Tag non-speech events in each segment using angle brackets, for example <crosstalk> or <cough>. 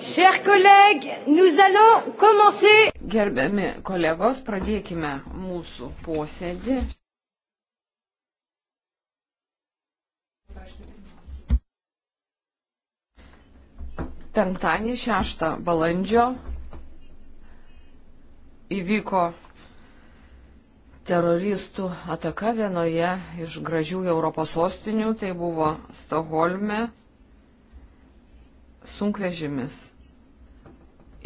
Chers collègues, nous allons commencer. Gerbiami kolegos, pradėkime mūsų posėdį. Penktadienį 6 balandžio įvyko teroristų ataka vienoje iš gražių Europos sostinių, tai buvo Stoholme sunkvežimis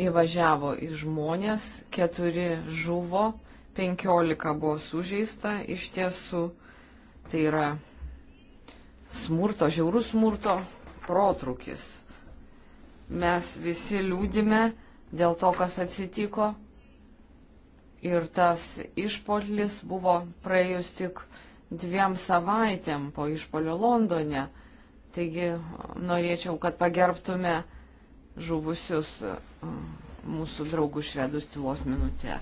įvažiavo į žmonės, keturi žuvo, penkiolika buvo sužeista, iš tiesų tai yra smurto, žiaurus smurto protrukis. Mes visi liūdime dėl to, kas atsitiko, ir tas išpolis buvo praėjus tik dviem savaitėm po išpolio Londone. Taigi norėčiau, kad pagerbtume žuvusius uh, mūsų draugų švedus tylos minutę.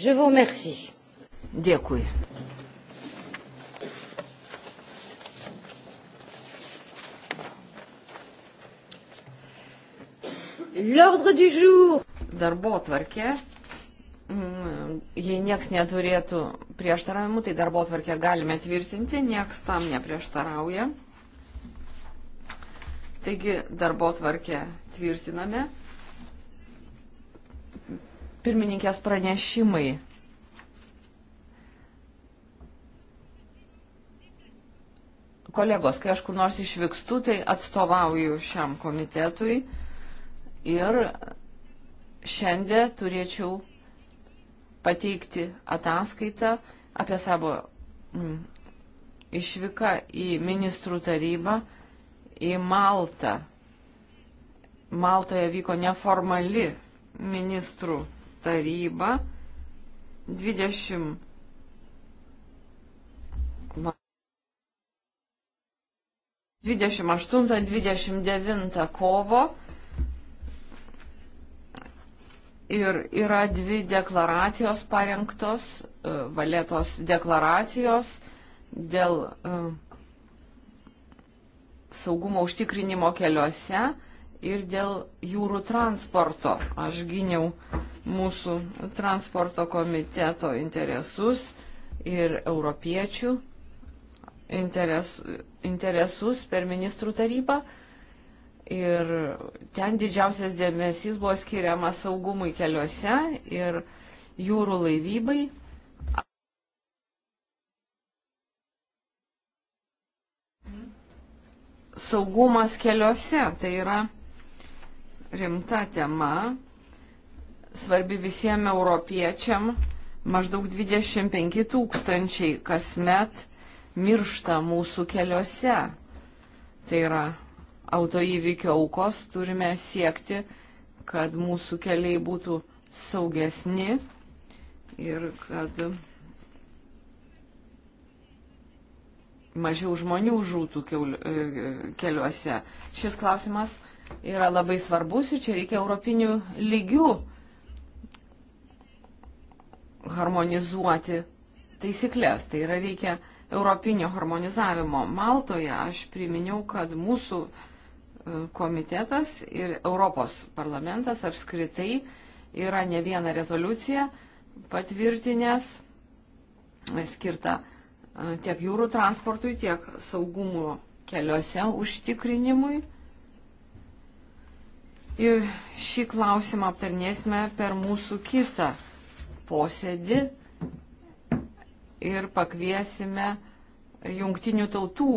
Je vous remercie. Dėkui. L'ordre du jour. Darbo tvarkė. Mm, jei nieks neturėtų prieštaravimų, tai darbo tvarkę galime tvirtinti, nieks tam neprieštarauja. Taigi darbo tvarkę tvirtiname pirmininkės pranešimai. Kolegos, kai aš kur nors išvykstu, tai atstovauju šiam komitetui ir šiandien turėčiau pateikti ataskaitą apie savo mm, išvyką į ministrų tarybą į Maltą. Maltoje vyko neformali ministrų taryba 20. Va, 28-29 kovo ir yra dvi deklaracijos parengtos, e, valėtos deklaracijos dėl e, saugumo užtikrinimo keliuose ir dėl jūrų transporto. Aš gyniau mūsų transporto komiteto interesus ir europiečių interes, interesus per ministrų tarybą. Ir ten didžiausias dėmesys buvo skiriamas saugumui keliuose ir jūrų laivybai. Saugumas keliuose tai yra rimta tema, svarbi visiems europiečiam. Maždaug 25 tūkstančiai kasmet miršta mūsų keliuose. Tai yra autoįvykio aukos, turime siekti, kad mūsų keliai būtų saugesni ir kad mažiau žmonių žūtų e, keliuose. Šis klausimas yra labai svarbus ir čia reikia europinių lygių harmonizuoti taisyklės. Tai yra reikia europinio harmonizavimo. Maltoje aš priminiau, kad mūsų e, komitetas ir Europos parlamentas apskritai yra ne vieną rezoliuciją patvirtinęs e, skirtą e, tiek jūrų transportui, tiek saugumo keliuose užtikrinimui. Ir šį klausimą aptarnėsime per mūsų kitą posėdį ir pakviesime jungtinių tautų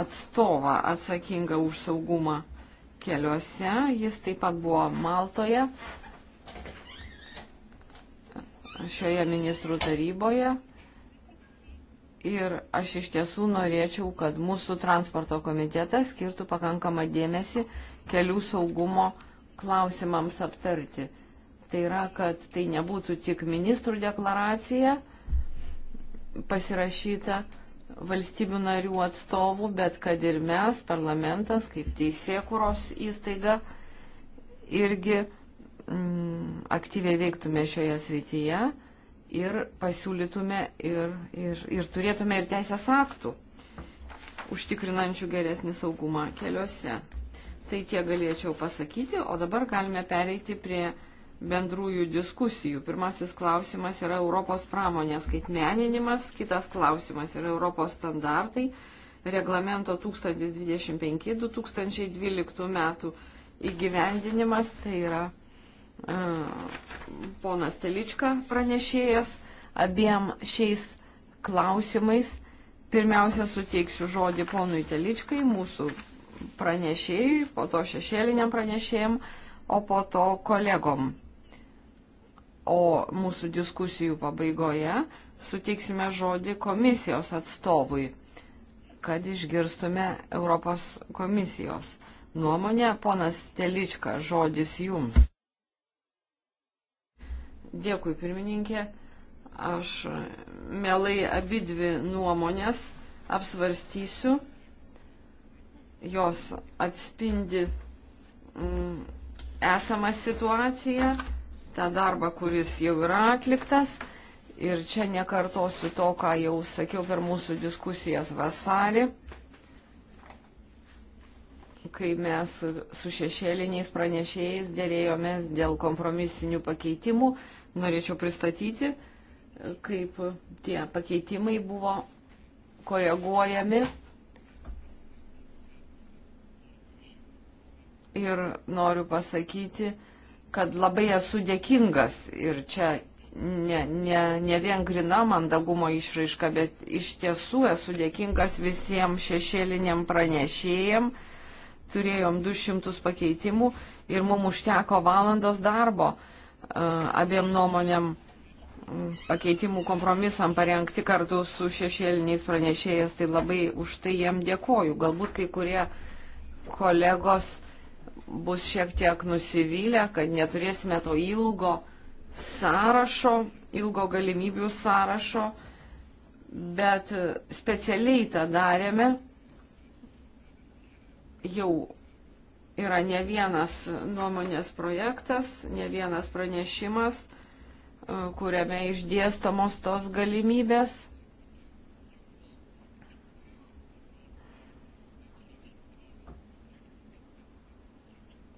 atstovą atsakingą už saugumą keliuose. Jis taip pat buvo Maltoje šioje ministrų taryboje. Ir aš iš tiesų norėčiau, kad mūsų transporto komitetas skirtų pakankamą dėmesį kelių saugumo keliuose klausimams aptarti. Tai yra, kad tai nebūtų tik ministrų deklaracija pasirašyta valstybių narių atstovų, bet kad ir mes, parlamentas, kaip teisėkuros įstaiga, irgi mm, aktyviai veiktume šioje srityje ir pasiūlytume ir, ir, ir turėtume ir teisės aktų užtikrinančių geresnį saugumą keliuose. Tai tie galėčiau pasakyti, o dabar galime pereiti prie bendrųjų diskusijų. Pirmasis klausimas yra Europos pramonės skaitmeninimas, kitas klausimas yra Europos standartai, reglamento 1025-2012 metų įgyvendinimas, tai yra uh, ponas Telička pranešėjas abiem šiais klausimais. Pirmiausia, suteiksiu žodį ponui Teličkai, mūsų pranešėjui, po to šešėliniam pranešėjim, o po to kolegom. O mūsų diskusijų pabaigoje suteiksime žodį komisijos atstovui, kad išgirstume Europos komisijos nuomonę. Ponas Telička, žodis jums. Dėkui, pirmininkė. Aš mielai abidvi nuomonės apsvarstysiu. Jos atspindi mm, esamą situaciją, tą darbą, kuris jau yra atliktas. Ir čia nekartosiu to, ką jau sakiau per mūsų diskusijas vasarį, kai mes su šešėliniais pranešėjais dėrėjomės dėl kompromisinių pakeitimų. Norėčiau pristatyti, kaip tie pakeitimai buvo koreguojami ir noriu pasakyti, kad labai esu dėkingas ir čia ne, ne, ne vien grina mandagumo išraiška, bet iš tiesų esu dėkingas visiems šešėliniam pranešėjim. Turėjom 200 pakeitimų ir mums užteko valandos darbo abiem nuomonėm pakeitimų kompromisam parengti kartu su šešėliniais pranešėjais, tai labai už tai jiem dėkoju. Galbūt kai kurie kolegos bus šiek tiek nusivylę, kad neturėsime to ilgo sąrašo, ilgo galimybių sąrašo, bet specialiai tą darėme. Jau yra ne vienas nuomonės projektas, ne vienas pranešimas, kuriame išdėstomos tos galimybės.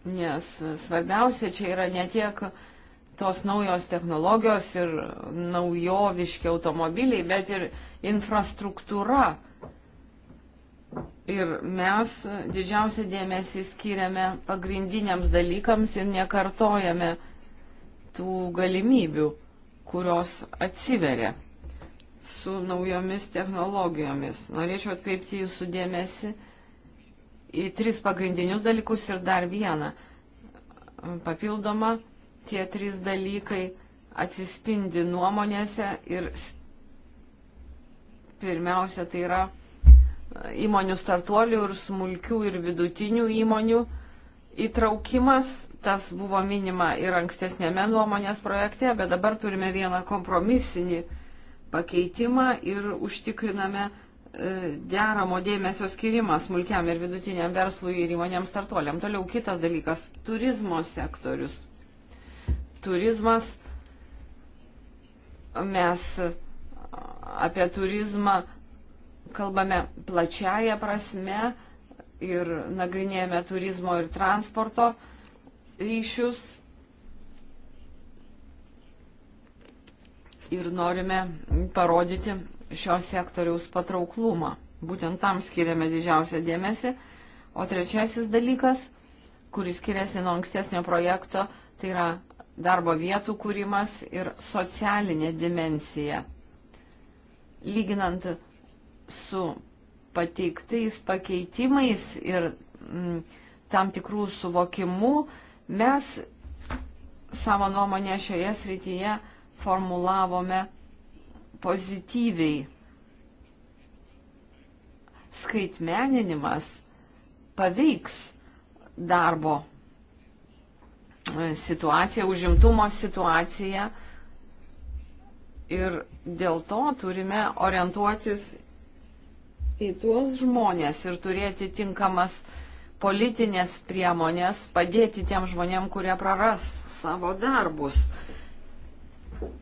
Nes svarbiausia čia yra ne tiek tos naujos technologijos ir naujoviški automobiliai, bet ir infrastruktūra. Ir mes didžiausią dėmesį skiriame pagrindiniams dalykams ir nekartojame tų galimybių, kurios atsiveria su naujomis technologijomis. Norėčiau atkreipti jūsų dėmesį į tris pagrindinius dalykus ir dar vieną papildomą. Tie trys dalykai atsispindi nuomonėse ir pirmiausia tai yra e, įmonių startuolių ir smulkių ir vidutinių įmonių įtraukimas. Tas buvo minima ir ankstesnėme nuomonės projekte, bet dabar turime vieną kompromisinį pakeitimą ir užtikriname E, deramo dėmesio skirimas smulkiam ir vidutiniam verslui ir įmonėms startuoliam. Toliau kitas dalykas - turizmo sektorius. Turizmas, mes apie turizmą kalbame plačiaja prasme ir nagrinėjame turizmo ir transporto ryšius ir norime parodyti šio sektoriaus patrauklumą. Būtent tam skiriame didžiausią dėmesį. O trečiasis dalykas, kuris skiriasi nuo ankstesnio projekto, tai yra darbo vietų kūrimas ir socialinė dimensija. Lyginant su pateiktais pakeitimais ir mm, tam tikrų suvokimų, mes savo nuomonę šioje srityje formulavome pozityviai. Skaitmeninimas paveiks darbo e, situaciją, užimtumo situaciją ir dėl to turime orientuotis į tuos žmonės ir turėti tinkamas politinės priemonės, padėti tiem žmonėm, kurie praras savo darbus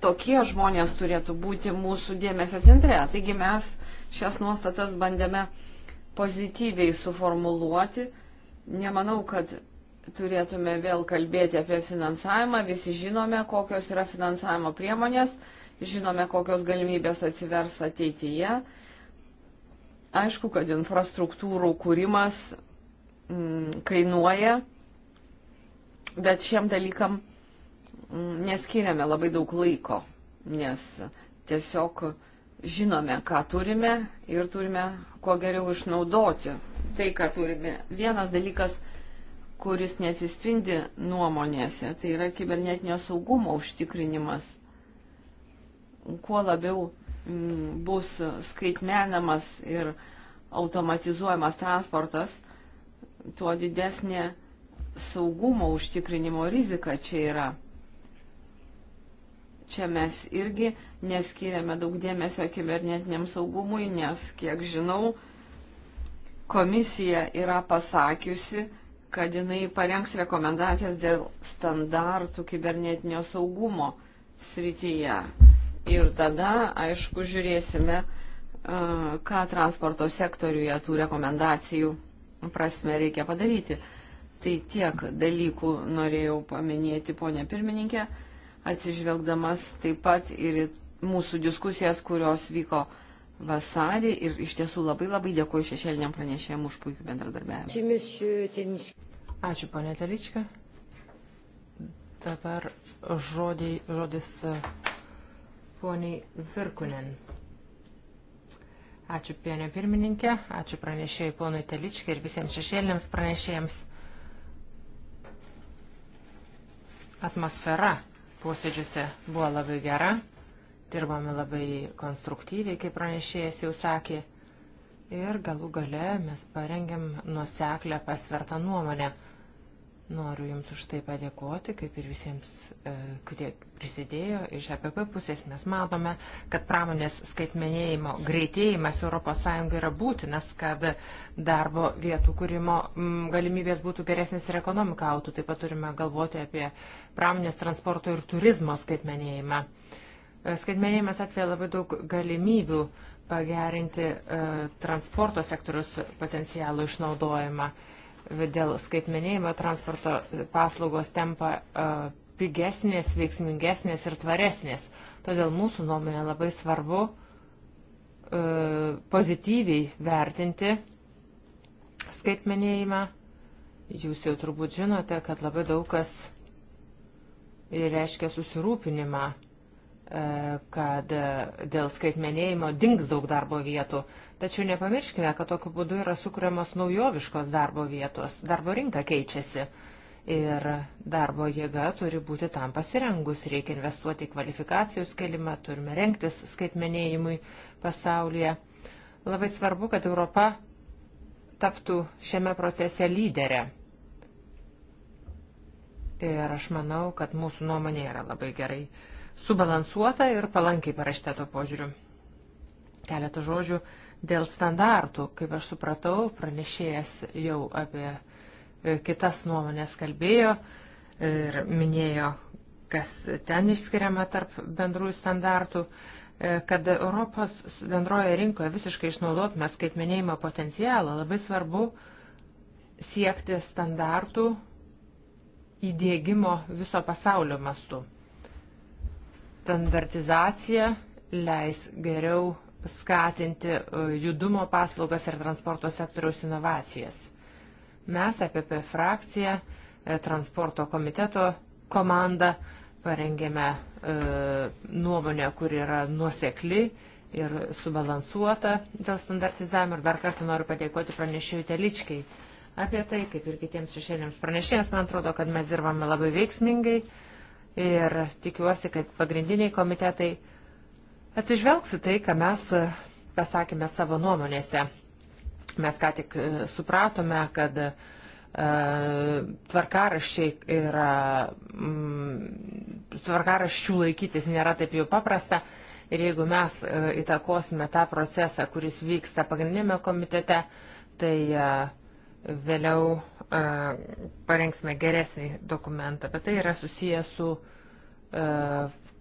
tokie žmonės turėtų būti mūsų dėmesio centre. Taigi mes šias nuostatas bandėme pozityviai suformuluoti. Nemanau, kad turėtume vėl kalbėti apie finansavimą. Visi žinome, kokios yra finansavimo priemonės, žinome, kokios galimybės atsivers ateityje. Aišku, kad infrastruktūrų kūrimas mm, kainuoja, bet šiem dalykam neskiriame labai daug laiko, nes tiesiog žinome, ką turime ir turime kuo geriau išnaudoti tai, ką turime. Vienas dalykas, kuris nesispindi nuomonėse, tai yra kibernetinio saugumo užtikrinimas. Kuo labiau m, mm, bus skaitmenamas ir automatizuojamas transportas, tuo didesnė saugumo užtikrinimo rizika čia yra. Čia mes irgi neskiriame daug dėmesio kibernetiniam saugumui, nes, kiek žinau, komisija yra pasakiusi, kad jinai parengs rekomendacijas dėl standartų kibernetinio saugumo srityje. Ir tada, aišku, žiūrėsime, ką transporto sektoriuje tų rekomendacijų prasme reikia padaryti. Tai tiek dalykų norėjau paminėti, ponė pirmininkė atsižvelgdamas taip pat ir į mūsų diskusijas, kurios vyko vasarį ir iš tiesų labai labai dėkuoju šešėliniam pranešėjim už puikų bendradarbiavimą. Ačiū, ponė Telička. Dabar žodį, žodis e, poniai Virkunen. Ačiū pienio pirmininkė, ačiū pranešėjai ponui Teličkai ir visiems šešėlėms pranešėjams. Atmosfera posėdžiuose buvo labai gera, dirbome labai konstruktyviai, kaip pranešėjas jau sakė, ir galų gale mes parengėm nuseklę pasvertą nuomonę Noriu Jums už tai padėkoti, kaip ir visiems, e, kurie prisidėjo iš APP pusės. Mes matome, kad pramonės skaitmenėjimo greitėjimas ES yra būtinas, kad darbo vietų kūrimo galimybės būtų geresnės ir ekonomika autų. Taip pat turime galvoti apie pramonės transporto ir turizmo skaitmenėjimą. E, skaitmenėjimas atveja labai daug galimybių pagerinti e, transporto sektorius potencialų išnaudojimą. Uh, dėl skaitmenėjimo transporto paslaugos tampa e, pigesnės, veiksmingesnės ir tvaresnės. Todėl mūsų nuomonė labai svarbu e, pozityviai vertinti skaitmenėjimą. Jūs jau turbūt žinote, kad labai daug kas reiškia susirūpinimą E, kad e, dėl skaitmenėjimo dings daug darbo vietų. Tačiau nepamirškime, kad tokiu būdu yra sukūriamos naujoviškos darbo vietos, darbo rinka keičiasi ir darbo jėga turi būti tam pasirengus. Reikia investuoti į kvalifikacijos kelimą, turime renktis skaitmenėjimui pasaulyje. Labai svarbu, kad Europa taptų šiame procese lyderę. Ir aš manau, kad mūsų nuomonė yra labai gerai subalansuota ir palankiai parašyta to požiūriu. Keletą žodžių dėl standartų. Kaip aš supratau, pranešėjas jau apie e, kitas nuomonės kalbėjo ir minėjo, kas ten išskiriama tarp bendrųjų standartų e, kad Europos bendroje rinkoje visiškai išnaudotume skaitmenėjimo potencialą, labai svarbu siekti standartų įdėgymo viso pasaulio mastu. Standartizacija leis geriau skatinti e, judumo paslaugas ir transporto sektoriaus inovacijas. Mes, APP frakcija, e, transporto komiteto komanda, parengėme e, nuomonę, kur yra nuosekli ir subalansuota dėl standartizavimo. Ir dar kartą noriu padėkoti pranešėjui Teličkiai apie tai, kaip ir kitiems šešėlėms pranešėjams. Man atrodo, kad mes dirbame labai veiksmingai ir tikiuosi, kad pagrindiniai komitetai atsižvelgsi tai, ką mes e, pasakėme savo nuomonėse. Mes ką tik e, supratome, kad e, tvarkaraščiai yra, mm, tvarkaraščių laikytis nėra taip jau paprasta. Ir jeigu mes įtakosime tą procesą, kuris vyksta pagrindinėme komitete, tai vėliau parengsime geresnį dokumentą, bet tai yra susijęs su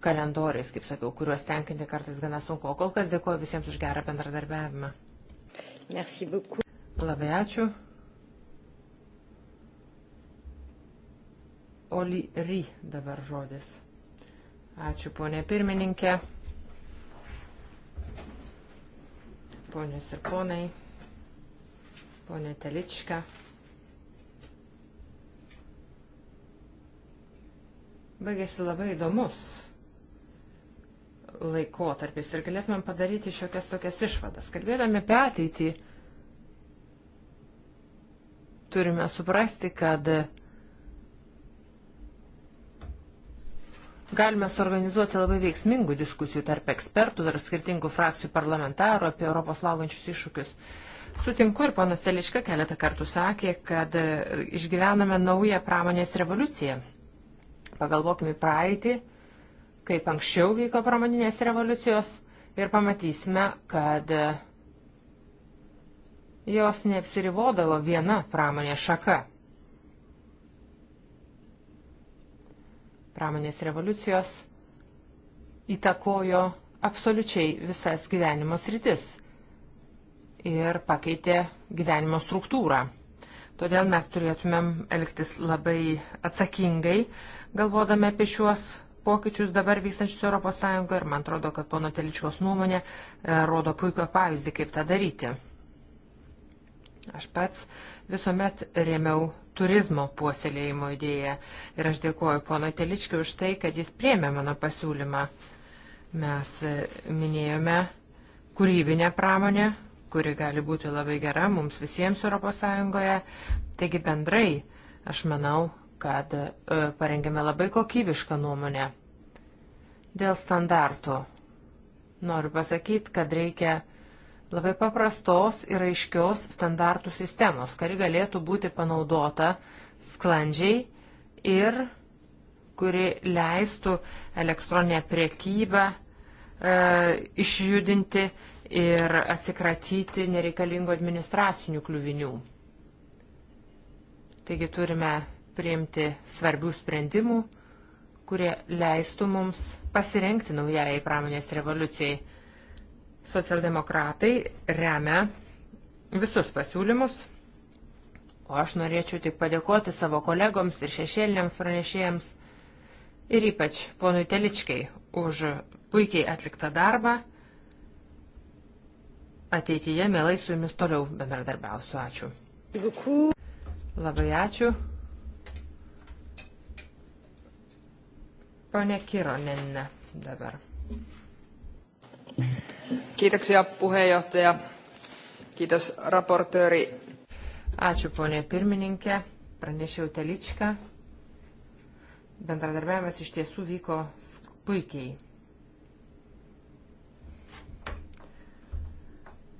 kalendoriais, kaip sakiau, kuriuos tenkinti kartais gana sunku. O kol kas dėkuoju visiems už gerą bendradarbiavimą. Merci beaucoup. Labai ačiū. Oli Ry dabar žodis. Ačiū, ponė pirmininkė. Ponios ir ponai. Ponė Telička. baigėsi labai įdomus laikotarpis ir galėtumėm padaryti šiokias tokias išvadas. Kalbėdami apie ateitį, turime suprasti, kad Galime suorganizuoti labai veiksmingų diskusijų tarp ekspertų, tarp skirtingų frakcijų parlamentarų apie Europos laukiančius iššūkius. Sutinku ir panas Teliška keletą kartų sakė, kad išgyvename naują pramonės revoliuciją. Pagalvokime praeitį, kaip anksčiau vyko pramoninės revoliucijos ir pamatysime, kad e, jos neapsirivodavo viena pramonės šaka. Pramonės revoliucijos įtakojo absoliučiai visas gyvenimo sritis ir pakeitė gyvenimo struktūrą. Todėl mes turėtumėm elgtis labai atsakingai, galvodami apie šiuos pokyčius dabar vykstančius ES ir man atrodo, kad pono Teličios nuomonė e, rodo puikio pavyzdį, kaip tą daryti. Aš pats visuomet rėmiau turizmo puoselėjimo idėją ir aš dėkuoju pono Teličkiu už tai, kad jis priemė mano pasiūlymą. Mes e, minėjome kūrybinę pramonę, kuri gali būti labai gera mums visiems ES. Taigi bendrai, aš manau, kad e, parengėme labai kokybišką nuomonę. Dėl standartų. Noriu pasakyti, kad reikia labai paprastos ir aiškios standartų sistemos, kuri galėtų būti panaudota sklandžiai ir kuri leistų elektroninę priekybą e, išjudinti ir atsikratyti nereikalingų administracinių kliuvinių. Taigi turime priimti svarbių sprendimų, kurie leistų mums pasirengti naujai pramonės revoliucijai. Socialdemokratai remia visus pasiūlymus, o aš norėčiau tik padėkoti savo kolegoms ir šešėliniams pranešėjams ir ypač ponui Teličkai už puikiai atliktą darbą ateityje mielai su jumis toliau bendradarbiausiu. Ačiū. Labai ačiū. Pane Kironen dabar. Kiitoksia puheenjohtaja. Kiitos raportööri. Ačiū ponė pirmininkė, pranešiau Teličką. Bendradarbiavimas iš tiesų vyko puikiai.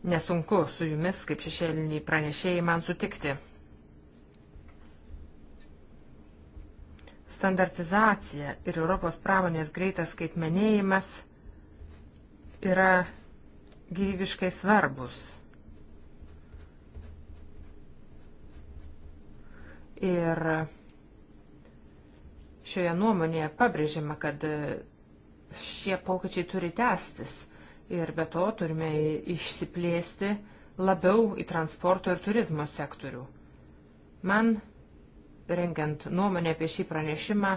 nesunku su jumis, kaip šešėliniai pranešėjai, man sutikti. Standartizacija ir Europos pramonės greitas skaitmenėjimas yra gyvybiškai svarbus. Ir šioje nuomonėje pabrėžiama, kad šie pokyčiai turi tęstis ir be to turime išsiplėsti labiau į transporto ir turizmo sektorių. Man, rengiant nuomonę apie šį pranešimą,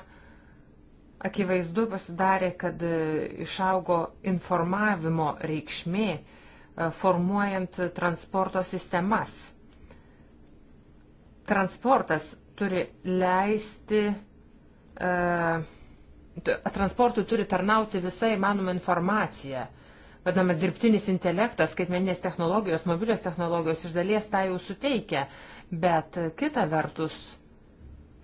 akivaizdu pasidarė, kad e, išaugo informavimo reikšmė e, formuojant transporto sistemas. Transportas turi leisti, e, transportui turi tarnauti visą įmanomą informaciją. E, vadinamas dirbtinis intelektas, skaitmeninės technologijos, mobilios technologijos iš dalies tą jau suteikia, bet kita vertus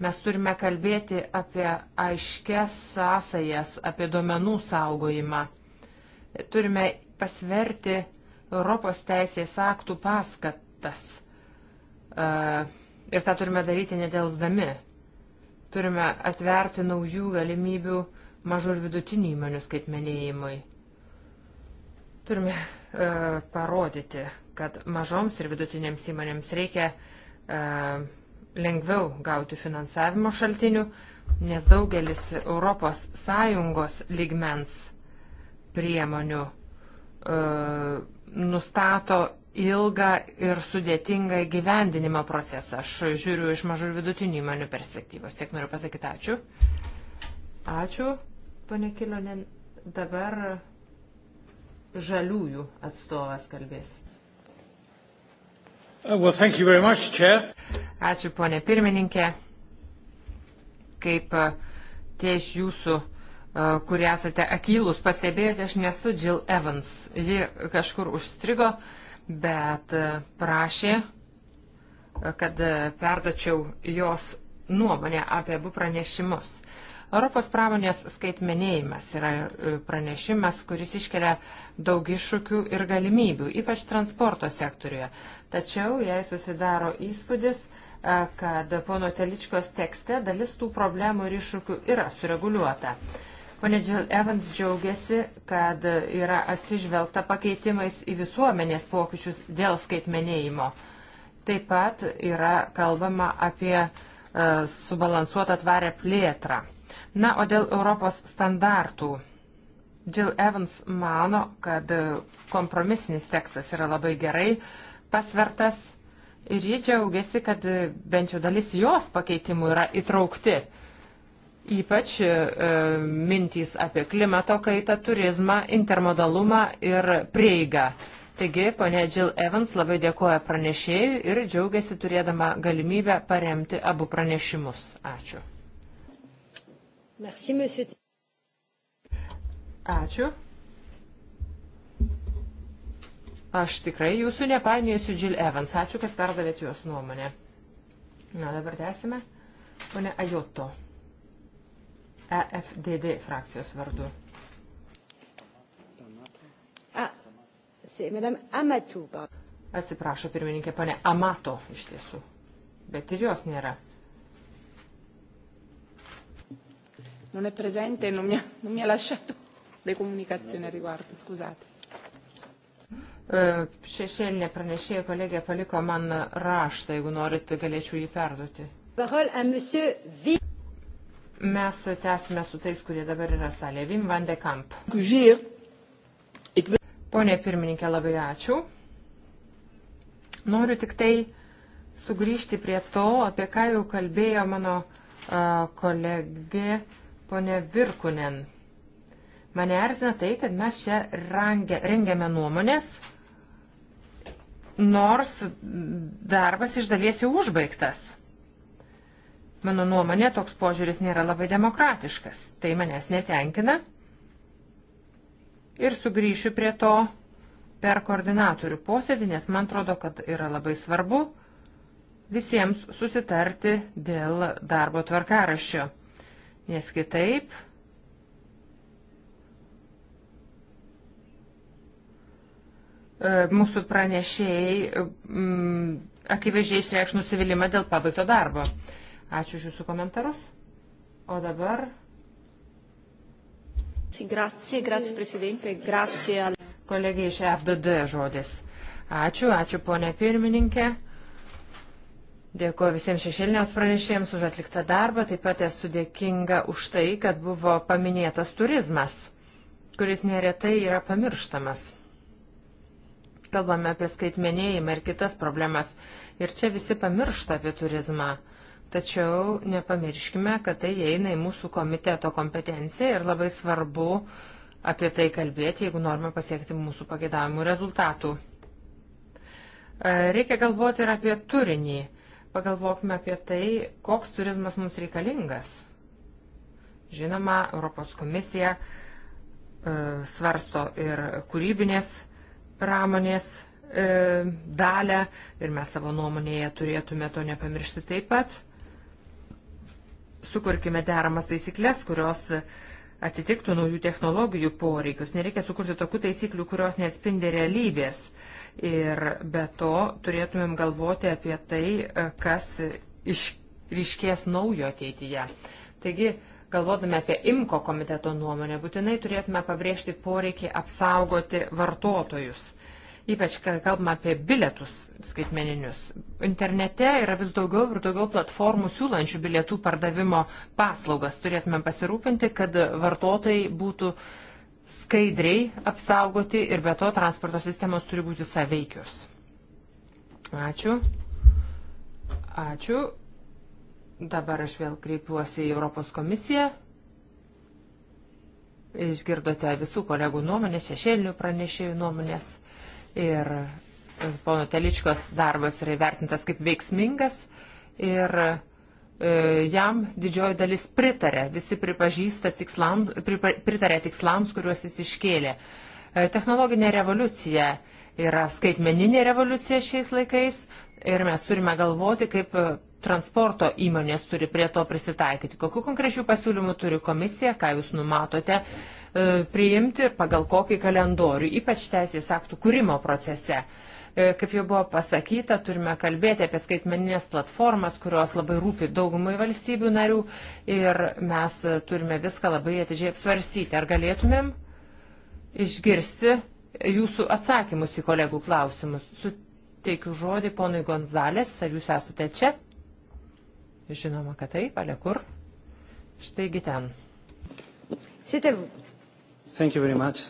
mes turime kalbėti apie aiškes sąsajas, apie duomenų saugojimą. Turime pasverti Europos teisės aktų paskatas. E, ir tą turime daryti nedelsdami. Turime atverti naujų galimybių mažų ir vidutinių įmonių skaitmenėjimui. Turime e, parodyti, kad mažoms ir vidutinėms įmonėms reikia e, lengviau gauti finansavimo šaltinių, nes daugelis ES lygmens priemonių e, nustato ilgą ir sudėtingą gyvendinimo procesą. Aš žiūriu iš mažų ir vidutinių įmonių perspektyvos. Tiek noriu pasakyti ačiū. Ačiū, ponė Kilonen. Dabar žaliųjų atstovas kalbės. Uh, well, much, Chair. Ačiū, ponė pirmininkė. Kaip uh, tie iš jūsų, uh, kurie esate akylus, pastebėjote, aš nesu Jill Evans. Ji kažkur užstrigo, bet prašė, kad perdačiau jos nuomonę apie abu pranešimus. Europos pramonės skaitmenėjimas yra e, pranešimas, kuris iškelia daug iššūkių ir galimybių, ypač transporto sektoriuje. Tačiau jai susidaro įspūdis, e, kad pono Teličkos tekste dalis tų problemų ir iššūkių yra sureguliuota. Pone Džil Evans džiaugiasi, kad yra atsižvelgta pakeitimais į visuomenės pokyčius dėl skaitmenėjimo. Taip pat yra kalbama apie uh, subalansuotą tvarę plėtrą. Na, o dėl Europos standartų. Jill Evans mano, kad kompromisinis tekstas yra labai gerai pasvertas ir ji džiaugiasi, kad bent jau dalis jos pakeitimų yra įtraukti. Ypač e, mintys apie klimato kaitą, turizmą, intermodalumą ir prieigą. Taigi, ponė Jill Evans labai dėkoja pranešėjui ir džiaugiasi turėdama galimybę paremti abu pranešimus. Ačiū. Merci, monsieur. Ačiū. Aš tikrai jūsų nepainiojusiu Jill Evans. Ačiū, kad perdavėt jos nuomonę. Na, dabar tęsime. Pone Ajoto. EFDD frakcijos vardu. A, c'est madame Amatou. Atsiprašo pirmininkė, pane Amato iš tiesų. Bet ir jos nėra. non è presente e non mi ha, non mi ha lasciato <laughs> le comunicazioni a riguardo, scusate. Šešėlinė pranešėja kolegė paliko man raštą, jeigu norite, galėčiau jį perduoti. Mes tęsime su tais, kurie dabar yra salėje. Vim van de Kamp. Pone pirmininkė, labai ačiū. Noriu tik tai sugrįžti prie to, apie ką jau kalbėjo mano uh, kolegė uh, Pone Virkunen, mane erzina tai, kad mes čia rangė, rengiame nuomonės, nors darbas iš dalies jau užbaigtas. Mano nuomonė, toks požiūris nėra labai demokratiškas. Tai manęs netenkina. Ir sugrįšiu prie to per koordinatorių posėdį, nes man atrodo, kad yra labai svarbu visiems susitarti dėl darbo tvarkaraščio nes kitaip e, mūsų pranešėjai mm, akivaizdžiai išreikš nusivylimą dėl pabaigto darbo. Ačiū už Jūsų komentarus. O dabar. Grazie, grazie, prezidentė, grazie. Kolegė iš FDD žodis. Ačiū, ačiū ponė pirmininkė. Dėkuoju visiems šešėlinės pranešėjams už atliktą darbą, taip pat esu dėkinga už tai, kad buvo paminėtas turizmas, kuris neretai yra pamirštamas. Kalbame apie skaitmenėjimą ir kitas problemas ir čia visi pamiršta apie turizmą. Tačiau nepamirškime, kad tai eina į mūsų komiteto kompetenciją ir labai svarbu apie tai kalbėti, jeigu norime pasiekti mūsų pagėdavimų rezultatų. Reikia galvoti ir apie turinį Pagalvokime apie tai, koks turizmas mums reikalingas. Žinoma, Europos komisija e, svarsto ir kūrybinės pramonės e, dalę ir mes savo nuomonėje turėtume to nepamiršti taip pat. Sukurkime deramas taisyklės, kurios atitiktų naujų technologijų poreikius. Nereikia sukurti tokių taisyklių, kurios neatspindi realybės. E, Ir be to turėtumėm galvoti apie tai, e, kas išryškės naujo ateityje. Taigi, galvodami apie IMKO komiteto nuomonę, būtinai turėtume pabrėžti poreikį apsaugoti vartotojus. Ypač, kai kalbame apie bilietus skaitmeninius. Internete yra vis daugiau ir daugiau platformų siūlančių bilietų pardavimo paslaugas. Turėtume pasirūpinti, kad vartotojai būtų uh, skaidriai apsaugoti ir be to transporto sistemos turi būti saveikios. Ačiū. Ačiū. Dabar aš vėl kreipiuosi į Europos komisiją. Išgirdote visų kolegų nuomonės, šešėlinių pranešėjų nuomonės. Ir e, pono Teličkos darbas yra įvertintas kaip veiksmingas. Ir E, jam didžioji dalis pritarė, visi pripažįsta tikslam, pripa, pritarė tikslams, kuriuos jis iškėlė. E, technologinė revoliucija yra skaitmeninė revoliucija šiais laikais ir mes turime galvoti, kaip e, transporto įmonės turi prie to prisitaikyti. Kokiu konkrečiu pasiūlymu turi komisija, ką jūs numatote priimti ir pagal kokį kalendorių, ypač teisės aktų kūrimo procese. E, kaip jau buvo pasakyta, turime kalbėti apie skaitmeninės platformas, kurios labai rūpi daugumai valstybių narių ir mes turime viską labai atidžiai apsvarsyti. Ar galėtumėm išgirsti jūsų atsakymus į kolegų klausimus? Suteikiu žodį ponui Gonzalės, ar jūs esate čia? Žinoma, kad taip, ale kur? Štaigi ten. Sitėvų. Thank you very much.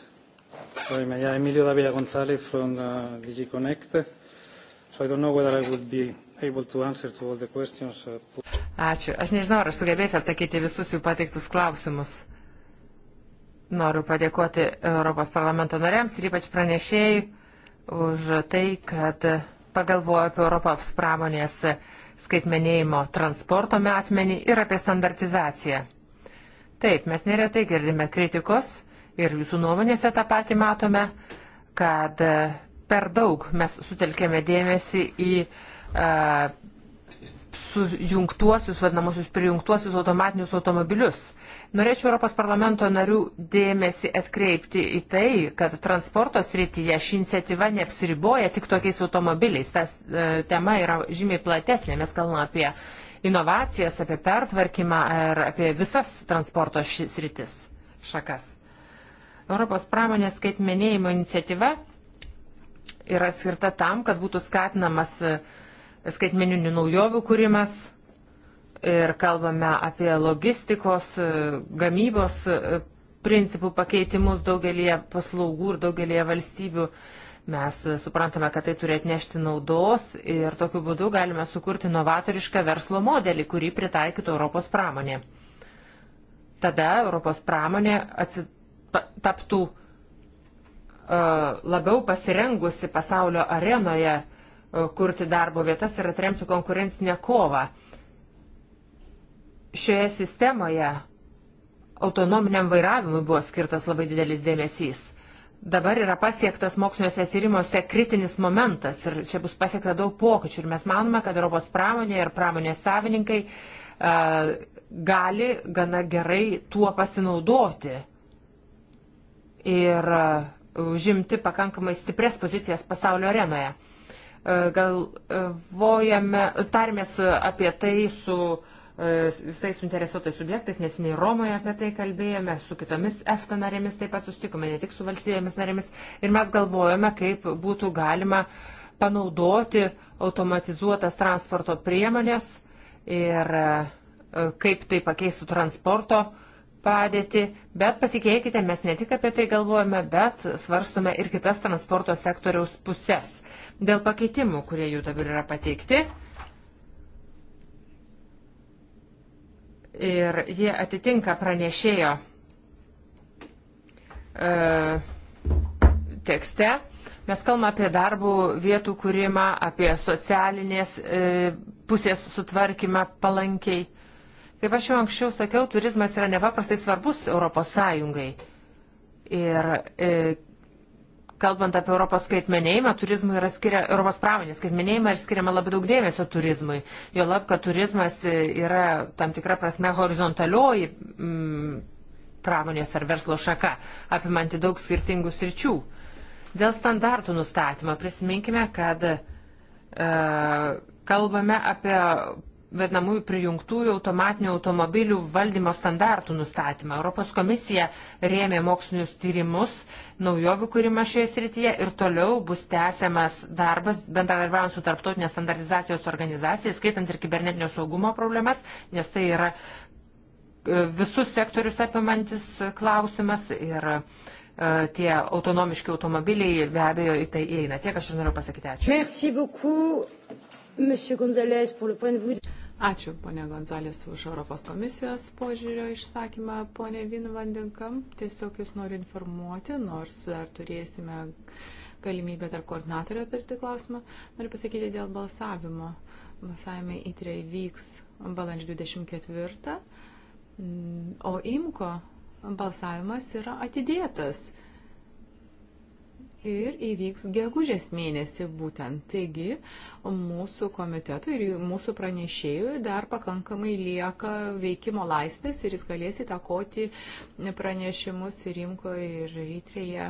Sorry, my, I'm Emilio Davila Gonzalez from uh, DG Connect. So I don't know whether I would be able to answer to all the questions. Uh, Ačiū. Aš nežinau, ar aš sugebėsiu atsakyti visus jų pateiktus klausimus. Noriu padėkoti Europos parlamento nariams ir ypač pranešėjai už tai, kad pagalvojo apie Europos pramonės skaitmenėjimo transporto metmenį ir apie standartizaciją. Taip, mes neretai girdime kritikos ir jūsų nuomonėse tą patį matome, kad e, per daug mes sutelkėme dėmesį į a, e, sujungtuosius, vadinamosius prijungtuosius automatinius automobilius. Norėčiau Europos parlamento narių dėmesį atkreipti į tai, kad transporto srityje ši iniciatyva neapsiriboja tik tokiais automobiliais. Tas e, tema yra žymiai platesnė. Mes kalbame apie inovacijas, apie pertvarkymą ir apie visas transporto sritis šakas. Europos pramonės skaitmenėjimo iniciatyva yra skirta tam, kad būtų skatinamas e, skaitmeninių naujovių kūrimas ir kalbame apie logistikos, e, gamybos e, principų pakeitimus daugelie paslaugų ir daugelie valstybių. Mes suprantame, kad tai turi atnešti naudos ir tokiu būdu galime sukurti novatorišką verslo modelį, kurį pritaikytų Europos pramonė. Tada Europos pramonė atsidūrė taptų e, labiau pasirengusi pasaulio arenoje e, kurti darbo vietas ir atremti konkurencinę kovą. Šioje sistemoje autonominiam vairavimui buvo skirtas labai didelis dėmesys. Dabar yra pasiektas moksliniuose tyrimuose kritinis momentas ir čia bus pasiekta daug pokyčių ir mes manome, kad Europos pramonė ir pramonės savininkai a, e, gali gana gerai tuo pasinaudoti ir e, užimti pakankamai stipres pozicijas pasaulio arenoje. E, galvojame, e, tarmės apie tai su visais suinteresuotais subjektais, nes nei Romoje apie tai kalbėjome, su kitomis EFTA narėmis taip pat sustikome, ne tik su valstybėmis narėmis, ir mes galvojame, kaip būtų galima panaudoti automatizuotas transporto priemonės ir kaip tai pakeistų transporto uh, padėtį, bet patikėkite, mes ne tik apie tai galvojame, bet svarstome ir kitas transporto sektoriaus pusės. Dėl pakeitimų, kurie jau dabar yra pateikti, ir jie atitinka pranešėjo e, tekste. Mes kalbame apie darbų vietų kūrimą, apie socialinės e, pusės sutvarkymą palankiai. Kaip aš jau anksčiau sakiau, turizmas yra nepaprastai svarbus Europos Sąjungai. Ir e, kalbant apie Europos skaitmenėjimą, turizmui yra skiria, Europos pramonės skaitmenėjimą ir skiriama labai daug dėmesio turizmui. Jo lab, kad turizmas e, yra tam tikra prasme horizontalioji mm, pramonės ar verslo šaka, apimanti daug skirtingų sričių. Dėl standartų nustatymo prisiminkime, kad e, kalbame apie vadinamųjų prijungtųjų automatinių automobilių valdymo standartų nustatymą. Europos komisija rėmė mokslinius tyrimus, naujovių kūrimą šioje srityje ir toliau bus tęsiamas darbas bendradarbiaujant su tarptautinės standartizacijos organizacija, skaitant ir kibernetinio saugumo problemas, nes tai yra e, visus sektorius apimantis klausimas ir e, tie autonomiški automobiliai be abejo į tai įeina. Tiek aš ir noriu pasakyti ačiū. Ačiū, ponė Gonzalės, už Europos komisijos požiūrio išsakymą. Ponė Vinvandinkam, tiesiog jūs noriu informuoti, nors ar turėsime galimybę tarp koordinatorio apirti klausimą. Noriu pasakyti dėl balsavimo. Balsavimai įtrei vyks balandžio 24, mm, o imko balsavimas yra atidėtas ir įvyks gegužės mėnesį būtent. Taigi mūsų komitetui ir mūsų pranešėjui dar pakankamai lieka veikimo laisvės ir jis galės įtakoti pranešimus ir rinkoje ir įtrėje.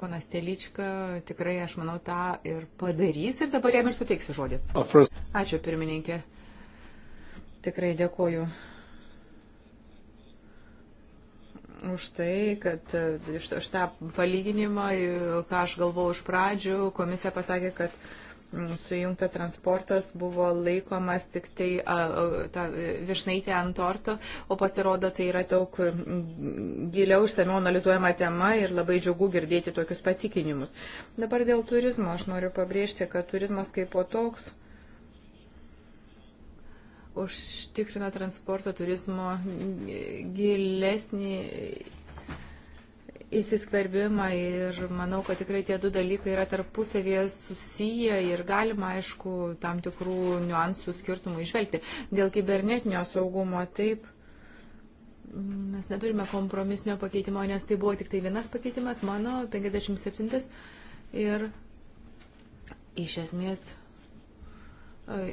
Panas Telička tikrai, aš manau, tą ir padarys ir dabar jam ir suteiksiu žodį. Uh, Ačiū pirmininkė. Tikrai dėkoju už tai, kad e, už tą palyginimą, e, ką aš galvojau iš pradžių, komisija pasakė, kad sujungtas transportas buvo laikomas tik tai a, ta višnaitė ant torto, o pasirodo tai yra daug giliau išsamiau analizuojama tema ir labai džiugu girdėti tokius patikinimus. Dabar dėl turizmo aš noriu pabrėžti, kad turizmas kaip po toks užtikrina transporto turizmo gilesnį įsiskverbimą ir manau, kad tikrai tie du dalykai yra tarpusavėje susiję ir galima, aišku, tam tikrų niuansų skirtumų išvelgti. Dėl kibernetinio saugumo taip. Mes neturime kompromisinio pakeitimo, nes tai buvo tik tai vienas pakeitimas, mano 57 ir iš esmės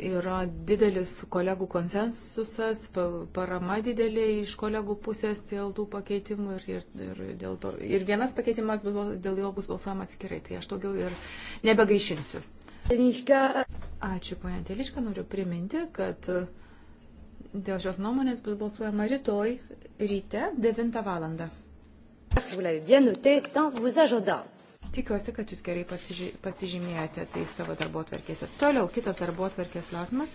yra didelis kolegų konsensusas, parama didelė iš kolegų pusės dėl tų pakeitimų ir, ir, ir, dėl to, ir vienas pakeitimas dėl jo bus balsuojama atskirai, tai aš daugiau ir nebegaišinsiu. Teliška. Ačiū, ponia Teliška, noriu priminti, kad dėl šios nuomonės bus balsuojama rytoj ryte 9 val. Vous l'avez bien noté dans vos agendas. Tikiuosi, kad jūs gerai pasiži pasižymėjote tai savo darbo atverkėse. Toliau kitas darbo atverkės klausimas.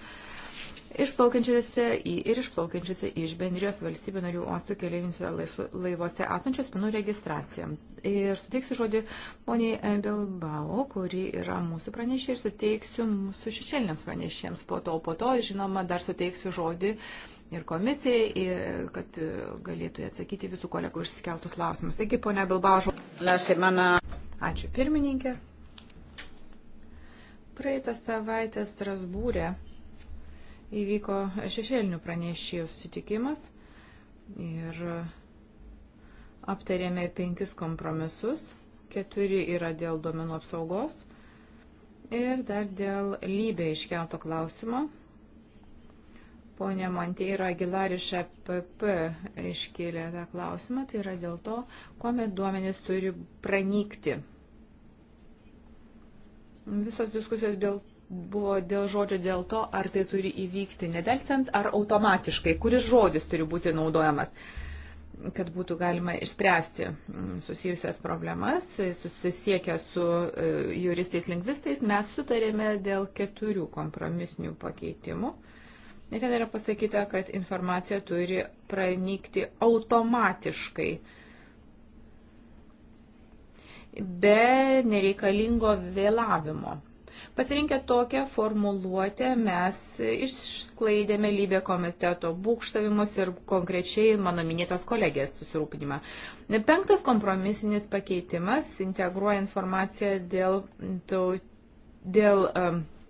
Išplaukiančiuose į ir išplaukiančiuose iš bendrijos valstybių narių uostų keliavinčiuose laivuose esančių asmenų registracija. Ir suteiksiu žodį poniai Bilbao, kuri yra mūsų pranešė ir suteiksiu mūsų šešėliniams pranešėms. Po to, po to, žinoma, dar suteiksiu žodį ir komisijai, kad galėtų atsakyti visų kolegų išsikeltus klausimus. Taigi, ponia Bilbao, žodžiu. Ačiū pirmininkė. Praeitą savaitę Strasbūrė įvyko šešėlinių pranešėjų susitikimas ir aptarėme penkis kompromisus, keturi yra dėl duomenų apsaugos ir dar dėl lybė iškelto klausimo Pone Monteiro Aguilar iš APP e iškėlė tą klausimą, tai yra dėl to, kuomet duomenys turi pranykti. Visos diskusijos dėl, buvo dėl žodžio dėl to, ar tai turi įvykti nedelsiant, ar automatiškai, kuris žodis turi būti naudojamas kad būtų galima išspręsti mm, susijusias problemas. Susisiekę su e, juristais lingvistais mes sutarėme dėl keturių kompromisinių pakeitimų. Ir ten yra pasakyta, kad informacija turi pranykti automatiškai be nereikalingo vėlavimo. Pasirinkę tokią formuluotę mes išsklaidėme lybę komiteto būkštavimus ir konkrečiai mano minėtos kolegės susirūpinimą. Penktas kompromisinis pakeitimas integruoja informaciją dėl, dėl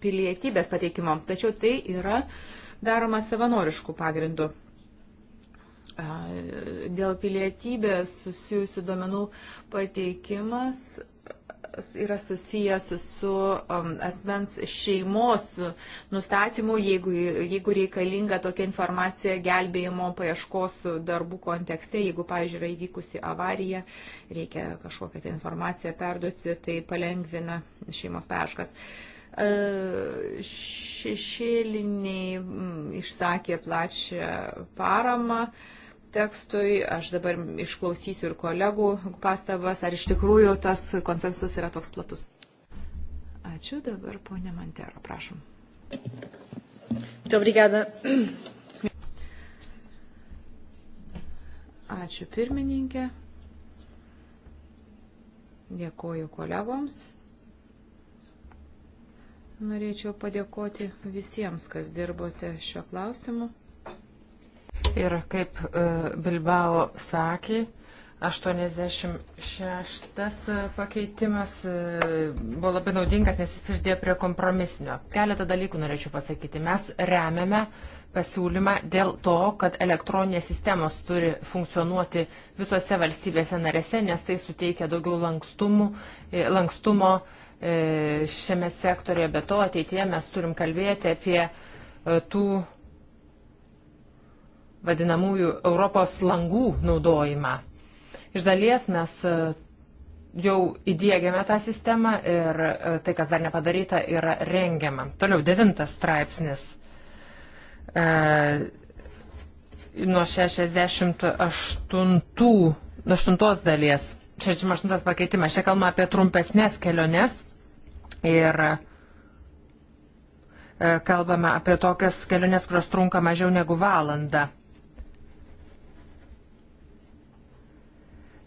pilietybės pateikimo, tačiau tai yra uh, daroma savanoriškų pagrindų. Dėl pilietybės susijusių duomenų pateikimas yra susijęs su um, asmens šeimos nustatymu, jeigu, jeigu reikalinga tokia informacija gelbėjimo paieškos darbų kontekste, jeigu, pavyzdžiui, yra įvykusi avarija, reikia kažkokią tai informaciją perduoti, tai palengvina šeimos paieškas. Uh, šešėliniai mm, išsakė plačią paramą tekstui. Aš dabar išklausysiu ir kolegų pastabas, ar iš tikrųjų tas konsensusas yra toks platus. Ačiū dabar, ponė Mantero, prašom. Obrigada. Ačiū pirmininkė. Dėkoju kolegoms. Norėčiau padėkoti visiems, kas dirbote šiuo klausimu. Ir kaip e, Bilbao sakė, 86 e, pakeitimas e, buvo labai naudingas, nes jis prisidėjo prie kompromisinio. Keletą dalykų norėčiau pasakyti. Mes remiame pasiūlymą dėl to, kad elektroninės sistemos turi funkcionuoti visose valstybėse narėse, nes tai suteikia daugiau lankstumų, lankstumo E, šiame sektorėje, bet to ateitie mes turim kalbėti apie e, tų vadinamųjų Europos langų naudojimą. Iš dalies mes e, jau įdėgiame tą sistemą ir tai, kas dar nepadaryta, yra rengiama. Toliau devintas straipsnis. E, nuo 68 dalies. 68 pakeitimas. Čia kalbama apie trumpesnės keliones Ir e, kalbame apie tokias keliones, kurios trunka mažiau negu valandą.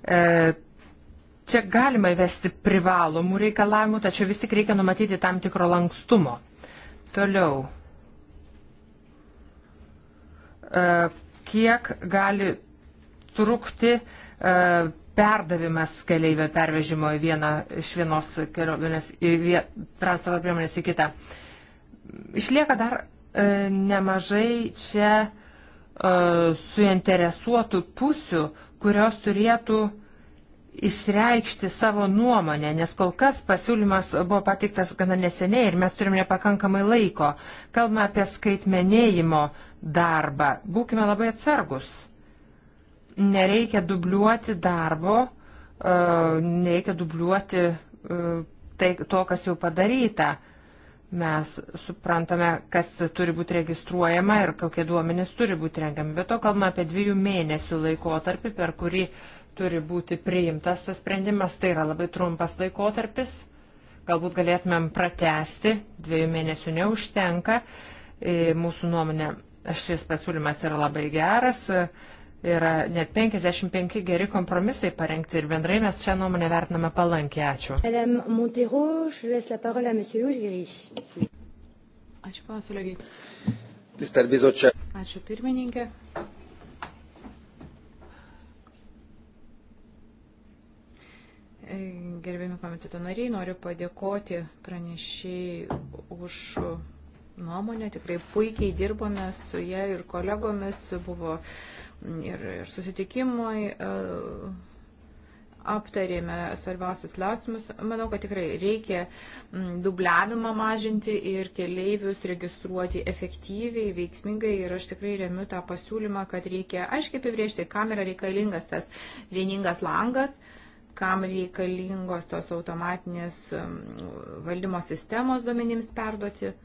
E, čia galima įvesti privalomų reikalavimų, tačiau vis tik reikia numatyti tam tikro lankstumo. Toliau. E, kiek gali trukti perdavimas keleivio pervežimo į vieną, iš vienos kelionės, į vien, transporto priemonės į kitą. Išlieka dar e, nemažai čia e, suinteresuotų pusių, kurios turėtų išreikšti savo nuomonę, nes kol kas pasiūlymas buvo patiktas gana neseniai ir mes turime nepakankamai laiko. Kalbame apie skaitmenėjimo darbą. Būkime labai atsargus Nereikia dubliuoti darbo, e, nereikia dubliuoti e, tai, to, kas jau padaryta. Mes suprantame, kas turi būti registruojama ir kokie duomenys turi būti renkami. Bet to kalbame apie dviejų mėnesių laikotarpį, per kurį turi būti priimtas tas sprendimas. Tai yra labai trumpas laikotarpis galbūt galėtumėm pratesti, dviejų mėnesių neužtenka. E, mūsų nuomonė šis pasiūlymas yra labai geras, Yra net 55 geri kompromisai parengti ir bendrai mes šią nuomonę vertiname palankiai. Ačiū. Ačiū, pasuliai. Ačiū, pirmininkė. E, Gerbėmi komiteto nariai, noriu padėkoti pranešiai už nuomonę. Tikrai puikiai dirbome su jie ir kolegomis. Buvo uh, ir, ir susitikimui e, aptarėme svarbiausius klausimus. Manau, kad tikrai reikia mm, dubliavimą mažinti ir keleivius registruoti efektyviai, veiksmingai ir aš tikrai remiu tą pasiūlymą, kad reikia aiškiai apibriežti, kam yra reikalingas tas vieningas langas kam reikalingos tos automatinės mm, valdymo sistemos duomenims perduoti.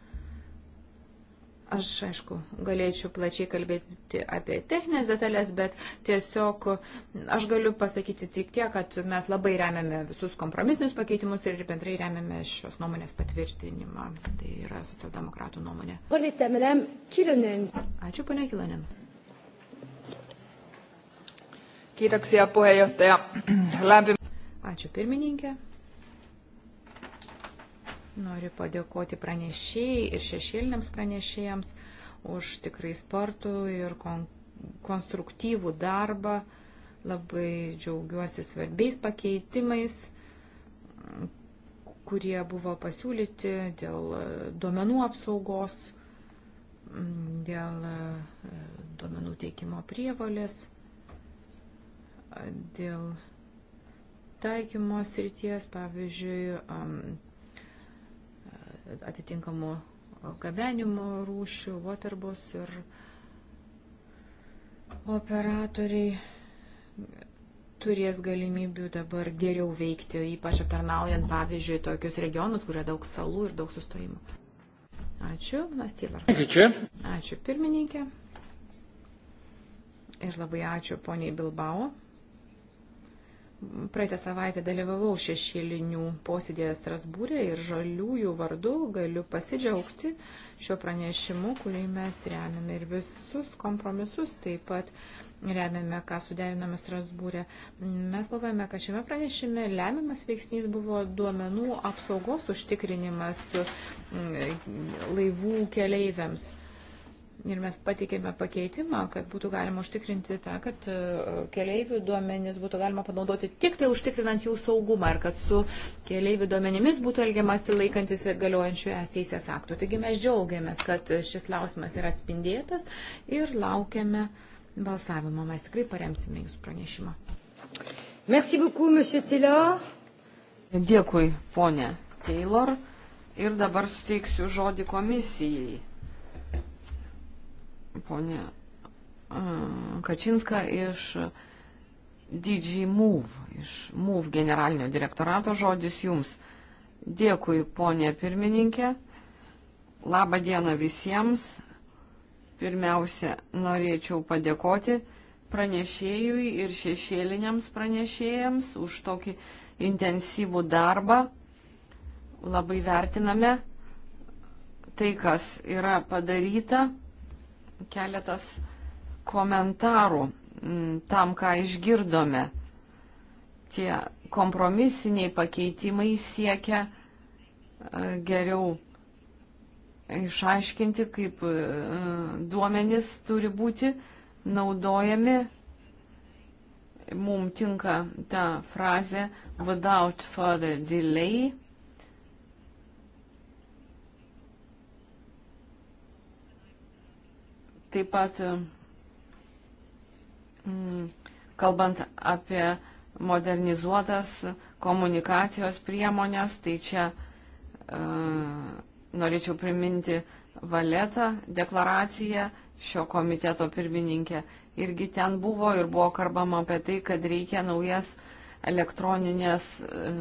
Aš, aišku, galėčiau plačiai kalbėti apie techninės detalės, bet tiesiog aš galiu pasakyti tik tiek, kad mes labai remiame visus kompromisinius pakeitimus ir bendrai remiame šios nuomonės patvirtinimą. Tai yra socialdemokratų nuomonė. Ačiū, ponia Kilonen. Kiitoksia, puheenjohtaja. <clears throat> Lämpim... Ačiū, pirmininkė. Noriu padėkoti pranešėjai ir šešėliniams pranešėjams už tikrai spartų ir kon konstruktyvų darbą. Labai džiaugiuosi svarbiais pakeitimais, kurie buvo pasiūlyti dėl duomenų apsaugos, dėl e, duomenų teikimo prievalės, dėl taikymo srities, pavyzdžiui, atitinkamų gabenimo rūšių, waterbus ir operatoriai turės galimybių dabar geriau veikti, ypač aptarnaujant, pavyzdžiui, tokius regionus, kurie daug salų ir daug sustojimų. Ačiū, Nastylar. Ačiū. Ačiū, pirmininkė. Ir labai ačiū poniai Bilbao. Praeitą savaitę dalyvavau šešėlinių posėdėje Strasbūrė ir žaliųjų vardu galiu pasidžiaugti šiuo pranešimu, kurį mes remiame ir visus kompromisus taip pat remiame, ką suderinome Strasbūrė. Mes galvojame, kad šiame pranešime lemiamas veiksnys buvo duomenų apsaugos užtikrinimas laivų keleiviams Ir mes pateikėme pakeitimą, kad būtų galima užtikrinti tą, kad e, keleivių duomenys būtų galima panaudoti tik tai užtikrinant jų saugumą ir kad su keleivių duomenimis būtų elgiamasi laikantis galiojančių es teisės aktų. Taigi mes džiaugiamės, kad šis klausimas yra atspindėtas ir laukiame balsavimo. Mes tikrai paremsime jūsų pranešimą. Merci beaucoup, monsieur Taylor. Dėkui, ponė Taylor. Ir dabar suteiksiu žodį komisijai ponė Kačinska iš DG Move, iš Move generalinio direktorato žodis jums. Dėkui, ponė pirmininkė. Labą dieną visiems. Pirmiausia, norėčiau padėkoti pranešėjui ir šešėliniams pranešėjams už tokį intensyvų darbą. Labai vertiname tai, kas yra padaryta keletas komentarų mm, tam, ką išgirdome. Tie kompromisiniai pakeitimai siekia e, geriau išaiškinti, kaip e, duomenys turi būti naudojami. Mums tinka ta frazė without further delay Taip pat, mm, kalbant apie modernizuotas komunikacijos priemonės, tai čia uh, norėčiau priminti Valetą deklaraciją, šio komiteto pirmininkė irgi ten buvo ir buvo kalbama apie tai, kad reikia naujas elektroninės uh,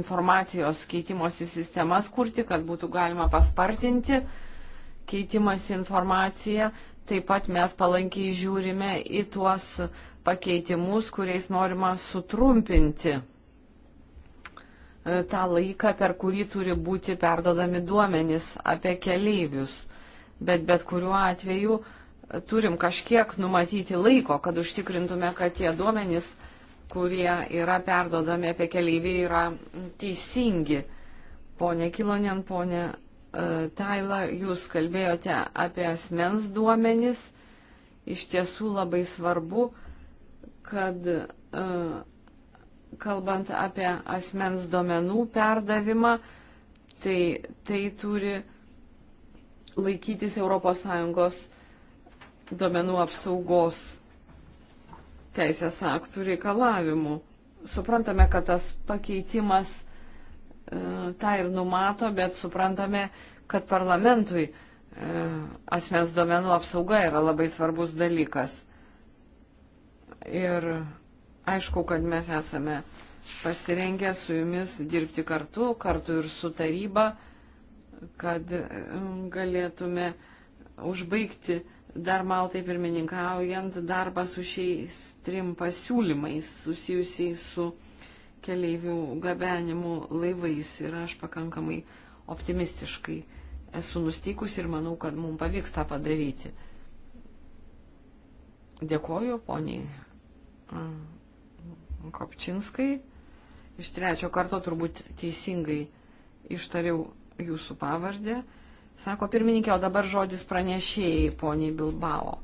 informacijos keitimosi sistemas kurti, kad būtų galima paspartinti keitimąsi informaciją, Taip pat mes palankiai žiūrime į tuos pakeitimus, kuriais norima sutrumpinti e, tą laiką, per kurį turi būti perdodami duomenys apie keleivius. Bet bet kuriuo atveju e, turim kažkiek numatyti laiko, kad užtikrintume, kad tie duomenys, kurie yra perdodami apie keleivį, yra teisingi. Pone Kilonien, pone Taila, jūs kalbėjote apie asmens duomenis. Iš tiesų labai svarbu, kad e, kalbant apie asmens duomenų perdavimą, tai tai turi laikytis ES duomenų apsaugos teisės aktų reikalavimų. Suprantame, kad tas pakeitimas E, tą ir numato, bet suprantame, kad parlamentui e, asmens duomenų apsauga yra labai svarbus dalykas. Ir aišku, kad mes esame pasirengę su jumis dirbti kartu, kartu ir su taryba, kad e, galėtume užbaigti dar Maltai pirmininkaujant darbą su šiais trim pasiūlymais susijusiais su keleivių gabenimu laivais ir aš pakankamai optimistiškai esu nusteikus ir manau, kad mums pavyks tą padaryti. Dėkoju poniai Kopčinskai. Iš trečio karto turbūt teisingai ištariau jūsų pavardę. Sako pirmininkė, o dabar žodis pranešėjai poniai Bilbao.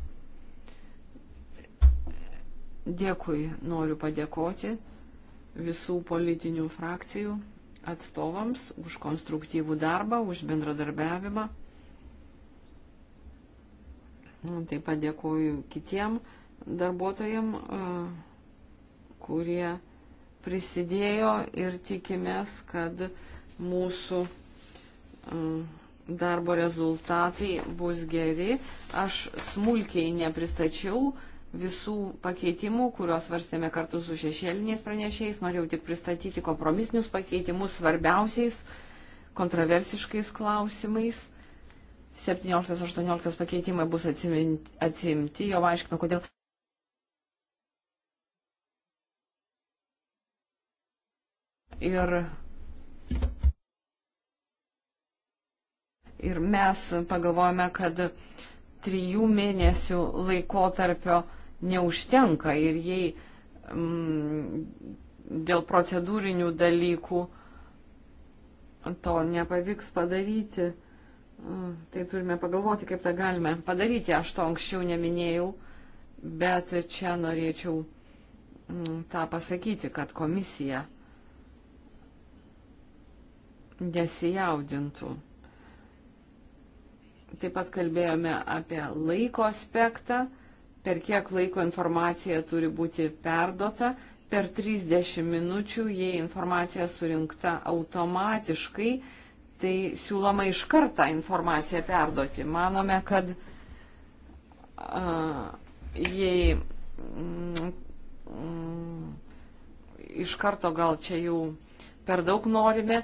Dėkui, noriu padėkoti visų politinių frakcijų atstovams už konstruktyvų darbą, už bendradarbiavimą. Taip pat dėkoju kitiem darbuotojim, e, kurie prisidėjo ir tikimės, kad mūsų e, darbo rezultatai bus geri. Aš smulkiai nepristačiau visų pakeitimų, kuriuos varstėme kartu su šešėliniais pranešėjais. Norėjau tik pristatyti kompromisinius pakeitimus svarbiausiais kontroversiškais klausimais. 17-18 pakeitimai bus atsiminti, atsimti, jo aiškino, kodėl. Ir, ir mes pagalvojame, kad trijų mėnesių laikotarpio tarpio neužtenka ir jei mm, dėl procedūrinių dalykų to nepavyks padaryti, mm, tai turime pagalvoti, kaip tą galime padaryti. Aš to anksčiau neminėjau, bet čia norėčiau mm, tą pasakyti, kad komisija nesijaudintų. Taip pat kalbėjome apie laiko aspektą per kiek laiko informacija turi būti perdota. Per 30 minučių, jei informacija surinkta automatiškai, tai siūloma iš kartą informaciją perduoti. Manome, kad a, jei mm, mm, iš karto gal čia jau per daug norime,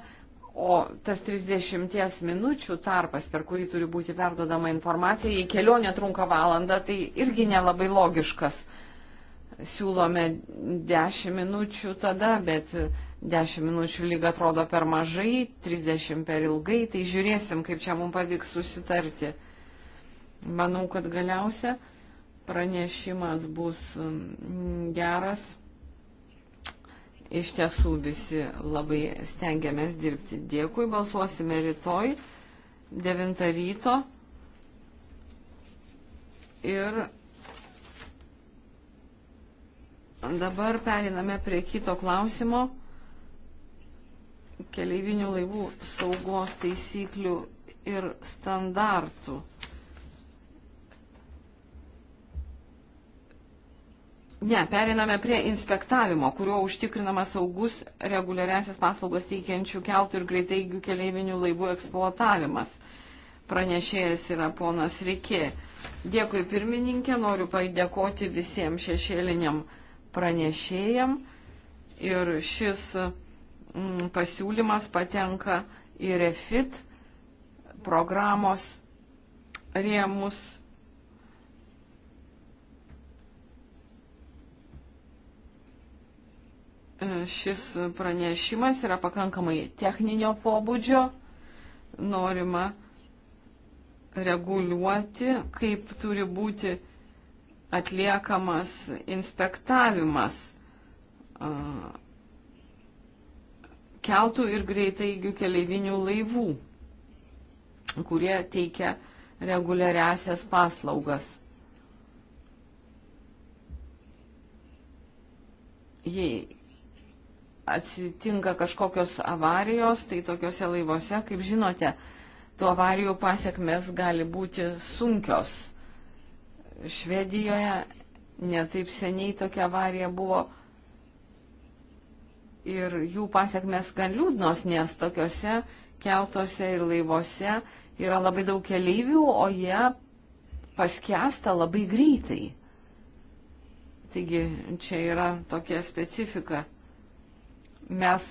O tas 30 minučių tarpas, per kurį turi būti perdodama informacija, jei kelionė trunka valandą, tai irgi nelabai logiškas. Siūlome 10 minučių tada, bet 10 minučių lyg atrodo per mažai, 30 per ilgai, tai žiūrėsim, kaip čia mums pavyks susitarti. Manau, kad galiausia pranešimas bus mm, geras Iš tiesų visi labai stengiamės dirbti. Dėkui, balsuosime rytoj 9 ryto. Ir dabar periname prie kito klausimo. Keleivinių laivų saugos taisyklių ir standartų. Ne, periname prie inspektavimo, kuriuo užtikrinama saugus reguliariasias paslaugas teikiančių keltų ir greitaigių keleivinių laivų eksploatavimas. Pranešėjas yra ponas Rikė. Dėkui pirmininkė, noriu padėkoti visiems šešėliniam pranešėjam. Ir šis mm, pasiūlymas patenka į refit programos rėmus E, šis pranešimas yra pakankamai techninio pobūdžio. Norima reguliuoti, kaip turi būti atliekamas inspektavimas e, keltų ir greitaigių keleivinių laivų, kurie teikia reguliariasias paslaugas. Jei atsitinka kažkokios avarijos, tai tokiuose laivuose, kaip žinote, tų avarijų pasiekmes gali būti sunkios. Švedijoje netaip seniai tokia avarija buvo ir jų pasiekmes gan liūdnos, nes tokiuose keltuose ir laivuose yra labai daug keleivių, o jie paskęsta labai greitai. Taigi čia yra tokia specifika Mes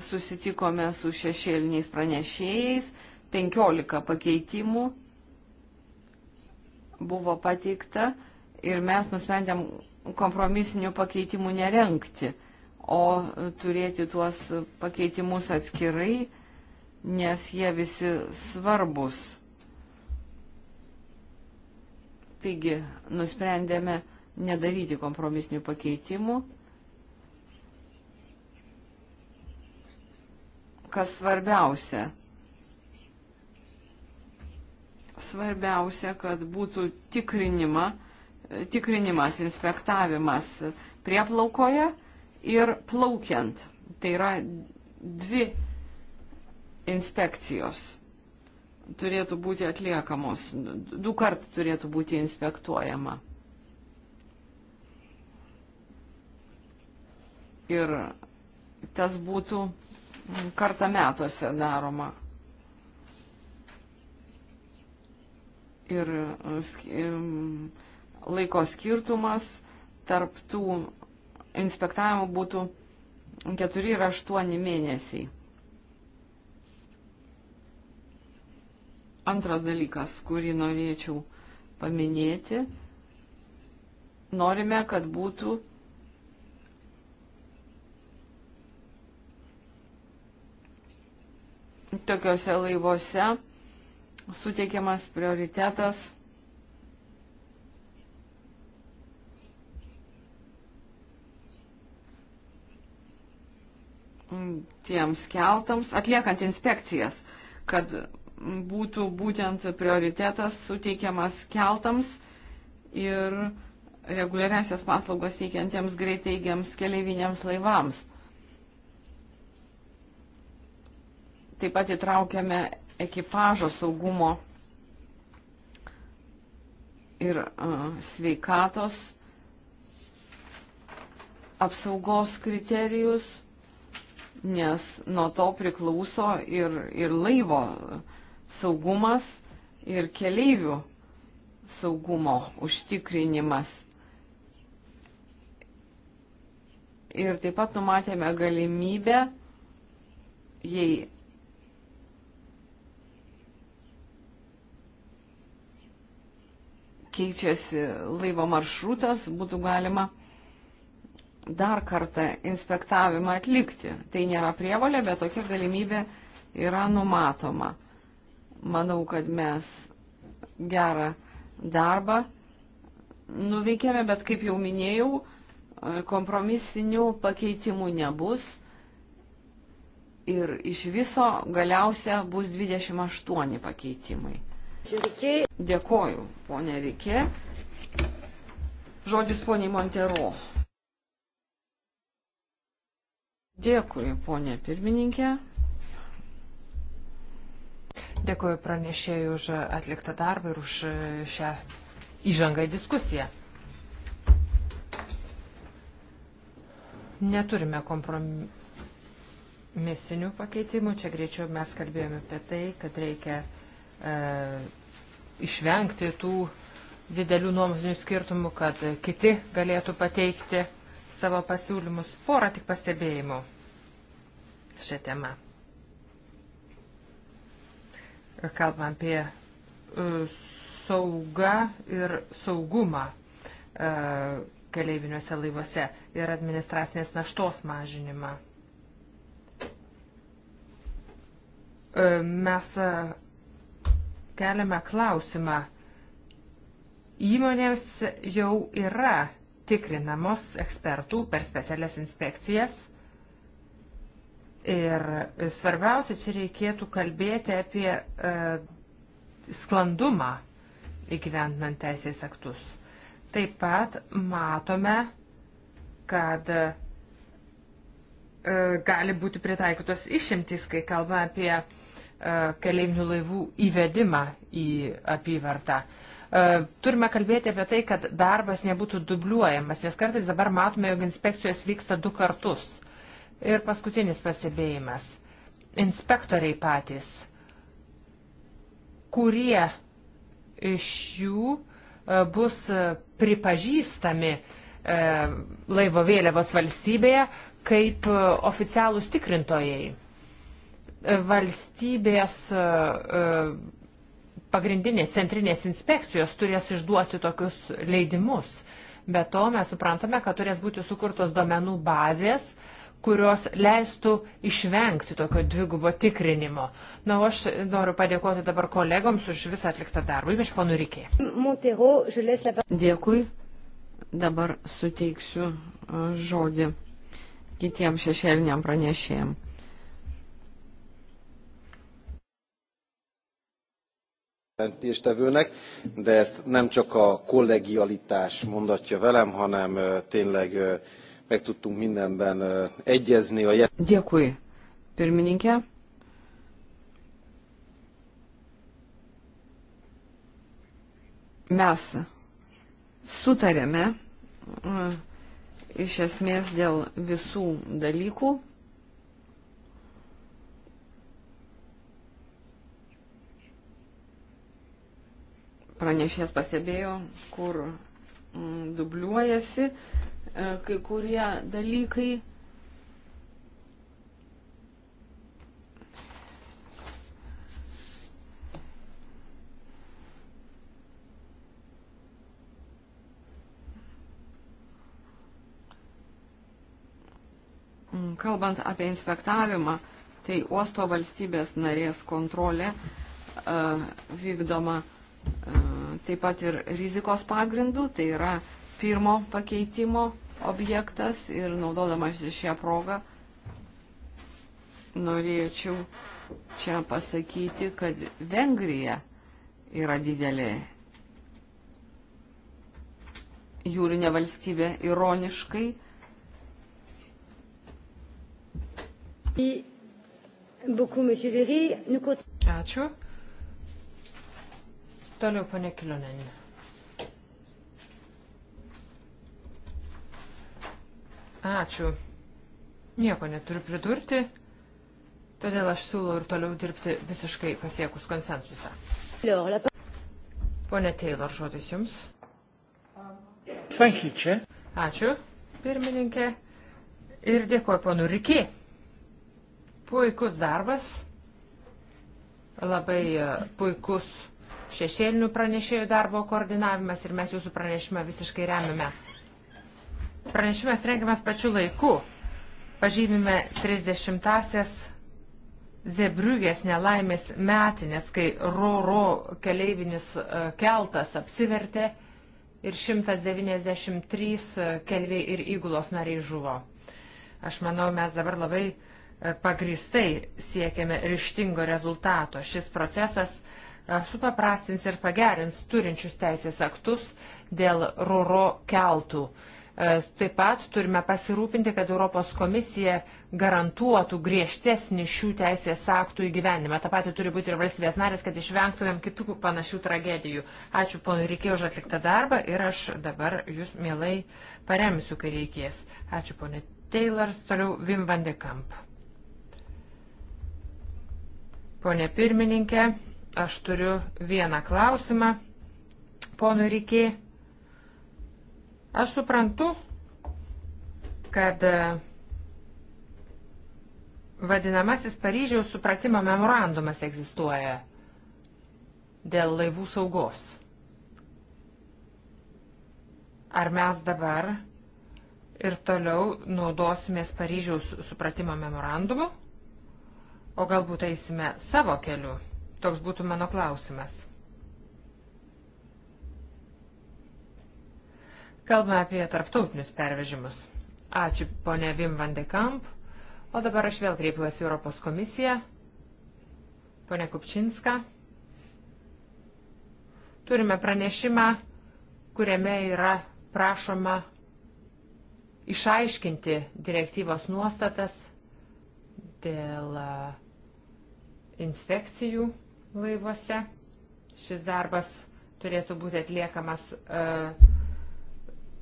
susitikome su šešėliniais pranešėjais, 15 pakeitimų buvo pateikta ir mes nusprendėm kompromisinių pakeitimų nerenkti, o turėti tuos pakeitimus atskirai, nes jie visi svarbus. Taigi nusprendėme nedaryti kompromisinių pakeitimų. Kas svarbiausia? Svarbiausia, kad būtų tikrinima, tikrinimas, inspektavimas prieplaukoje ir plaukiant. Tai yra dvi inspekcijos turėtų būti atliekamos, du kart turėtų būti inspektuojama. ir tas būtų kartą metuose daroma. Ir laiko skirtumas tarp tų inspektavimų būtų 4 ir 8 mėnesiai. Antras dalykas, kurį norėčiau paminėti, norime, kad būtų tokiuose laivuose suteikiamas prioritetas tiems keltams, atliekant inspekcijas, kad būtų būtent prioritetas suteikiamas keltams ir reguliariasias paslaugas teikiantiems greiteigiams keleiviniams laivams. taip pat įtraukėme ekipažo saugumo ir uh, sveikatos apsaugos kriterijus, nes nuo to priklauso ir, ir laivo saugumas, ir keleivių saugumo užtikrinimas. Ir taip pat numatėme galimybę, jei keičiasi laivo maršrutas, būtų galima dar kartą inspektavimą atlikti. Tai nėra prievalė, bet tokia galimybė yra numatoma. Manau, kad mes gerą darbą nuveikėme, bet kaip jau minėjau, kompromisinių pakeitimų nebus. Ir iš viso galiausia bus 28 pakeitimai. Dėkoju, ponė Rikė. Žodis poniai Montero. Dėkui, ponė pirmininkė. Dėkuoju pranešėjai už atliktą darbą ir už šią įžangą į diskusiją. Neturime kompromisinių pakeitimų. Čia greičiau mes kalbėjome apie tai, kad reikia E, išvengti tų didelių nuomonių skirtumų, kad kiti galėtų pateikti savo pasiūlymus. Porą tik pastebėjimų šią temą. Kalbam apie e, saugą ir saugumą e, keleiviniuose laivuose ir administracinės naštos mažinimą. Mes keliame klausimą. Įmonės jau yra tikrinamos ekspertų per specialias inspekcijas. Ir svarbiausia, čia reikėtų kalbėti apie e, sklandumą įgyvendinant teisės aktus. Taip pat matome, kad e, gali būti pritaikytos išimtys, kai kalbame apie E, keleivinių laivų įvedimą į apyvartą. E, turime kalbėti apie tai, kad darbas nebūtų dubliuojamas, nes kartais dabar matome, jog inspekcijos vyksta du kartus. Ir paskutinis pastebėjimas. Inspektoriai patys, kurie iš jų e, bus pripažįstami laivo vėliavos valstybėje kaip oficialūs tikrintojai valstybės e, pagrindinės centrinės inspekcijos turės išduoti tokius leidimus. Be to mes suprantame, kad turės būti sukurtos domenų bazės, kurios leistų išvengti tokio dvigubo tikrinimo. Na, o aš noriu padėkoti dabar kolegoms už visą atliktą darbą, ypač ponu Rikė. Dėkui. Dabar suteiksiu e, žodį kitiems šešėliniam pranešėjim. jelentéstevőnek, de ezt nem csak a kollegialitás mondatja velem, hanem tényleg meg tudtunk mindenben egyezni. A jel... Dėkui, pirmininkė. Mes sutarėme iš esmės dėl visų dalykų, pranešės pastebėjo, kur mm, dubliuojasi e, kai kurie dalykai. Mm, kalbant apie inspektavimą, tai uosto valstybės narės kontrolė e, vykdoma taip pat ir rizikos pagrindų, tai yra pirmo pakeitimo objektas ir naudodamas šią progą norėčiau čia pasakyti, kad Vengrija yra didelė jūrinė valstybė ironiškai. Ačiū. Toliau, ponė Kilonenė. Ačiū. Nieko neturiu pridurti, todėl aš siūlau ir toliau dirbti visiškai pasiekus konsensusą. Pone Taylor, žodis Jums. Thank you, Chair. Ačiū, pirmininkė. Ir dėkoju ponu Rikį. Puikus darbas, labai e, puikus šešėlinių pranešėjų darbo koordinavimas ir mes jūsų pranešimą visiškai remiame. Pranešimas rengiamas pačiu laiku. Pažymime 30-asias Zebriugės nelaimės metinės, kai Roro keleivinis e, keltas apsivertė ir 193 e, kelviai ir įgulos nariai žuvo. Aš manau, mes dabar labai e, pagristai siekiame ryštingo rezultato. Šis procesas supaprastins ir pagerins turinčius teisės aktus dėl roro keltų. E, taip pat turime pasirūpinti, kad Europos komisija garantuotų griežtesnį šių teisės aktų įgyvenimą. Ta pati turi būti ir valstybės narės, kad išvengtumėm kitų panašių tragedijų. Ačiū ponui Reikėjai už atliktą darbą ir aš dabar jūs mielai paremsiu, kai reikės. Ačiū ponė Taylor, toliau Vim Vandekamp. Pone pirmininkė. Aš turiu vieną klausimą, ponui Rikė. Aš suprantu, kad e, vadinamasis Paryžiaus supratimo memorandumas egzistuoja dėl laivų saugos. Ar mes dabar ir toliau naudosimės Paryžiaus supratimo memorandumu, o galbūt eisime savo keliu? Toks būtų mano klausimas. Kalbame apie tarptautinius pervežimus. Ačiū ponė Vim van de Kamp. O dabar aš vėl kreipiuosi Europos komisiją. Pone Kupčinska. Turime pranešimą, kuriame yra prašoma išaiškinti direktyvos nuostatas dėl e, inspekcijų laivuose. Šis darbas turėtų būti atliekamas e,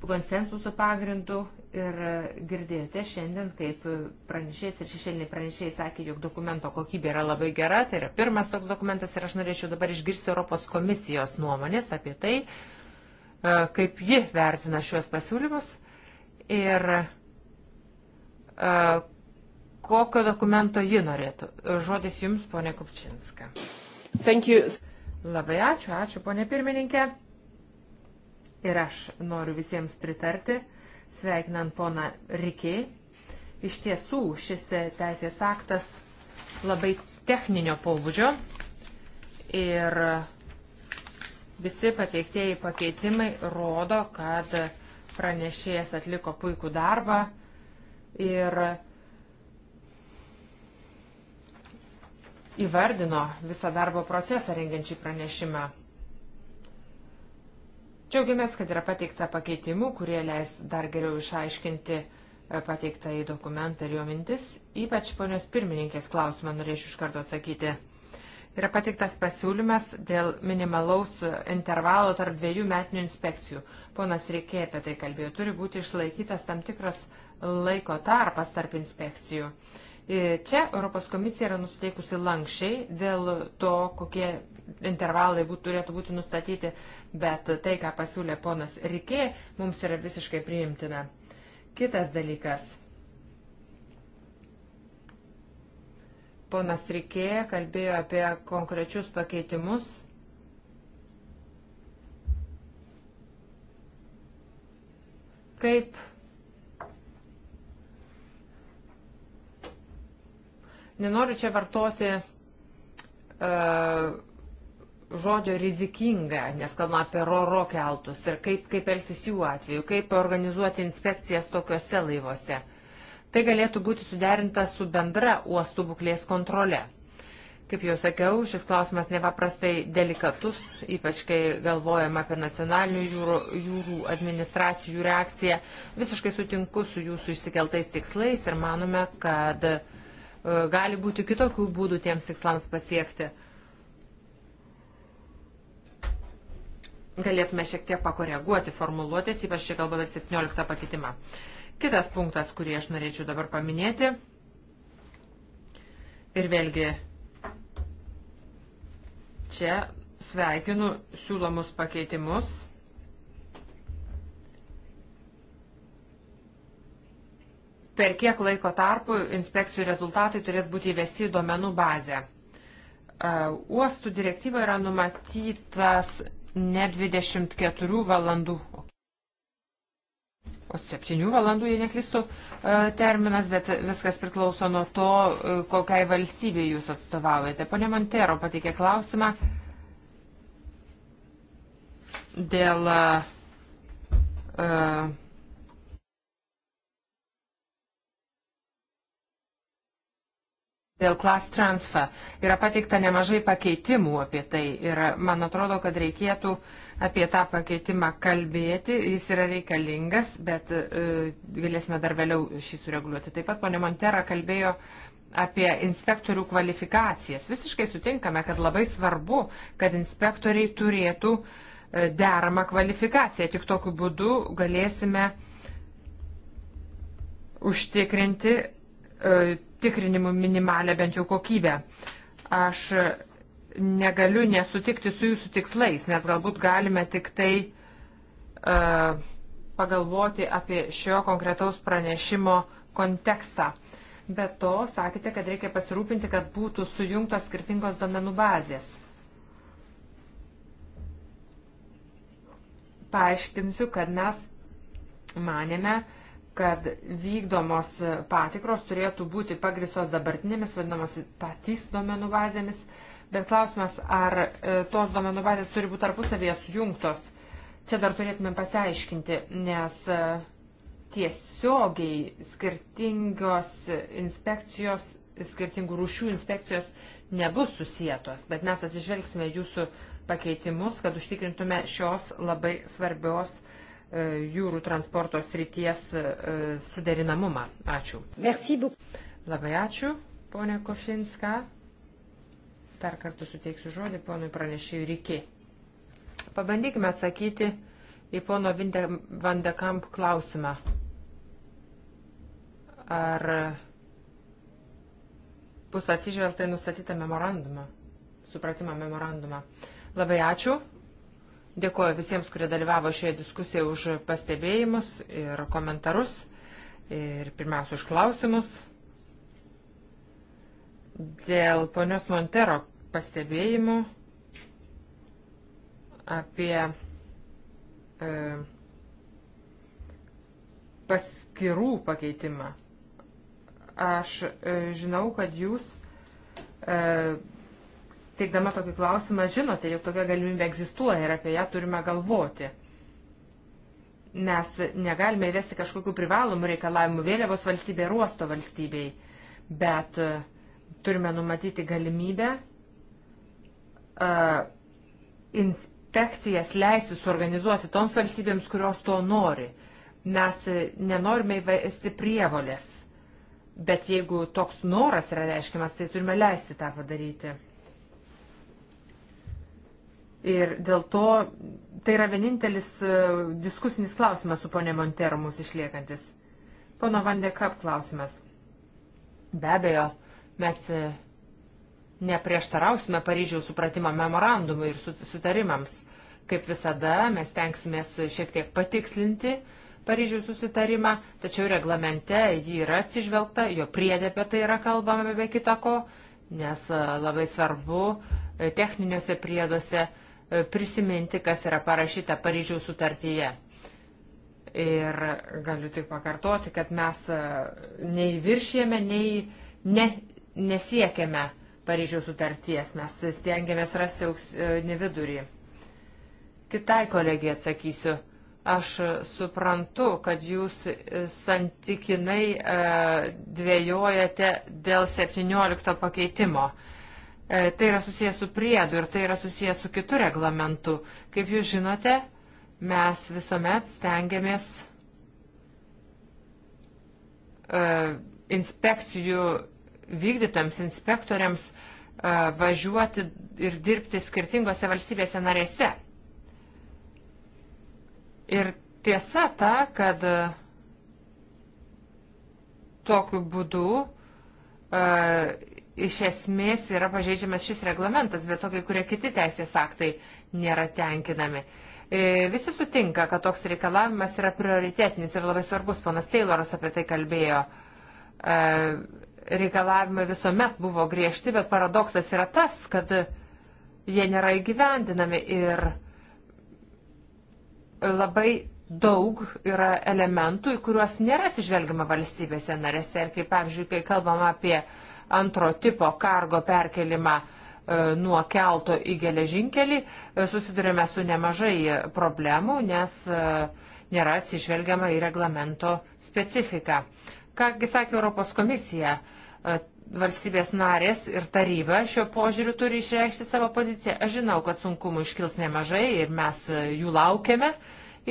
konsensusų pagrindų ir e, girdėjote šiandien, kaip pranešėjas ir šešėliniai pranešėjai sakė, jog dokumento kokybė yra labai gera, tai yra pirmas toks dokumentas ir aš norėčiau dabar išgirsti Europos komisijos nuomonės apie tai, e, kaip ji vertina šiuos pasiūlymus ir kokio dokumento ji norėtų. Žodis jums, ponė Kupčinska. Thank you. Labai ačiū, ačiū ponė pirmininkė. Ir aš noriu visiems pritarti, sveikinant poną Rikiai. Iš tiesų, šis teisės aktas labai techninio pobūdžio ir visi pateiktieji pakeitimai rodo, kad pranešėjas atliko puikų darbą ir įvardino visą darbo procesą rengiančią pranešimą. Džiaugiamės, kad yra pateikta pakeitimų, kurie leis dar geriau išaiškinti e, pateiktą į dokumentą ir jo mintis. Ypač ponios pirmininkės klausimą norėčiau iš karto atsakyti. Yra pateiktas pasiūlymas dėl minimalaus e, intervalo tarp dviejų metinių inspekcijų. Ponas Reikė apie tai kalbėjo. Turi būti išlaikytas tam tikras laiko tarpas tarp inspekcijų. Uh, E, čia Europos komisija yra nusiteikusi lankščiai dėl to, kokie intervalai būt, turėtų būti nustatyti, bet tai, ką pasiūlė ponas Rikė, mums yra visiškai priimtina. Kitas dalykas. Ponas Rikė kalbėjo apie konkrečius pakeitimus. Kaip Nenoriu čia vartoti uh, žodžio rizikinga, nes kalbame apie roro keltus ir kaip, kaip elgtis jų atveju, kaip organizuoti inspekcijas tokiuose laivuose. Tai galėtų būti suderinta su bendra uostų būklės kontrole. Kaip jau sakiau, šis klausimas nepaprastai delikatus, ypač kai galvojam apie nacionalinių jūrų, jūrų administracijų reakciją. Visiškai sutinku su jūsų išsikeltais tikslais ir manome, kad uh, E, gali būti kitokių būdų tiems tikslams pasiekti. Galėtume šiek tiek pakoreguoti formuluotės, ypač čia kalbame 17 pakitimą. Kitas punktas, kurį aš norėčiau dabar paminėti. Ir vėlgi, čia sveikinu siūlomus pakeitimus per kiek laiko tarpu inspekcijų rezultatai turės būti įvesti į duomenų bazę. E, uostų direktyva yra numatytas ne 24 valandų, o 7 valandų, jei neklystu, e, terminas, bet viskas priklauso nuo to, e, kokiai valstybei jūs atstovaujate. Pone Montero pateikė klausimą dėl uh, dėl class transfer. Yra pateikta nemažai pakeitimų apie tai ir man atrodo, kad reikėtų apie tą pakeitimą kalbėti. Jis yra reikalingas, bet e, galėsime dar vėliau šį sureguliuoti. Taip pat ponė Montera kalbėjo apie inspektorių kvalifikacijas. Visiškai sutinkame, kad labai svarbu, kad inspektoriai turėtų e, deramą kvalifikaciją. Tik tokiu būdu galėsime užtikrinti e, tikrinimų minimalę bent jau kokybę. Aš negaliu nesutikti su jūsų tikslais, nes galbūt galime tik tai uh, pagalvoti apie šio konkretaus pranešimo kontekstą. Be to, sakėte, kad reikia pasirūpinti, kad būtų sujungtos skirtingos domenų bazės. Paaiškinsiu, kad mes manėme, uh, kad vykdomos patikros turėtų būti pagrisos dabartinėmis, vadinamas patys duomenų bazėmis, bet klausimas, ar e, tos duomenų bazės turi būti tarpusavėje sujungtos, čia dar turėtume pasiaiškinti, nes e, tiesiogiai skirtingos inspekcijos, skirtingų rūšių inspekcijos nebus susijėtos, bet mes atsižvelgsime jūsų pakeitimus, kad užtikrintume šios labai svarbios uh, E, jūrų transporto srities e, suderinamumą. Ačiū. Merci beaucoup. Labai ačiū, ponė Košinska. Dar kartą suteiksiu žodį ponui pranešėjui Rikė. Pabandykime atsakyti į pono Vandekamp klausimą. Ar bus atsižvelgta į nustatytą memorandumą, supratimą memorandumą. Labai ačiū. Dėkuoju visiems, kurie dalyvavo šioje diskusijoje už pastebėjimus ir komentarus ir pirmiausia už klausimus. Dėl ponios Montero pastebėjimų apie e, paskirų pakeitimą. Aš e, žinau, kad jūs e, teikdama tokį klausimą, žinote, jog tokia galimybė egzistuoja ir apie ją turime galvoti. Mes negalime įvesti kažkokių privalomų reikalavimų vėliavos valstybė ir uosto valstybei, bet e, turime numatyti galimybę uh, inspekcijas leisti suorganizuoti toms valstybėms, kurios to nori. Mes nenorime įvesti prievolės, bet jeigu toks noras yra reiškiamas, tai turime leisti tą padaryti. Ir dėl to tai yra vienintelis e, diskusinis klausimas su ponė Montero mums išliekantis. Pono Vandekap klausimas. Be abejo, mes e, neprieštarausime Paryžiaus supratimo memorandumui ir susitarimams. Kaip visada, mes tenksimės šiek tiek patikslinti Paryžiaus susitarimą, tačiau reglamente jį yra atsižvelgta, jo priedė apie tai yra kalbama be kitako, nes e, labai svarbu techniniuose prieduose prisiminti, kas yra parašyta Paryžiaus sutartyje. Ir galiu tik pakartoti, kad mes e, nei viršėme, nei ne, nesiekėme Paryžiaus sutarties, mes stengiamės rasti auksinį e, vidurį. Kitai kolegijai atsakysiu. Aš suprantu, kad jūs e, santykinai dvėjojate dėl 17 pakeitimo. E, tai yra susijęs su priedu ir tai yra susijęs su kitu reglamentu. Kaip jūs žinote, mes visuomet stengiamės e, inspekcijų vykdytams, inspektoriams e, važiuoti ir dirbti skirtingose valstybėse narėse. Ir tiesa ta, kad tokiu būdu iš esmės yra pažeidžiamas šis reglamentas, bet tokie, kurie kiti teisės aktai nėra tenkinami. E, visi sutinka, kad toks reikalavimas yra prioritetinis ir labai svarbus. Ponas Tayloras apie tai kalbėjo. E, reikalavimai visuomet buvo griežti, bet paradoksas yra tas, kad jie nėra įgyvendinami ir labai daug yra elementų, į kuriuos nėra atsižvelgiama valstybėse narėse. Ir kaip pavyzdžiui, kai kalbam apie uh, antro tipo kargo perkelimą e, nuo kelto į geležinkelį, e, susidurime su nemažai problemų, nes e, nėra atsižvelgiama į reglamento specifiką. Kągi sakė Europos komisija, valstybės narės ir taryba šio požiūriu turi išreikšti savo poziciją. Aš žinau, kad sunkumų iškils nemažai ir mes jų laukiame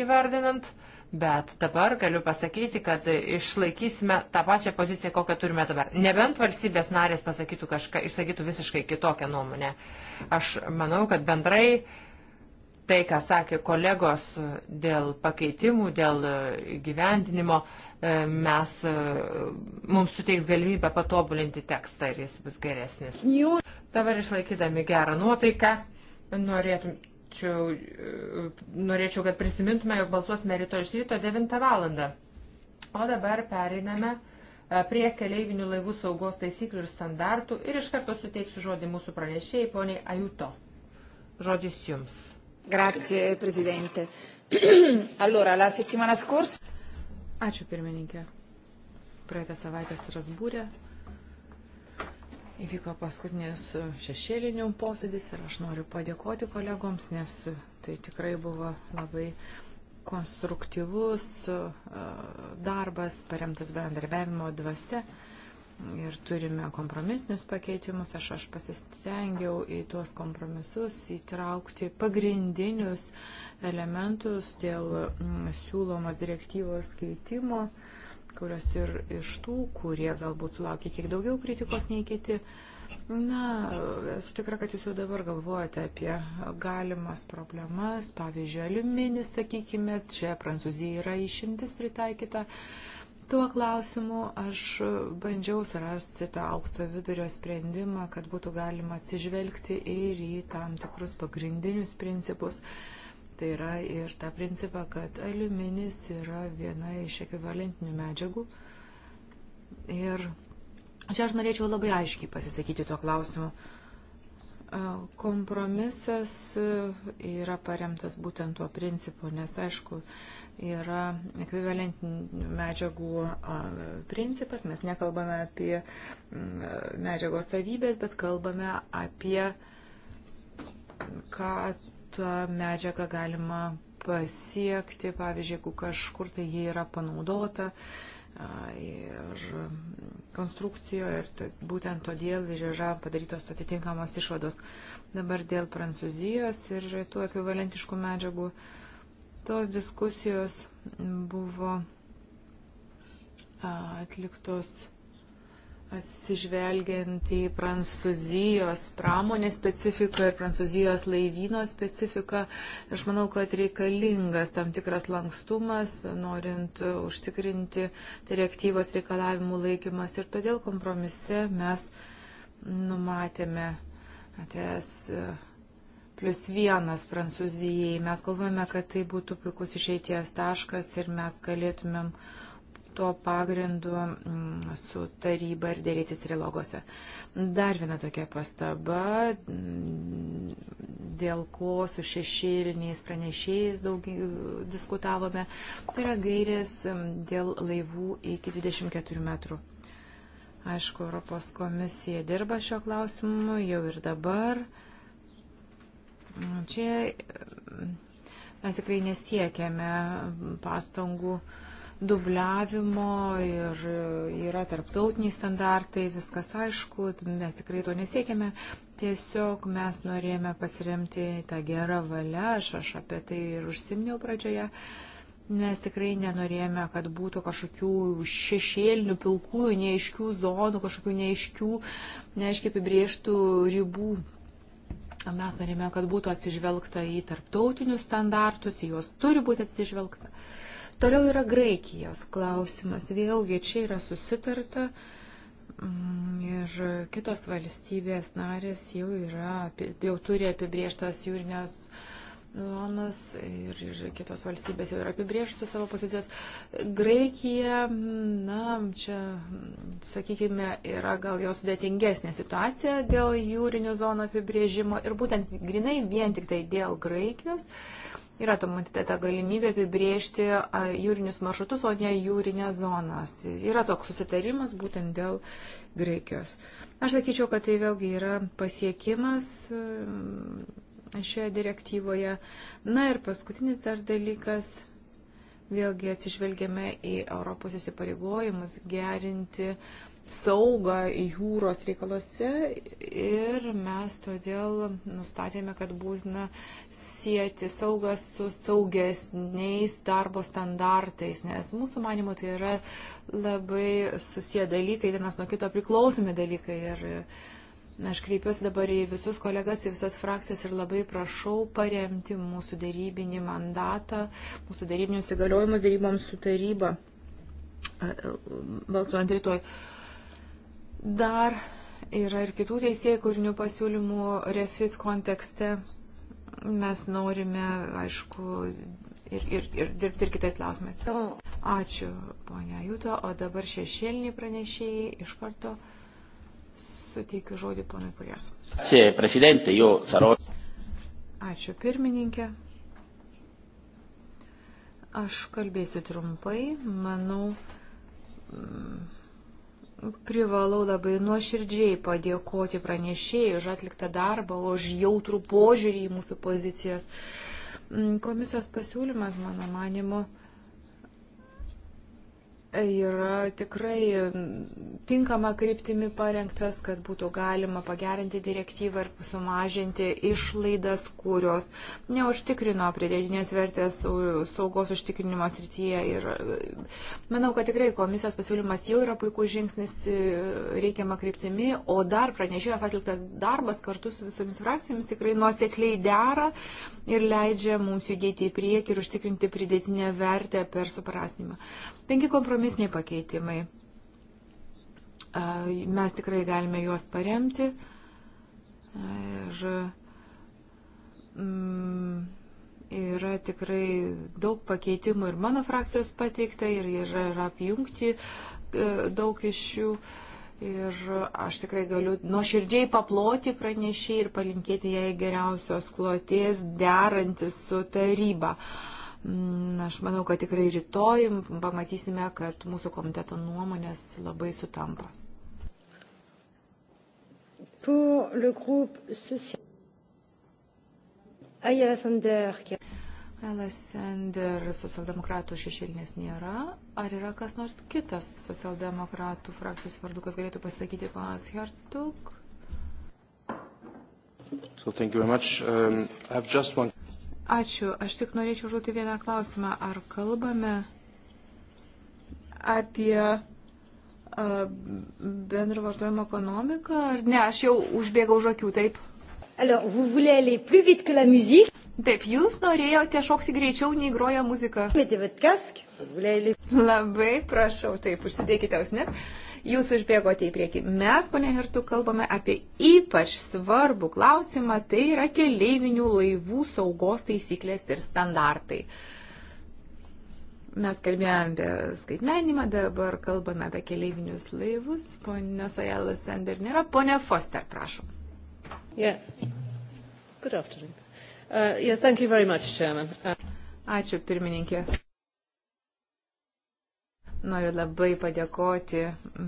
įvardinant uh, Bet dabar galiu pasakyti, kad išlaikysime tą pačią poziciją, kokią turime dabar. Nebent valstybės narės pasakytų kažką, išsakytų visiškai kitokią nuomonę. Aš manau, kad bendrai tai, ką sakė kolegos dėl pakeitimų, dėl gyvendinimo, e, mes, e, mums suteiks galimybę patobulinti tekstą ir jis bus geresnis. Dabar išlaikydami gerą nuotaiką, norėtum, Tačiau e, norėčiau, kad prisimintume, jog balsuosime rytoj iš ryto 9 valandą. O dabar pereiname e, prie keleivinių laivų saugos taisyklių ir standartų ir iš karto suteiksiu žodį mūsų pranešėjai, poniai Ajuto. Žodis jums. Grazie, prezidente. <clears throat> allora, la settimana scorsa. Ačiū, pirmininkė. Praeitą savaitę Strasbūrė. E Įvyko paskutinis e, šešėlinių posėdis ir aš noriu padėkoti kolegoms, nes tai tikrai buvo labai konstruktyvus e, darbas, paremtas bendarbiavimo dvasia ir turime kompromisinius pakeitimus, aš, aš pasistengiau į tuos kompromisus įtraukti pagrindinius elementus dėl siūlomos direktyvos keitimo. Uh, kurios ir iš tų, kurie galbūt sulaukia kiek daugiau kritikos nei kiti. Na, esu tikra, kad jūs jau dabar galvojate apie galimas problemas, pavyzdžiui, aliuminis, sakykime, čia Prancūzija yra išimtis pritaikyta. Tuo klausimu aš bandžiau surasti tą aukso vidurio sprendimą, kad būtų galima atsižvelgti ir į tam tikrus pagrindinius principus. Uh, Tai yra ir tą principą, kad aliuminis yra viena iš ekvivalentinių medžiagų. Ir čia aš norėčiau labai aiškiai pasisakyti tuo klausimu. Kompromisas e, yra paremtas būtent tuo principu, nes aišku, yra ekvivalentinių medžiagų principas, mes nekalbame apie medžiagos savybės, bet kalbame apie ką tą medžiagą galima pasiekti, pavyzdžiui, jeigu kažkur tai jie yra panaudota ir konstrukcijoje ir tai būtent todėl ir yra padarytos atitinkamos išvados. Dabar dėl Prancūzijos ir tų ekvivalentiškų medžiagų tos diskusijos buvo atliktos Atsižvelgiant į Prancūzijos pramonės specifiką ir Prancūzijos laivyno specifiką, aš manau, kad reikalingas tam tikras lankstumas, norint užtikrinti direktyvos reikalavimų laikymas. Ir todėl kompromise mes numatėme atės e, plus vienas Prancūzijai. Mes galvojame, kad tai būtų puikus išeities taškas ir mes galėtumėm uh, tuo pagrindu mm, su taryba ir dėrėtis trilogose. Dar viena tokia pastaba, mm, dėl ko su šešėliniais pranešėjais daug diskutavome, tai yra gairės mm, dėl laivų iki 24 metrų. Aišku, Europos komisija dirba šio klausimu jau ir dabar. Čia mes tikrai nesiekėme pastangų uh, dubliavimo ir yra tarptautiniai standartai, viskas aišku, mes tikrai to nesiekėme, tiesiog mes norėjome pasiremti tą gerą valią, aš, aš apie tai ir užsimniau pradžioje. Mes tikrai nenorėjome, kad būtų kažkokių šešėlinių, pilkų, neaiškių zonų, kažkokių neaiškių, neaiškiai apibrieštų ribų. Mes norėjome, kad būtų atsižvelgta į tarptautinius standartus, į juos turi būti atsižvelgta. Uh, Toliau yra Graikijos klausimas. Vėlgi čia yra susitarta mm, ir kitos valstybės narės jau, yra, jau turi apibrieštas jūrinės zonas ir, ir kitos valstybės jau yra apibriežusios savo pozicijos. Graikija, na, čia, sakykime, yra gal jau sudėtingesnė situacija dėl jūrinių zonų apibrėžimo ir būtent grinai vien tik tai dėl Graikijos. Uh, yra numatyta ta galimybė apibriežti jūrinius maršrutus, o ne jūrinės zonas. Yra toks susitarimas būtent dėl Graikijos. Aš sakyčiau, kad tai vėlgi yra pasiekimas šioje direktyvoje. Na ir paskutinis dar dalykas. Vėlgi atsižvelgiame į Europos įsipareigojimus gerinti uh, saugą jūros reikaluose ir mes todėl nustatėme, kad būtina sieti saugą su saugesniais darbo standartais, nes mūsų manimo tai yra labai susiję dalykai, vienas nuo kito priklausomi dalykai. Ir, Aš kreipiuosi dabar į visus kolegas, į visas frakcijas ir labai prašau paremti mūsų dėrybinį mandatą, mūsų dėrybinius įgaliojimus dėryboms su taryba. Balsuojant rytoj. Tai Dar yra ir kitų teisėjų kūrinių pasiūlymų refit kontekste. Mes norime, aišku, ir, ir, ir dirbti ir kitais klausimais. Ačiū, ponia Juto. O dabar šešėliniai pranešėjai iš karto suteikiu žodį ponui Pulės. Ačiū, pirmininkė. Aš kalbėsiu trumpai. Manau, mm, Privalau labai nuoširdžiai padėkoti pranešėjai už atliktą darbą, už jautrų požiūrį į mūsų pozicijas. Mm, komisijos pasiūlymas, mano manimu, yra tikrai tinkama kryptimi parengtas, kad būtų galima pagerinti direktyvą ir sumažinti išlaidas, kurios neužtikrino pridėtinės vertės saugos užtikrinimo srityje. Ir e, manau, kad tikrai komisijos pasiūlymas jau yra puikus žingsnis e, reikiama kryptimi, o dar pranešėjo atliktas darbas kartu su visomis frakcijomis tikrai nuosekliai dera ir leidžia mums judėti į priekį ir užtikrinti pridėtinę vertę per suprasnimą. Penki kompromisai kompromisiniai pakeitimai. Mes tikrai galime juos paremti. Ir mm, yra tikrai daug pakeitimų ir mano frakcijos pateikta, ir yra, yra apjungti e, daug iš jų. Ir aš tikrai galiu nuoširdžiai paploti pranešiai ir palinkėti jai geriausios kloties derantis su taryba. Uh, Mm, aš manau, kad tikrai rytoj pamatysime, kad mūsų komiteto nuomonės labai sutampa. Ayala Sander, socialdemokratų šešėlinės nėra. Ar yra kas nors kitas socialdemokratų frakcijos vardu, kas galėtų pasakyti panas Hertug? So thank you very much. Um, I have just one Ačiū. Aš tik norėčiau užduoti vieną klausimą. Ar kalbame apie bendro vartojimo ekonomiką? Ar ne, aš jau užbėgau už akių, taip. Alors, vous voulez aller plus vite que la musique? Taip, jūs norėjote šokti greičiau nei groja muzika. Labai prašau, taip, užsidėkite ausines jūs užbėgote į priekį. Mes, ponė Hirtu, kalbame apie ypač svarbų klausimą, tai yra keleivinių laivų saugos taisyklės ir standartai. Mes kalbėjome apie skaitmenimą, dabar kalbame apie keleivinius laivus. Pone Sajelas Sender nėra. Pone Foster, prašom. Yeah. Good afternoon. Uh, yeah, thank you very much, Chairman. Uh... Ačiū, pirmininkė. Noriu labai padėkoti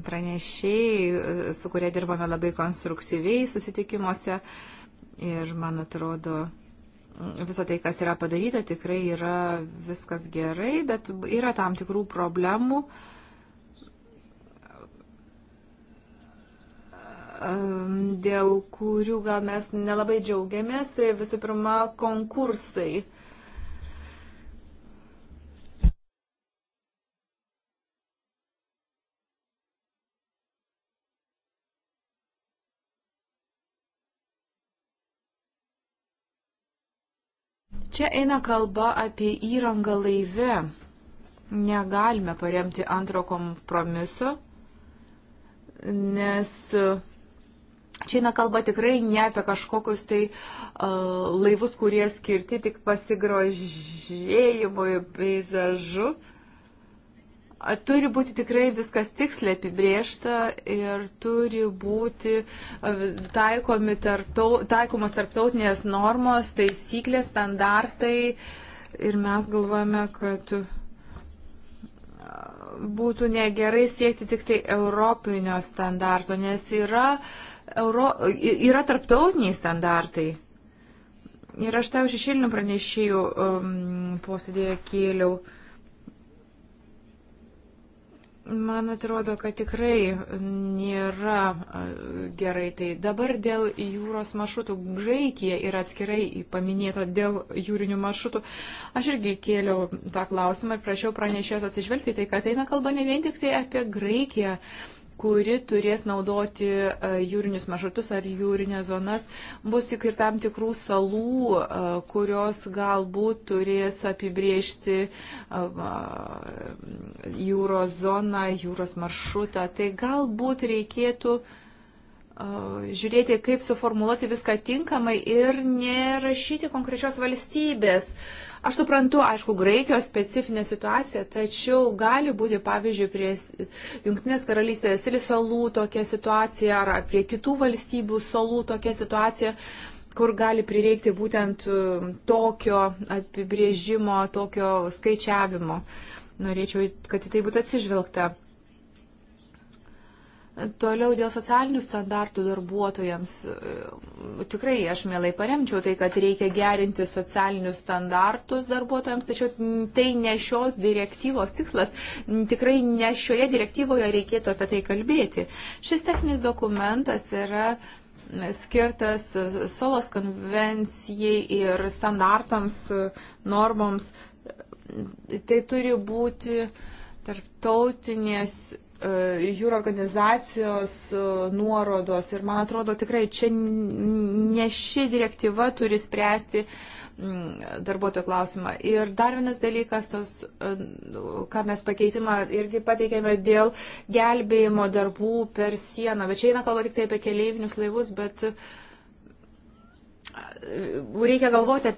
pranešėjai, su kuria dirbame labai konstruktyviai susitikimuose. Ir man atrodo, visą tai, kas yra padaryta, tikrai yra viskas gerai, bet yra tam tikrų problemų. dėl kurių gal mes nelabai džiaugiamės. Visų pirma, konkursai Čia eina kalba apie įrangą laive. Negalime paremti antro kompromiso, nes Čia eina kalba tikrai ne apie kažkokius tai uh, laivus, kurie skirti tik pasigrožėjimui peizažu, Turi būti tikrai viskas tiksliai apibriešta ir turi būti tarptau, taikomos tarptautinės normos, taisyklės, standartai. Ir mes galvojame, kad būtų negerai siekti tik tai europinio standarto, nes yra, euro, yra tarptautiniai standartai. Ir aš tau šešėlinių pranešėjų um, posėdėje kėliau. Uh, Man atrodo, kad tikrai nėra gerai tai. Dabar dėl jūros maršrutų Graikija yra atskirai paminėta dėl jūrinių maršrutų. Aš irgi kėliau tą klausimą ir prašiau pranešėjos atsižvelgti tai, kad eina kalba ne vien tik tai apie Graikiją kuri turės naudoti e, jūrinius maršrutus ar jūrinės zonas, bus tik ir tam tikrų salų, e, kurios galbūt turės apibriežti e, jūros zoną, jūros maršrutą. Tai galbūt reikėtų žiūrėti, kaip suformuoluoti viską tinkamai ir nerašyti konkrečios valstybės uh, Aš suprantu, aišku, Graikijos specifinė situacija, tačiau gali būti, pavyzdžiui, prie Junktinės karalystės ir salų tokia situacija, ar prie kitų valstybių salų tokia situacija, kur gali prireikti būtent um, tokio apibrėžimo, tokio skaičiavimo. Norėčiau, kad į tai būtų atsižvelgta. Toliau dėl socialinių standartų darbuotojams. E, tikrai aš mielai paremčiau tai, kad reikia gerinti socialinius standartus darbuotojams, tačiau tai ne šios direktyvos tikslas. Tikrai ne šioje direktyvoje reikėtų apie tai kalbėti. Šis techninis dokumentas yra skirtas solos konvencijai ir standartams, normoms. Tai turi būti tarptautinės E, jūro organizacijos e, nuorodos ir man atrodo tikrai čia ne ši direktyva turi spręsti darbuotojų klausimą. Ir dar vienas dalykas, tos, e, ką mes pakeitimą irgi pateikėme dėl gelbėjimo darbų per sieną, bet čia eina kalba tik tai apie keleivinius laivus, bet reikia galvoti,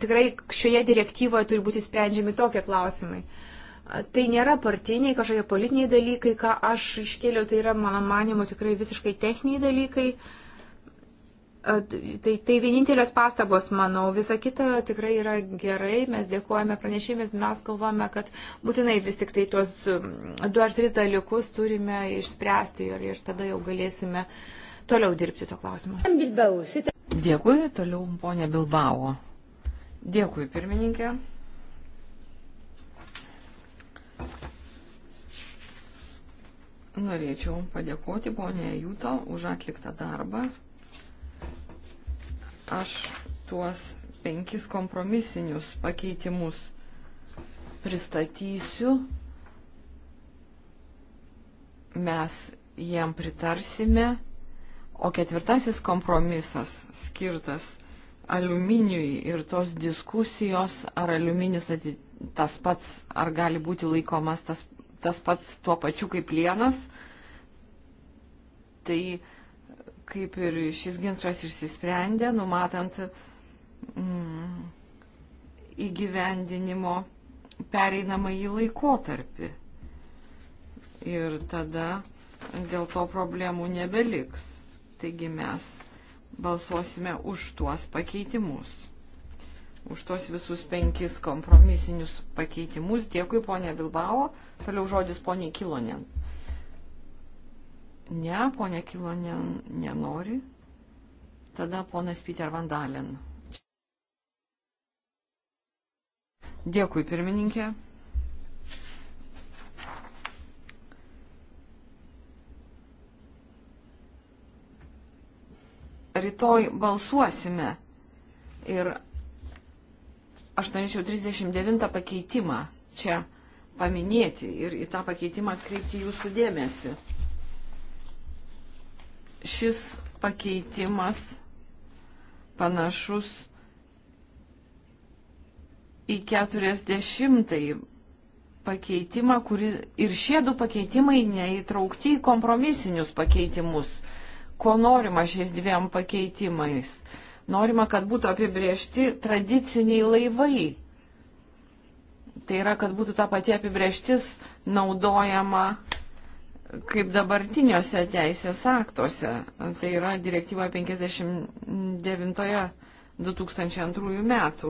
tikrai šioje direktyvoje turi būti sprendžiami tokie klausimai. Uh, Tai nėra partiniai kažkokie politiniai dalykai, ką aš iškėliau, tai yra, mano manimo, tikrai visiškai techniniai dalykai. Tai, tai vienintelės pastabos, manau, visa kita tikrai yra gerai, mes dėkojame pranešimui, mes galvojame, kad būtinai vis tik tai tuos um, du ar tris dalykus turime išspręsti ir, ir tada jau galėsime toliau dirbti to klausimu. Dėkui, toliau ponė Bilbao. Dėkui, pirmininkė. Norėčiau padėkoti ponė Jūto už atliktą darbą. Aš tuos penkis kompromisinius pakeitimus pristatysiu. Mes jiem pritarsime. O ketvirtasis kompromisas skirtas aliuminiui ir tos diskusijos, ar aliuminis atitinka tas pats, ar gali būti laikomas tas, tas pats tuo pačiu kaip plienas. Tai kaip ir šis ginčas išsisprendė, numatant mm, įgyvendinimo pereinamąjį laikotarpį. Ir tada dėl to problemų nebeliks. Taigi mes balsuosime už tuos pakeitimus už tos visus penkis kompromisinius pakeitimus. Dėkui, ponė Bilbao. Toliau žodis ponė Kilonien. Ne, ponė Kilonien nenori. Tada ponas Peter Vandalin. Dėkui, pirmininkė. Rytoj balsuosime ir aš norėčiau 39 pakeitimą čia paminėti ir į tą pakeitimą atkreipti jūsų dėmesį. Šis pakeitimas panašus į 40 pakeitimą, kuri ir šie du pakeitimai neįtraukti į kompromisinius pakeitimus, ko norima šiais dviem pakeitimais norima, kad būtų apibriežti tradiciniai laivai. Tai yra, kad būtų ta pati apibriežtis naudojama kaip dabartiniuose teisės aktuose. Tai yra direktyva 59-2002 metų.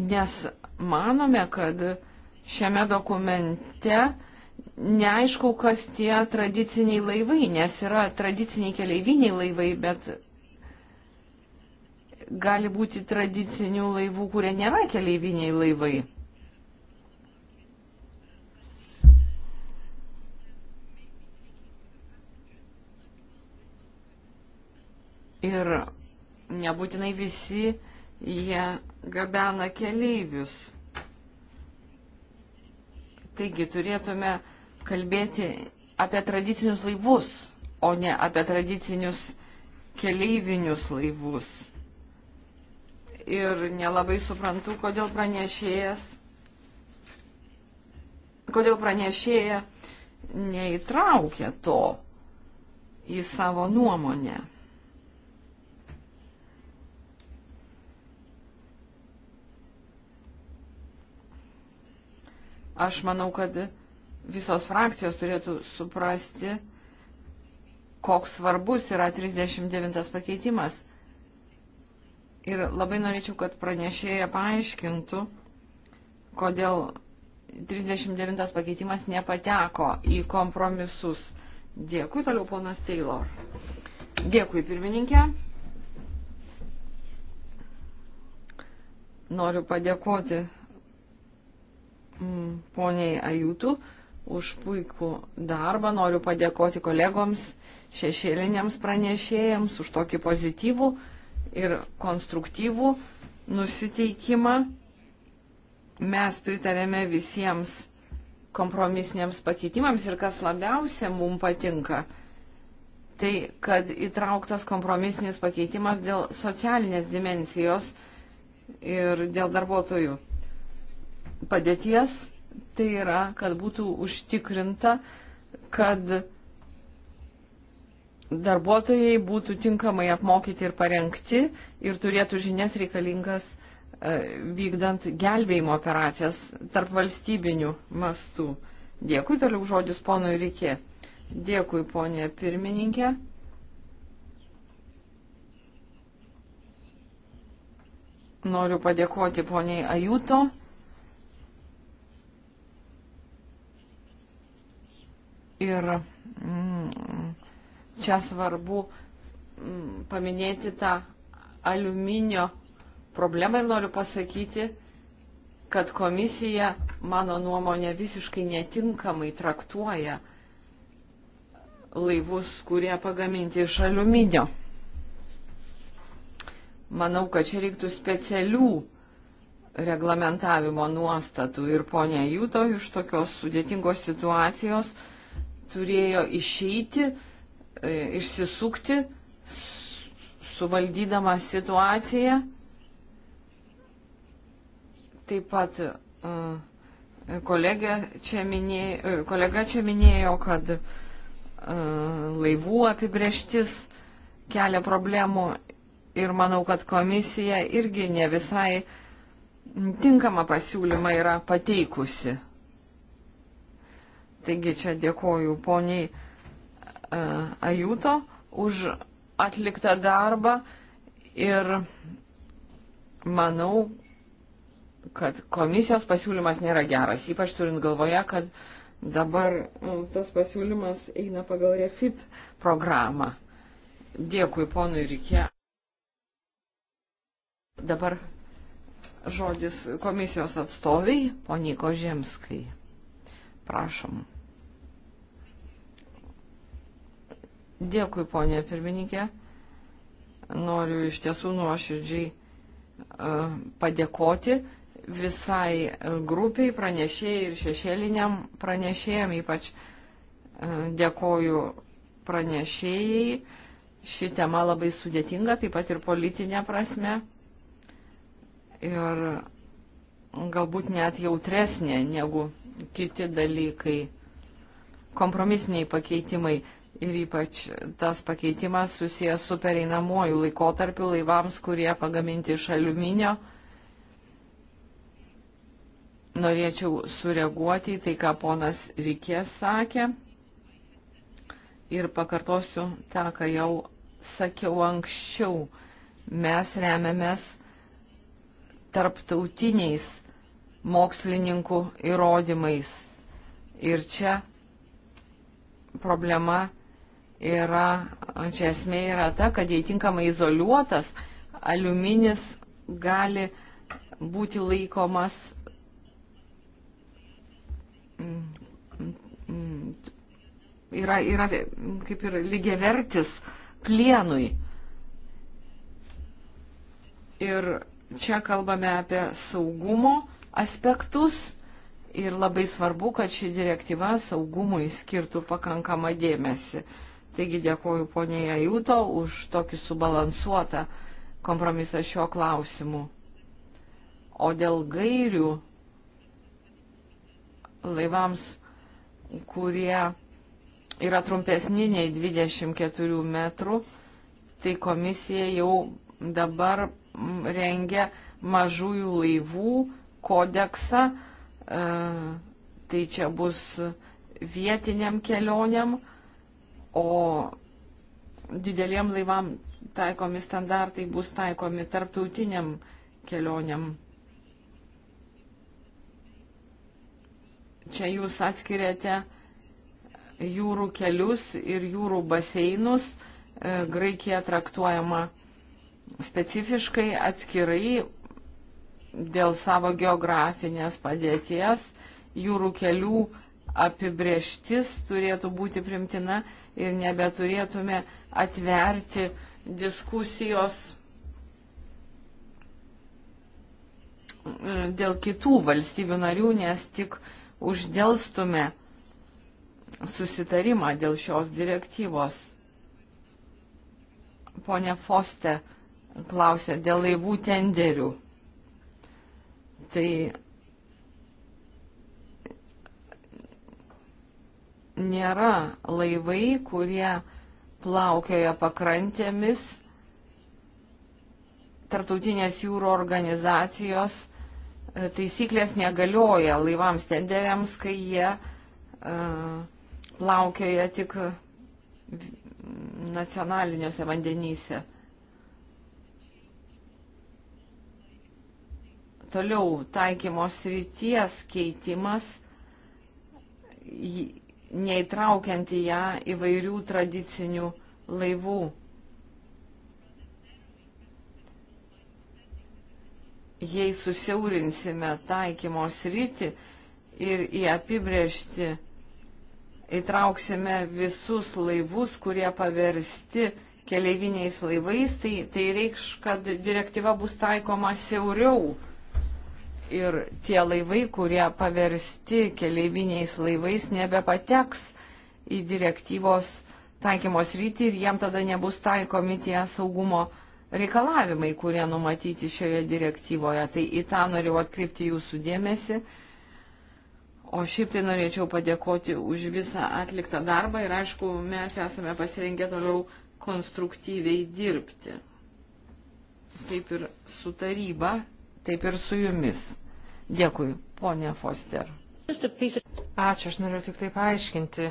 Nes manome, kad šiame dokumente neaišku, kas tie tradiciniai laivai, nes yra tradiciniai keleiviniai laivai, bet gali būti tradicinių laivų, kurie nėra keleiviniai laivai. Ir nebūtinai visi jie gabena keleivius. Taigi turėtume uh, kalbėti apie tradicinius laivus, o ne apie tradicinius keleivinius laivus. Ir nelabai suprantu, kodėl pranešėjas, kodėl pranešėja neįtraukia to į savo nuomonę. Aš manau, kad visos frakcijos turėtų suprasti, koks svarbus yra 39 pakeitimas. Ir labai norėčiau, kad pranešėja paaiškintų, kodėl 39 pakeitimas nepateko į kompromisus. Dėkui toliau, ponas Taylor. Dėkui, pirmininkė. Noriu padėkoti mm, poniai Ajutų už puikų darbą. Noriu padėkoti kolegoms, šešėliniams pranešėjams už tokį pozityvų ir konstruktyvų nusiteikimą. Mes pritarėme visiems kompromisiniams pakeitimams ir kas labiausia mums patinka, tai kad įtrauktas kompromisinis pakeitimas dėl socialinės dimensijos ir dėl darbuotojų padėties Tai yra, kad būtų užtikrinta, kad darbuotojai būtų tinkamai apmokyti ir parengti ir turėtų žinias reikalingas e, vykdant gelbėjimo operacijas tarp valstybinių mastų. Dėkui, toliau žodis ponui Rikė. Dėkui, ponė pirmininkė. Noriu padėkoti poniai Ajuto Ir mm, čia svarbu mm, paminėti tą aliuminio problemą ir noriu pasakyti, kad komisija, mano nuomonė, visiškai netinkamai traktuoja laivus, kurie pagaminti iš aliuminio. Manau, kad čia reiktų specialių reglamentavimo nuostatų ir ponia Jūto iš tokios sudėtingos situacijos turėjo išeiti, e, išsisukti, suvaldydama situaciją. Taip pat e, kolega čia minėjo, e, kolega čia minėjo kad laivų apibrieštis kelia problemų ir manau, kad komisija irgi ne visai tinkamą pasiūlymą yra pateikusi. Taigi čia dėkoju poniai e, Ajuto už atliktą darbą ir manau, kad komisijos pasiūlymas nėra geras, ypač turint galvoje, kad dabar e, tas pasiūlymas eina pagal refit programą. Dėkui ponui Rikė. Dabar žodis komisijos atstoviai, poniko Žemskai. Prašom. Dėkui, ponė pirmininkė. Noriu iš tiesų nuoširdžiai e, padėkoti visai e, grupiai pranešėjai ir šešėliniam pranešėjam, ypač e, dėkoju pranešėjai. Ši tema labai sudėtinga, taip pat ir politinė prasme. Ir galbūt net jautresnė negu kiti dalykai, kompromisiniai pakeitimai ir ypač tas pakeitimas susijęs su pereinamuoju laikotarpiu laivams, kurie pagaminti iš aliuminio. Norėčiau sureaguoti į tai, ką ponas Rikės sakė ir pakartosiu tą, ką jau sakiau anksčiau. Mes remiamės tarptautiniais mokslininkų įrodymais. Ir čia problema yra, čia esmė yra ta, kad jei tinkamai izoliuotas, aliuminis gali būti laikomas yra, yra kaip ir lygiavertis plienui. Ir čia kalbame apie saugumo aspektus ir labai svarbu, kad ši direktyva saugumui skirtų pakankamą dėmesį. Taigi dėkoju poniai Ajuto už tokį subalansuotą kompromisą šiuo klausimu. O dėl gairių laivams, kurie yra trumpesni nei 24 metrų, tai komisija jau dabar rengia mažųjų laivų kodeksą, e, tai čia bus vietiniam kelioniam, o dideliem laivam taikomi standartai bus taikomi tarptautiniam kelioniam. Čia jūs atskiriate jūrų kelius ir jūrų baseinus. E, Graikija traktuojama specifiškai atskirai, dėl savo geografinės padėties jūrų kelių apibrieštis turėtų būti primtina ir nebeturėtume atverti diskusijos e, dėl kitų valstybių narių, nes tik uždėlstume susitarimą dėl šios direktyvos. Pone Foste klausė dėl laivų tenderių tai nėra laivai, kurie plaukioja pakrantėmis. Tartautinės jūro organizacijos e, taisyklės negalioja laivams tenderiams, kai jie uh, plaukioja tik nacionaliniuose vandenyse. Toliau taikymos ryties keitimas, neįtraukiant į ją įvairių tradicinių laivų. Jei susiaurinsime taikymos rytį ir į apibrėžti įtrauksime visus laivus, kurie paversti keleiviniais laivais, tai, tai reikš, kad direktyva bus taikoma siauriau ir tie laivai, kurie paversti keleiviniais laivais, nebepateks į direktyvos taikymos rytį ir jiem tada nebus taikomi tie saugumo reikalavimai, kurie numatyti šioje direktyvoje. Tai į tą norėjau atkreipti jūsų dėmesį. O šiaip tai norėčiau padėkoti už visą atliktą darbą ir aišku, mes esame pasirengę toliau konstruktyviai dirbti. Taip ir su taryba, taip ir su jumis. Dėkui, ponė Foster. Ačiū, aš noriu tik tai paaiškinti.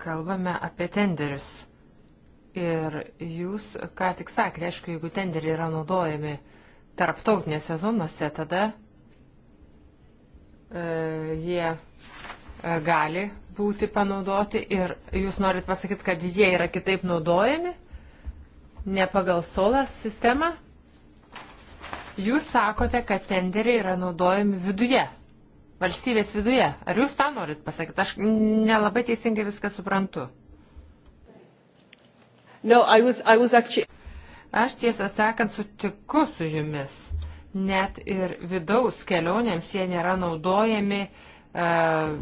Kalbame apie tenderius. Ir jūs, ką tik sakė, aišku, jeigu tenderiai yra naudojami tarptautinėse zonose, tada e, jie e, gali būti panaudoti ir jūs norit pasakyti, kad jie yra kitaip naudojami, ne pagal solar sistemą? Jūs sakote, kad tenderiai yra naudojami viduje, valstybės viduje. Ar jūs tą norit pasakyti? Aš nelabai teisingai viską suprantu. No, I was, I was actually... Aš tiesą sakant sutiku su jumis. Net ir vidaus kelionėms jie nėra naudojami uh,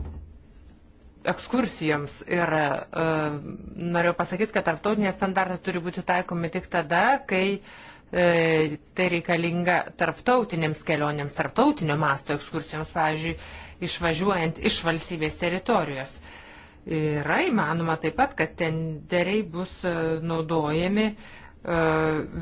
ekskursijoms. Ir uh, e, noriu pasakyti, kad tarptautiniai standartai turi būti taikomi tik tada, kai uh, E, tai reikalinga tarptautinėms kelionėms, tarptautinio masto ekskursijoms, pavyzdžiui, išvažiuojant iš valstybės teritorijos. Yra įmanoma taip pat, kad tenderiai bus e, naudojami e,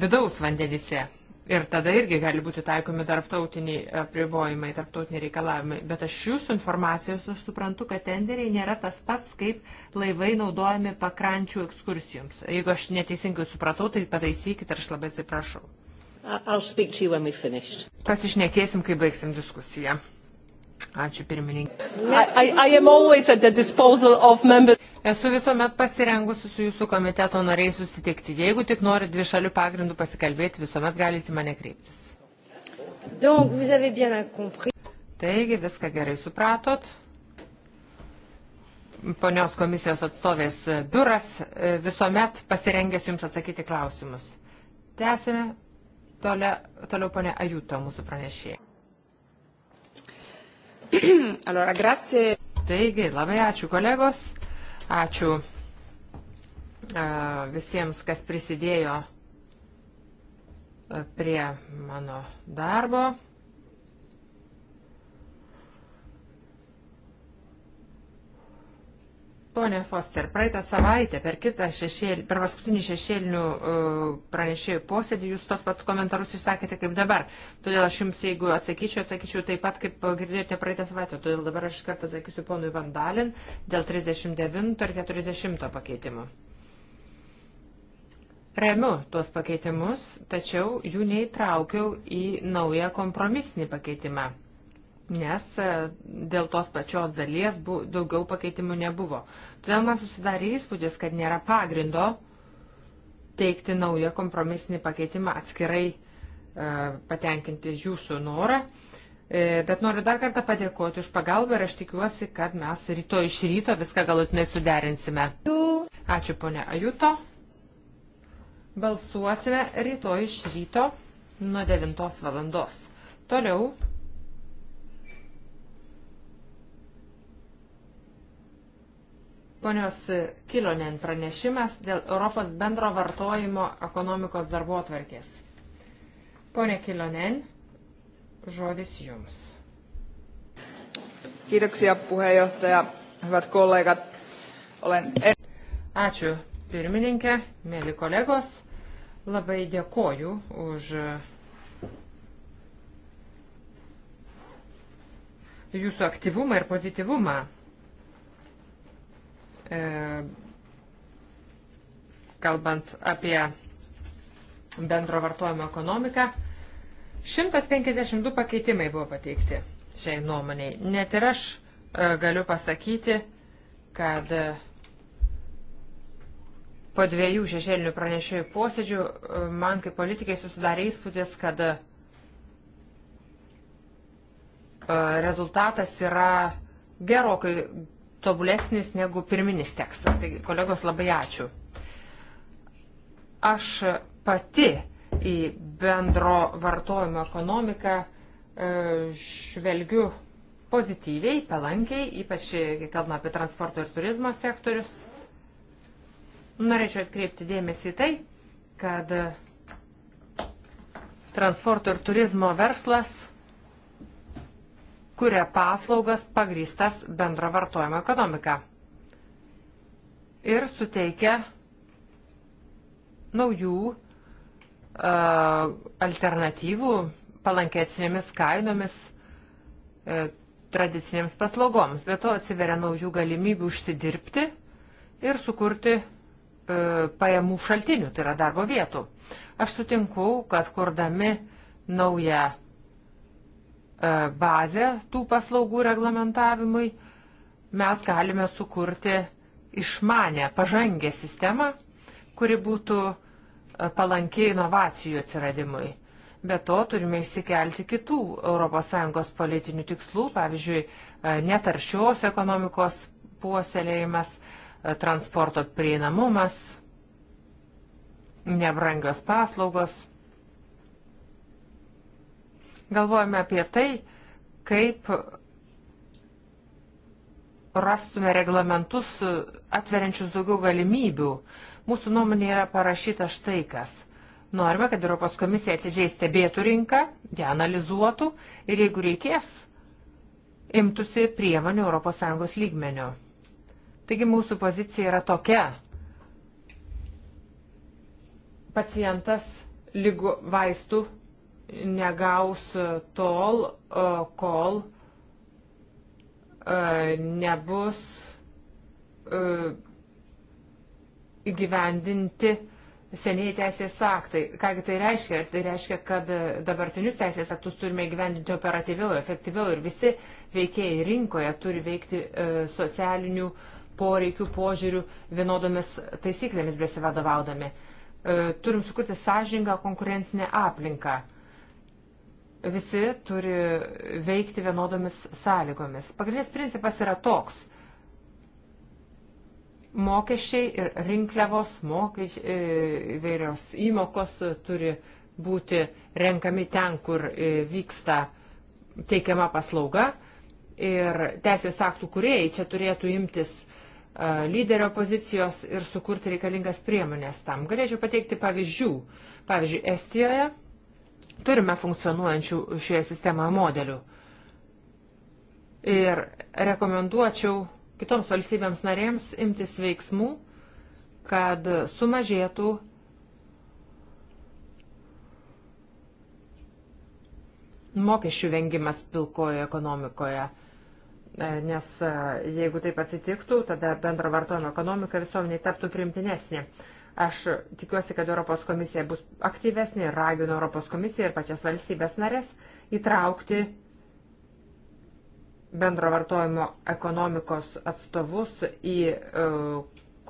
vidaus vandenyse. Ir tada irgi gali būti taikomi tarptautiniai apribojimai, tarptautiniai reikalavimai. Bet aš jūsų informacijos aš suprantu, kad tenderiai nėra tas pats, kaip laivai naudojami pakrančių ekskursijoms. Jeigu aš neteisingai supratau, tai pataisykit ir aš labai atsiprašau. Pasišnekėsim, kai baigsim diskusiją. Ačiū pirmininkai. Esu visuomet pasirengusi su jūsų komiteto nariai susitikti. Jeigu tik norit dvi šalių pagrindų pasikalbėti, visuomet galite mane kreiptis. Donc, Taigi viską gerai supratot. Ponios komisijos atstovės biuras e, visuomet pasirengęs jums atsakyti klausimus. Tęsime toliau, toliau ponė Ajuto mūsų pranešėjai. <clears throat> allora, grazie. Taigi, labai ačiū kolegos, ačiū uh, visiems, kas prisidėjo prie mano darbo. Pone Foster, praeitą savaitę per, šešėlį, per paskutinį šešėlinių e, pranešėjų posėdį jūs tos pat komentarus išsakėte kaip dabar. Todėl aš jums, jeigu atsakyčiau, atsakyčiau taip pat, kaip girdėjote praeitą savaitę. Todėl dabar aš kartą atsakysiu ponui Vandalin dėl 39 ir 40 pakeitimų. Remiu tuos pakeitimus, tačiau jų neįtraukiau į naują kompromisinį pakeitimą nes e, dėl tos pačios dalies bu, daugiau pakeitimų nebuvo. Todėl man susidarė įspūdis, kad nėra pagrindo teikti naują kompromisinį pakeitimą atskirai e, patenkinti jūsų norą. E, bet noriu dar kartą padėkoti už pagalbą ir aš tikiuosi, kad mes ryto iš ryto viską galutinai suderinsime. Ačiū ponia Ajuto. Balsuosime rytoj iš ryto nuo 9 valandos. Toliau Ponios Kilonen pranešimas dėl Europos bendro vartojimo ekonomikos darbo atvarkės. Pone Kilonen, žodis jums. Kiitoksia puheenjohtaja, hyvät kollegat. Olen... Ačiū pirmininkė, mėly kolegos. Labai dėkoju už jūsų aktyvumą ir pozityvumą E, kalbant apie bendro vartojimo ekonomiką, 152 pakeitimai buvo pateikti šiai nuomoniai. Net ir aš e, galiu pasakyti, kad e, po dviejų šešėlinių pranešėjų posėdžių man kaip politikai susidarė įspūdis, kad rezultatas yra gerokai tobulesnis negu pirminis tekstas. Taigi, kolegos, labai ačiū. Aš pati į bendro vartojimo ekonomiką e, žvelgiu pozityviai, palankiai, ypač e, kalbame apie transporto ir turizmo sektorius. Norėčiau atkreipti dėmesį į tai, kad transporto ir turizmo verslas kuria paslaugas pagrįstas bendro vartojimo ekonomika ir suteikia naujų uh, alternatyvų palankesnėmis kainomis uh, tradicinėms paslaugoms. Be to atsiveria naujų galimybių užsidirbti ir sukurti uh, pajamų šaltinių, tai yra darbo vietų. Aš sutinku, kad kurdami naują E, bazę tų paslaugų reglamentavimui, mes galime sukurti išmanę, pažangę sistemą, kuri būtų e, palankiai inovacijų atsiradimui. Be to turime išsikelti kitų ES politinių tikslų, pavyzdžiui, e, netaršios ekonomikos puoselėjimas, transporto prieinamumas, nebrangios paslaugos. Galvojame apie tai, kaip rastume reglamentus atveriančius daugiau galimybių. Mūsų nuomonė yra parašyta štai kas. Norime, kad Europos komisija atidžiai stebėtų rinką, ją analizuotų ir jeigu reikės, imtųsi priemonių ES lygmenio. Taigi mūsų pozicija yra tokia. Pacientas lygu vaistų negaus e, tol, e, kol e, nebus įgyvendinti seniai teisės aktai. Kągi tai reiškia? Tai reiškia, kad dabartinius teisės aktus turime įgyvendinti operatyviau, efektyviau ir visi veikėjai rinkoje turi veikti socialinių poreikių požiūrių vienodomis taisyklėmis besivadovaudami. Turim sukurti sąžingą konkurencinę aplinką visi turi veikti vienodomis sąlygomis. Pagrindinis principas yra toks. Mokesčiai ir rinkliavos, mokesčiai, e, įvairios įmokos turi būti renkami ten, kur e, vyksta teikiama paslauga. Ir teisės aktų kuriejai čia turėtų imtis e, lyderio pozicijos ir sukurti reikalingas priemonės tam. Galėčiau pateikti pavyzdžių. Pavyzdžiui, Estijoje Turime funkcionuojančių šioje sistemoje modelių. Ir rekomenduočiau kitoms valstybėms narėms imtis veiksmų, kad sumažėtų mokesčių vengimas pilkojo ekonomikoje. E, nes e, jeigu taip atsitiktų, tada bendro vartojimo ekonomika visuomeniai taptų primtinesnė. Aš tikiuosi, kad Europos komisija bus aktyvesnė ir raginu Europos komisiją ir pačias valstybės narės įtraukti bendro vartojimo ekonomikos atstovus į e,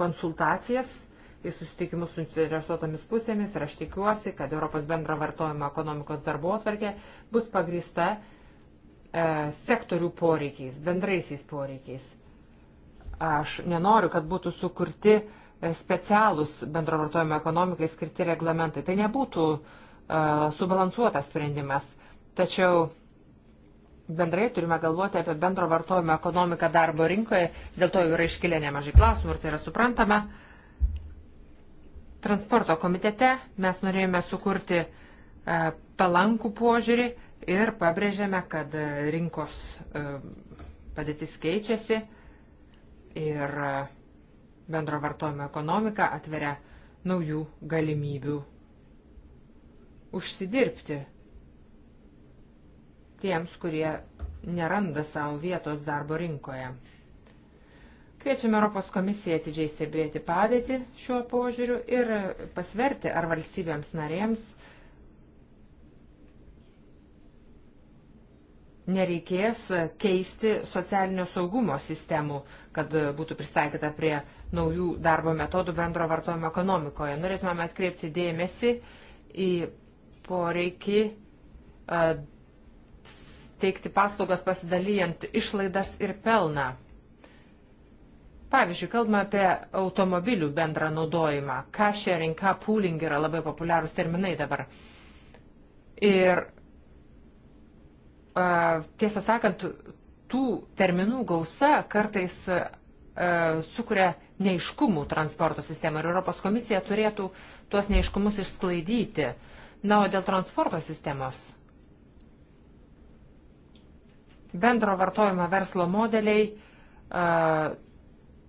konsultacijas, į susitikimus su interesuotomis pusėmis ir aš tikiuosi, kad Europos bendro vartojimo ekonomikos darbo atvarkė bus pagrįsta e, sektorių poreikiais, bendraisiais poreikiais. Aš nenoriu, kad būtų sukurti uh, specialūs bendro vartojimo ekonomikai skirti reglamentai. Tai nebūtų e, subalansuotas sprendimas. Tačiau bendrai turime galvoti apie bendro vartojimo ekonomiką darbo rinkoje, dėl to yra iškilę nemažai klausimų ir tai yra suprantama. Transporto komitete mes norėjome sukurti e, palankų požiūrį ir pabrėžėme, kad e, rinkos padėtis keičiasi ir Bendro vartojimo ekonomika atveria naujų galimybių užsidirbti tiems, kurie neranda savo vietos darbo rinkoje. Kviečiame Europos komisiją atidžiai stebėti padėtį šiuo požiūriu ir pasverti, ar valstybėms narėms uh, nereikės keisti socialinio saugumo sistemų, kad būtų pristaikyta prie naujų darbo metodų bendro vartojimo ekonomikoje. Norėtumėm atkreipti dėmesį į poreikį e, teikti paslaugas pasidalyjant išlaidas ir pelną. Pavyzdžiui, kalbame apie automobilių bendrą naudojimą. Car sharing, car pooling yra labai populiarūs terminai dabar. Ir tiesą sakant, tų terminų gausa kartais sukuria neiškumų transporto sistemą ir Europos komisija turėtų tuos neiškumus išsklaidyti. Na, o dėl transporto sistemos. Bendro vartojimo verslo modeliai uh,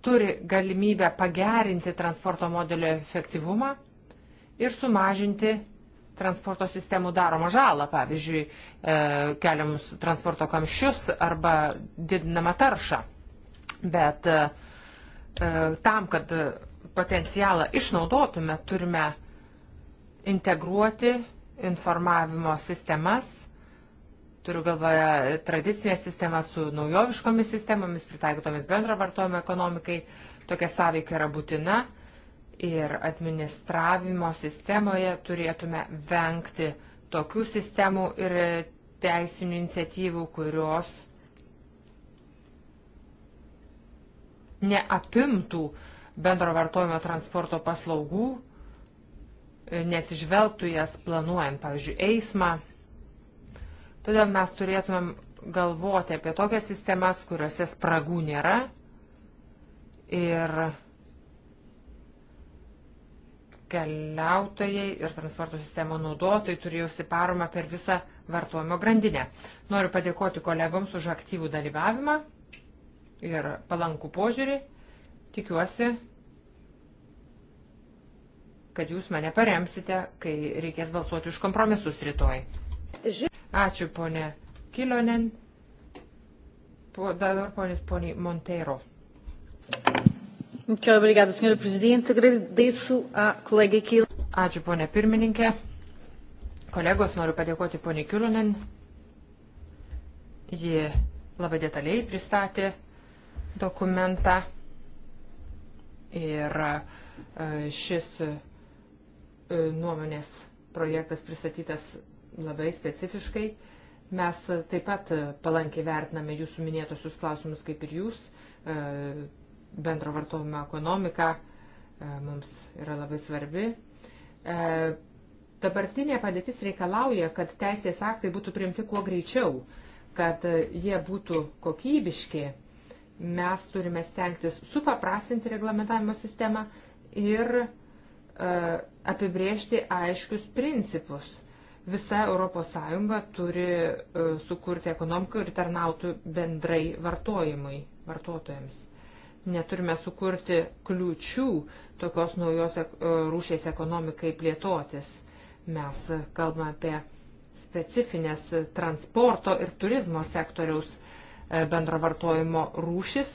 turi galimybę pagerinti transporto modelio efektyvumą ir sumažinti transporto sistemų daromą žalą, pavyzdžiui, e, keliamus transporto kamščius arba didinamą taršą. Bet e, e, tam, kad potencialą išnaudotume, turime integruoti informavimo sistemas, turiu galvoje tradicinę sistemą su naujoviškomis sistemomis, pritaikytomis bendro vartojimo ekonomikai, tokia sąveika yra būtina ir administravimo sistemoje turėtume vengti tokių sistemų ir teisinių iniciatyvų, kurios neapimtų bendro vartojimo transporto paslaugų, nesižvelgtų jas planuojant, pavyzdžiui, eismą. Todėl mes turėtumėm galvoti apie tokias sistemas, kuriuose spragų nėra ir keliautojai ir transporto sistemo naudotojai turėjusi paromą per visą vartojimo grandinę. Noriu padėkoti kolegoms už aktyvų dalyvavimą ir palankų požiūrį. Tikiuosi, kad jūs mane paremsite, kai reikės balsuoti už kompromisus rytoj. Ačiū, ponė Kilonen. Po, dabar ponis poniai Monteiro. Thank you. Muito obrigada, senhora presidente. Agradeço a colega Kil. Ačiū, ponė pirmininkė. Kolegos, noriu padėkoti ponė Kilunen. Ji labai detaliai pristatė dokumentą. Ir e, šis e, nuomonės projektas pristatytas labai specifiškai. Mes taip pat palankiai vertiname jūsų minėtosius klausimus kaip ir jūs e, bendro vartojimo ekonomika e, mums yra labai svarbi. E, dabartinė padėtis reikalauja, kad teisės aktai būtų priimti kuo greičiau, kad jie būtų kokybiški. Mes turime stengtis supaprastinti reglamentavimo sistemą ir e, apibriežti aiškius principus. Visa ES turi sukurti ekonomiką ir tarnautų bendrai vartojimui, vartotojams neturime sukurti kliučių tokios naujos e, rūšės ekonomikai plėtotis. Mes kalbame apie specifines transporto ir turizmo sektoriaus e, bendro vartojimo rūšis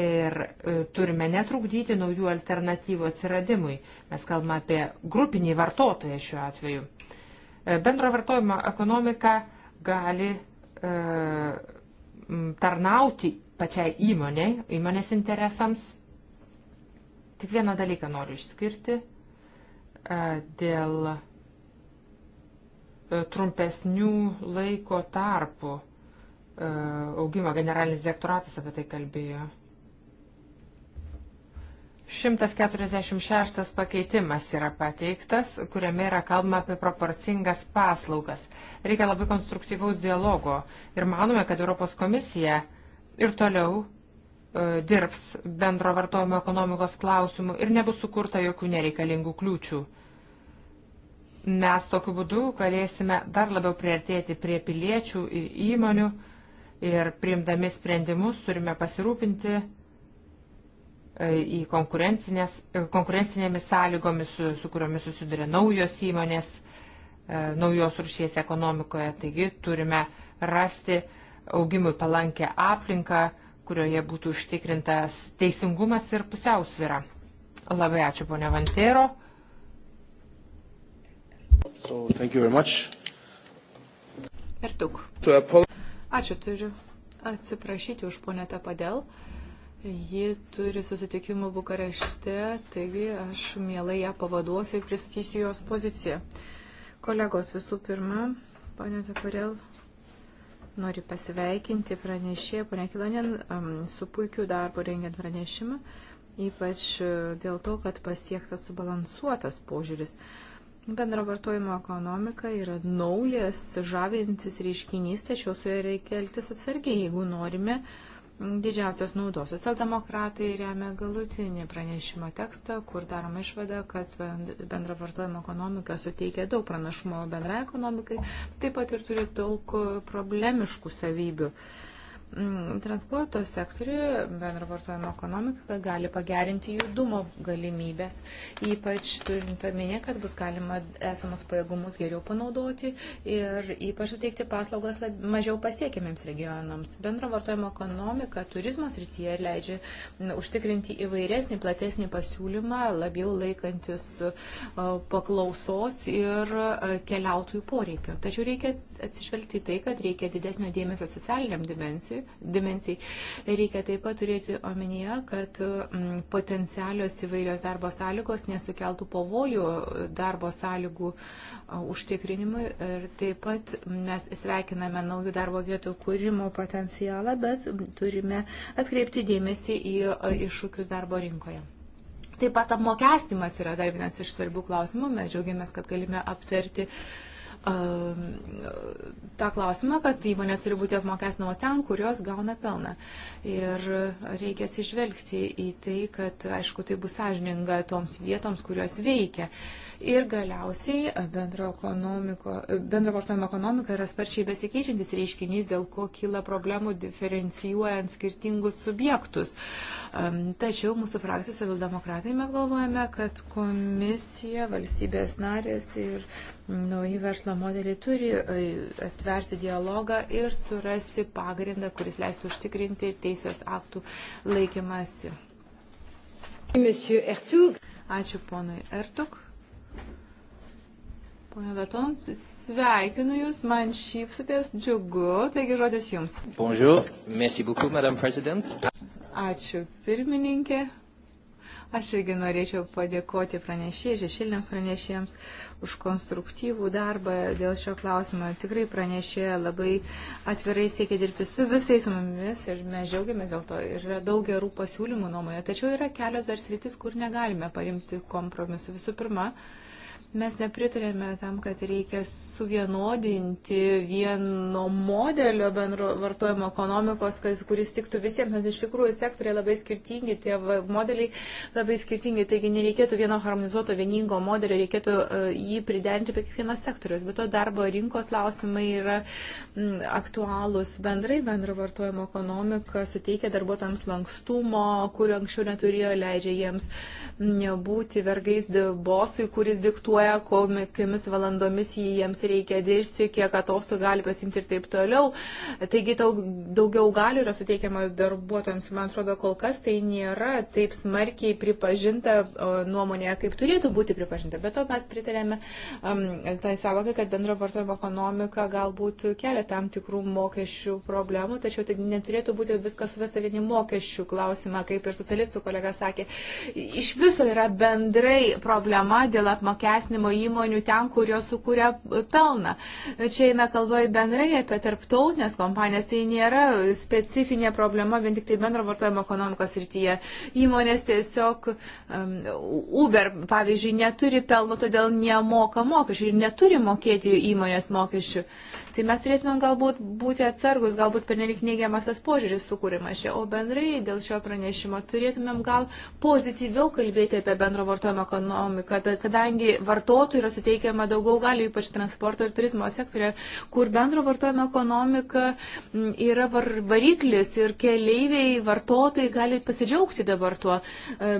ir e, turime netrukdyti naujų alternatyvų atsiradimui. Mes kalbame apie grupinį vartotoją šiuo atveju. Bendro vartojimo ekonomika gali tarnauti pačiai įmoniai, įmonės interesams. Tik vieną dalyką noriu išskirti e, dėl e, trumpesnių laiko tarpų e, augimo generalinis direktoratas apie tai kalbėjo. 146 pakeitimas yra pateiktas, kuriame yra kalbama apie proporcingas paslaugas. Reikia labai konstruktyvaus dialogo ir manome, kad Europos komisija ir toliau e, dirbs bendro vartojimo ekonomikos klausimų ir nebus sukurta jokių nereikalingų kliūčių. Mes tokiu būdu galėsime dar labiau priartėti prie piliečių ir įmonių ir priimdami sprendimus turime pasirūpinti e, į e, konkurencinėmis sąlygomis, su, su kuriomis susiduria naujos įmonės, naujos rušies ekonomikoje. Taigi turime rasti uh, augimui palankę aplinką, kurioje būtų užtikrintas teisingumas ir pusiausvira. Labai ačiū, ponia Vantero. So, per daug. Ačiū, turiu atsiprašyti už ponę Tapadėl. Ji turi susitikimų Bukarešte, taigi aš mielai ją pavaduosiu ir pristatysiu jos poziciją. Kolegos, visų pirma, ponė Tapadėl Noriu pasveikinti pranešėją, ponė Kilonin, su puikiu darbu rengiant pranešimą, ypač e, dėl to, kad pasiektas subalansuotas požiūris. Bendro vartojimo ekonomika yra naujas, žavintis reiškinys, tačiau su ja reikia elgtis atsargiai, jeigu norime uh, didžiausios naudos. Socialdemokratai remia galutinį pranešimo tekstą, kur daroma išvada, kad bendra vartojimo ekonomika suteikia daug pranašumo bendrai ekonomikai, taip pat ir turi daug problemiškų savybių. Uh, Mm, transporto sektoriuje bendro vartojimo ekonomika gali pagerinti judumo galimybės, ypač turint omenyje, kad bus galima esamus pajėgumus geriau panaudoti ir ypač suteikti paslaugas lab, mažiau pasiekiamiems regionams. Bendro vartojimo ekonomika turizmo srityje leidžia mm, užtikrinti įvairesnį, platesnį pasiūlymą, labiau laikantis e, paklausos ir e, keliautojų poreikio. Tačiau reikia atsižvelgti į tai, kad reikia didesnio dėmesio socialiniam dimensijui dimensijai. Reikia taip pat turėti omenyje, kad mm, potencialios įvairios darbo sąlygos nesukeltų pavojų darbo sąlygų užtikrinimui. Ir taip pat mm, mes sveikiname naujų darbo vietų kūrimo potencialą, bet mm, turime atkreipti dėmesį į iššūkius darbo rinkoje. Taip pat apmokestimas yra dar vienas iš svarbių klausimų. Mes džiaugiamės, kad galime aptarti uh, tą klausimą, kad įmonės turi būti apmokestinamos ten, kurios gauna pelną. Ir reikia atsižvelgti į tai, kad, aišku, tai bus sąžininga toms vietoms, kurios veikia. Uh, Ir galiausiai bendro, bendro vartojimo ekonomika yra sparčiai besikeičiantis reiškinys, dėl ko kyla problemų diferencijuojant skirtingus subjektus. Tačiau mūsų frakcijos ir demokratai mes galvojame, kad komisija, valstybės narės ir nauji verslo modeliai turi e, atverti dialogą ir surasti pagrindą, kuris leistų užtikrinti teisės aktų laikymasi. Ačiū ponui Ertuk. Pone Laton, sveikinu Jūs, man šypsitės, džiugu, taigi žodis Jums. Bonjour, merci beaucoup, madame president. Ačiū, pirmininkė. Aš irgi norėčiau padėkoti pranešėjai, šešėlėms pranešėjams už konstruktyvų darbą dėl šio klausimo. Tikrai pranešėja labai atvirai siekia dirbti su visais mumis ir mes džiaugiamės dėl to. Ir yra daug gerų pasiūlymų nuomonė. Tačiau yra kelios dar sritis, kur negalime parimti kompromisu. Visų pirma, Mes nepritarėme tam, kad reikia suvienodinti vieno modelio bendro vartojimo ekonomikos, kuris tiktų visiems, nes iš tikrųjų sektoriai labai skirtingi, tie modeliai labai skirtingi, taigi nereikėtų vieno harmonizuoto vieningo modelio, reikėtų e, jį priderinti prie kiekvienos sektorius. Bet to darbo rinkos klausimai yra aktualūs bendrai, bendro vartojimo ekonomika suteikia darbuotams lankstumo, kurio anksčiau neturėjo, leidžia jiems nebūti vergais bosui, kuris diktuoja skaičiuoja, kokiamis valandomis jiems reikia dirbti, kiek atostogų gali pasimti ir taip toliau. Taigi daug, daugiau galių yra suteikiama darbuotojams. Man atrodo, kol kas tai nėra taip smarkiai pripažinta nuomonėje, kaip turėtų būti pripažinta. Bet to mes pritarėme um, tai savokai, kad bendro vartojimo ekonomika galbūt kelia tam tikrų mokesčių problemų, tačiau tai neturėtų būti viskas suvesta vieni mokesčių klausimą, kaip ir socialistų kolega sakė. Iš viso yra bendrai problema dėl apmokesnio vertinimo įmonių ten, kurios sukuria pelną. Čia eina kalba bendrai apie tarptautinės kompanijas. Tai nėra specifinė problema vien tik tai bendro vartojimo ekonomikos rytyje. Įmonės tiesiog um, Uber, pavyzdžiui, neturi pelno, todėl nemoka mokesčių ir neturi mokėti įmonės mokesčių. Uh, Tai mes turėtume galbūt būti atsargus, galbūt pernelik neigiamas tas požiūris sukūrimas čia, o bendrai dėl šio pranešimo turėtumėm gal pozityviau kalbėti apie bendro vartojimo ekonomiką, kadangi vartotojų yra suteikiama daugiau galių, ypač transporto ir turizmo sektorė, kur bendro vartojimo ekonomika yra var variklis ir keleiviai, vartotojai gali pasidžiaugti dabar tuo. E,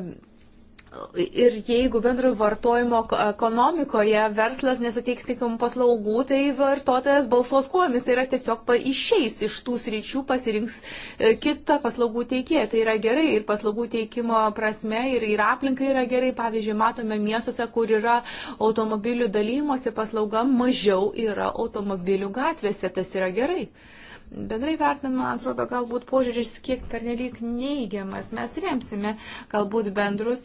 Ir jeigu bendrojo vartojimo ekonomikoje verslas nesuteiks tinkamų paslaugų, tai vartotojas balsuos kojomis, tai yra tiesiog išeis iš tų sričių, pasirinks e, kitą paslaugų teikėją. Tai yra gerai ir paslaugų teikimo prasme, ir, ir aplinkai yra gerai. Pavyzdžiui, matome miestuose, kur yra automobilių dalymosi paslauga, mažiau yra automobilių gatvėse, tas yra gerai bendrai vertinant, man atrodo, galbūt požiūris kiek pernelyg neigiamas. Mes remsime galbūt bendrus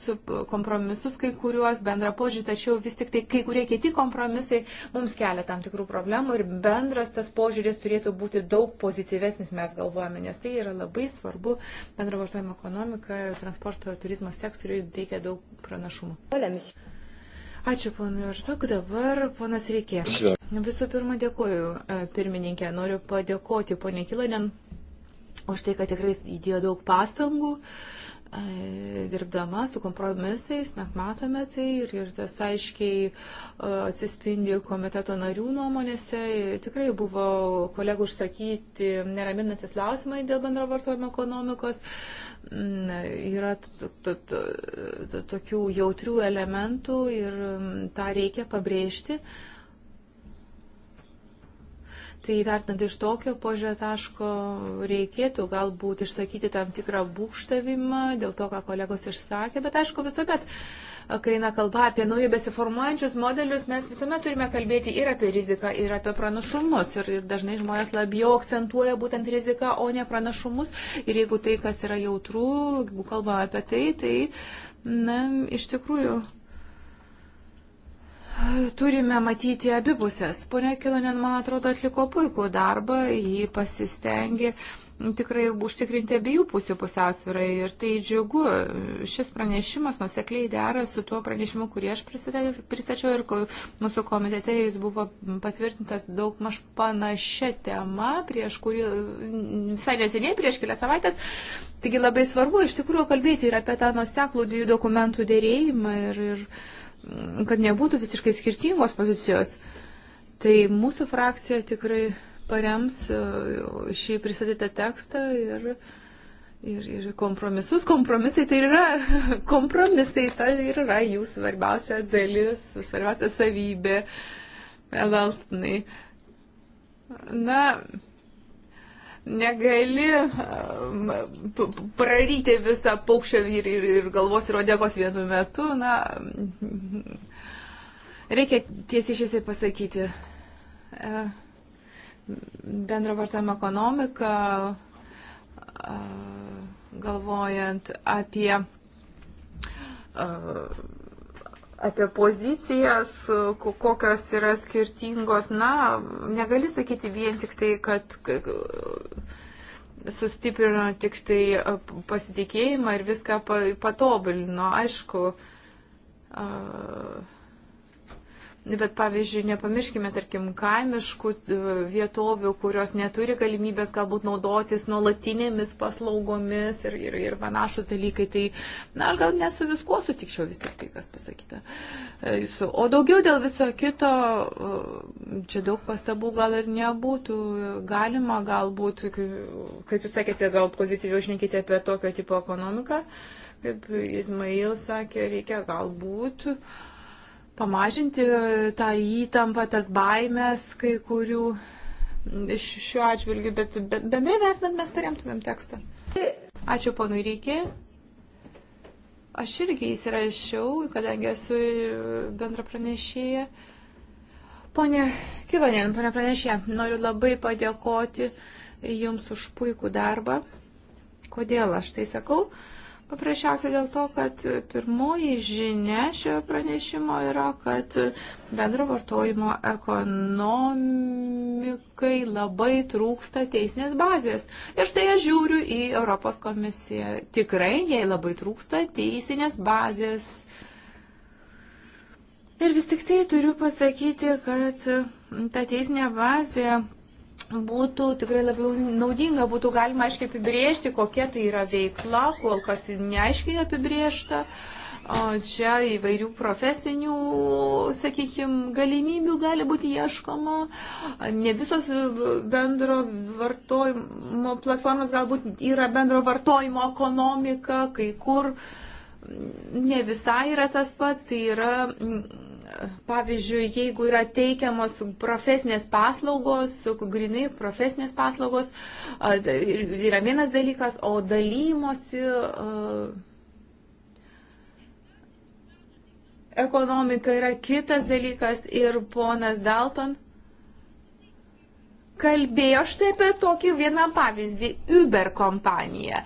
kompromisus, kai kuriuos bendrą požiūrį, tačiau vis tik tai kai kurie kiti kompromisai mums kelia tam tikrų problemų ir bendras tas požiūris turėtų būti daug pozityvesnis, mes galvojame, nes tai yra labai svarbu bendro vartojimo ekonomika, transporto ir turizmo sektoriui teikia daug pranašumų. Ačiū, ponui Žvak, dabar ponas Reikė. Visų pirma, dėkoju e, pirmininkė. Noriu padėkoti ponė Kilanen už tai, kad tikrai įdėjo daug pastangų. Uh, E, dirbdama su kompromisais, mes matome tai ir, ir tas aiškiai e, atsispindi komiteto narių nuomonėse. Tikrai buvo kolegų užsakyti neraminantis klausimai dėl bendro vartojimo ekonomikos. Mm, yra tokių jautrių elementų ir mm, tą reikia pabrėžti. Tai vertinant iš tokio požiūrio taško reikėtų galbūt išsakyti tam tikrą būkštavimą dėl to, ką kolegos išsakė, bet aišku visuomet, kai eina kalba apie naujų besiformuojančius modelius, mes visuomet turime kalbėti ir apie riziką, ir apie pranašumus. Ir, ir dažnai žmonės labiau akcentuoja būtent riziką, o ne pranašumus. Ir jeigu tai, kas yra jautru, jeigu kalbame apie tai, tai, na, iš tikrųjų Turime matyti abipusės. Pone Kilonen, man atrodo, atliko puikų darbą, jį pasistengė tikrai užtikrinti abiejų pusių pusiausvyrą ir tai džiugu. Šis pranešimas nusekliai dera su tuo pranešimu, kurį aš pristačiau ir mūsų komitete jis buvo patvirtintas daug maž panašia tema prieš kurį, visai neseniai, prieš kelias savaitės. Taigi labai svarbu iš tikrųjų kalbėti ir apie tą nuseklų dviejų dokumentų dėrėjimą ir, ir kad nebūtų visiškai skirtingos pozicijos, tai mūsų frakcija tikrai parems e, šį pristatytą tekstą ir, ir, ir kompromisus. Kompromisai tai yra, <laughs> kompromisai tai yra jų svarbiausia dalis, svarbiausia savybė. Veltinai. Na, negali um, praryti visą paukščio ir, ir, ir galvos ir odegos vienu metu. Na, mm, reikia tiesiai šiesiai pasakyti. E, Bendra vartama ekonomika, e, galvojant apie e, apie pozicijas, kokios yra skirtingos, na, negali sakyti vien tik tai, kad sustiprino tik tai pasitikėjimą ir viską patobulino. Aišku, uh, bet pavyzdžiui, nepamirškime, tarkim, kaimiškų e, vietovių, kurios neturi galimybės galbūt naudotis nuolatinėmis paslaugomis ir, ir, ir panašus dalykai. Tai, na, aš gal nesu visko sutikčiau vis tik tai, kas pasakyta. Jūsų. E, o daugiau dėl viso kito, e, čia daug pastabų gal ir nebūtų. Galima galbūt, kaip jūs sakėte, gal pozityviau žinokite apie tokio tipo ekonomiką. Kaip Izmail sakė, reikia galbūt. Uh, pamažinti tą įtampą, tas baimės kai kurių šiuo atžvilgiu, bet bendrai vertinant mes paremtumėm tekstą. Ačiū ponui Reikė. Aš irgi įsirašiau, kadangi esu bendra pranešėja. Pone Kivanen, pone pranešė, noriu labai padėkoti Jums už puikų darbą. Kodėl aš tai sakau? Uh, Paprasčiausiai dėl to, kad pirmoji žinia šio pranešimo yra, kad bendro vartojimo ekonomikai labai trūksta teisinės bazės. Ir štai aš žiūriu į Europos komisiją. Tikrai jai labai trūksta teisinės bazės. Ir vis tik tai turiu pasakyti, kad ta teisinė bazė būtų tikrai labiau naudinga, būtų galima aiškiai apibriežti, kokia tai yra veikla, kol kas tai neaiškiai apibriešta. Čia įvairių profesinių, sakykime, galimybių gali būti ieškoma. Ne visos bendro vartojimo platformos galbūt yra bendro vartojimo ekonomika, kai kur ne visai yra tas pats, tai yra Pavyzdžiui, jeigu yra teikiamos profesinės paslaugos, grinai profesinės paslaugos, yra vienas dalykas, o dalymosi ekonomika yra kitas dalykas ir ponas Dalton kalbėjo štai apie tokį vieną pavyzdį - Uber kompaniją.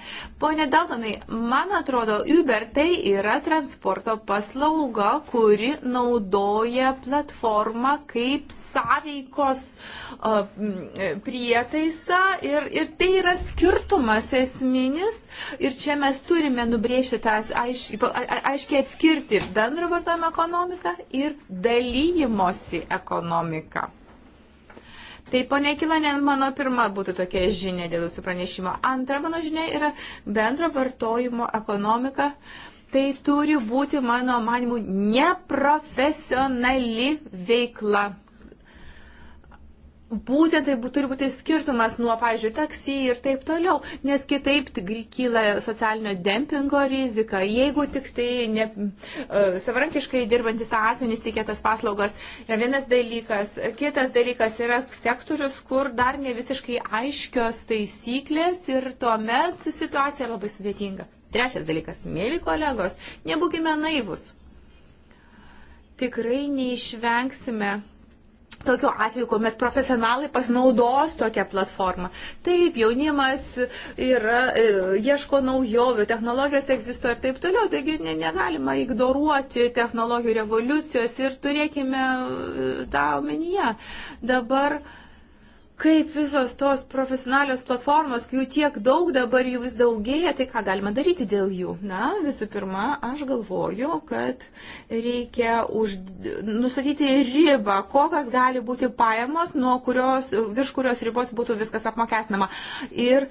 Pone Daltonai, man atrodo, Uber tai yra transporto paslauga, kuri naudoja platformą kaip sąveikos uh, prietaisą ir, ir tai yra skirtumas esminis ir čia mes turime nubrėžti tą aiš, aiškiai atskirti bendro vartojimo ekonomiką ir dalyjimosi ekonomiką. Tai ponia Kilanė, mano pirma būtų tokia žinia dėl jūsų pranešimo. Antra mano žinia yra bendro vartojimo ekonomika. Tai turi būti, mano manimu, neprofesionali veikla, Būtent tai turi būti skirtumas nuo, pavyzdžiui, taksi ir taip toliau, nes kitaip kyla socialinio dempingo rizika. Jeigu tik tai ne, e, savarankiškai dirbantis asmenys teikia tas paslaugas, yra vienas dalykas. Kitas dalykas yra sektorius, kur dar ne visiškai aiškios taisyklės ir tuomet situacija labai sudėtinga. Trečias dalykas, mėly kolegos, nebūkime naivus. Tikrai neišvengsime tokiu atveju, kuomet profesionalai pasinaudos tokią platformą. Taip, jaunimas yra, e, ieško naujovių, technologijos egzistuoja ir taip toliau, taigi ne, negalima ignoruoti technologijų revoliucijos ir turėkime e, tą omenyje. Dabar uh, kaip visos tos profesionalios platformos, jų tiek daug dabar jų vis daugėja, tai ką galima daryti dėl jų? Na, visų pirma, aš galvoju, kad reikia už, nustatyti ribą, kokios gali būti pajamos, kurios, virš kurios ribos būtų viskas apmokestinama. Ir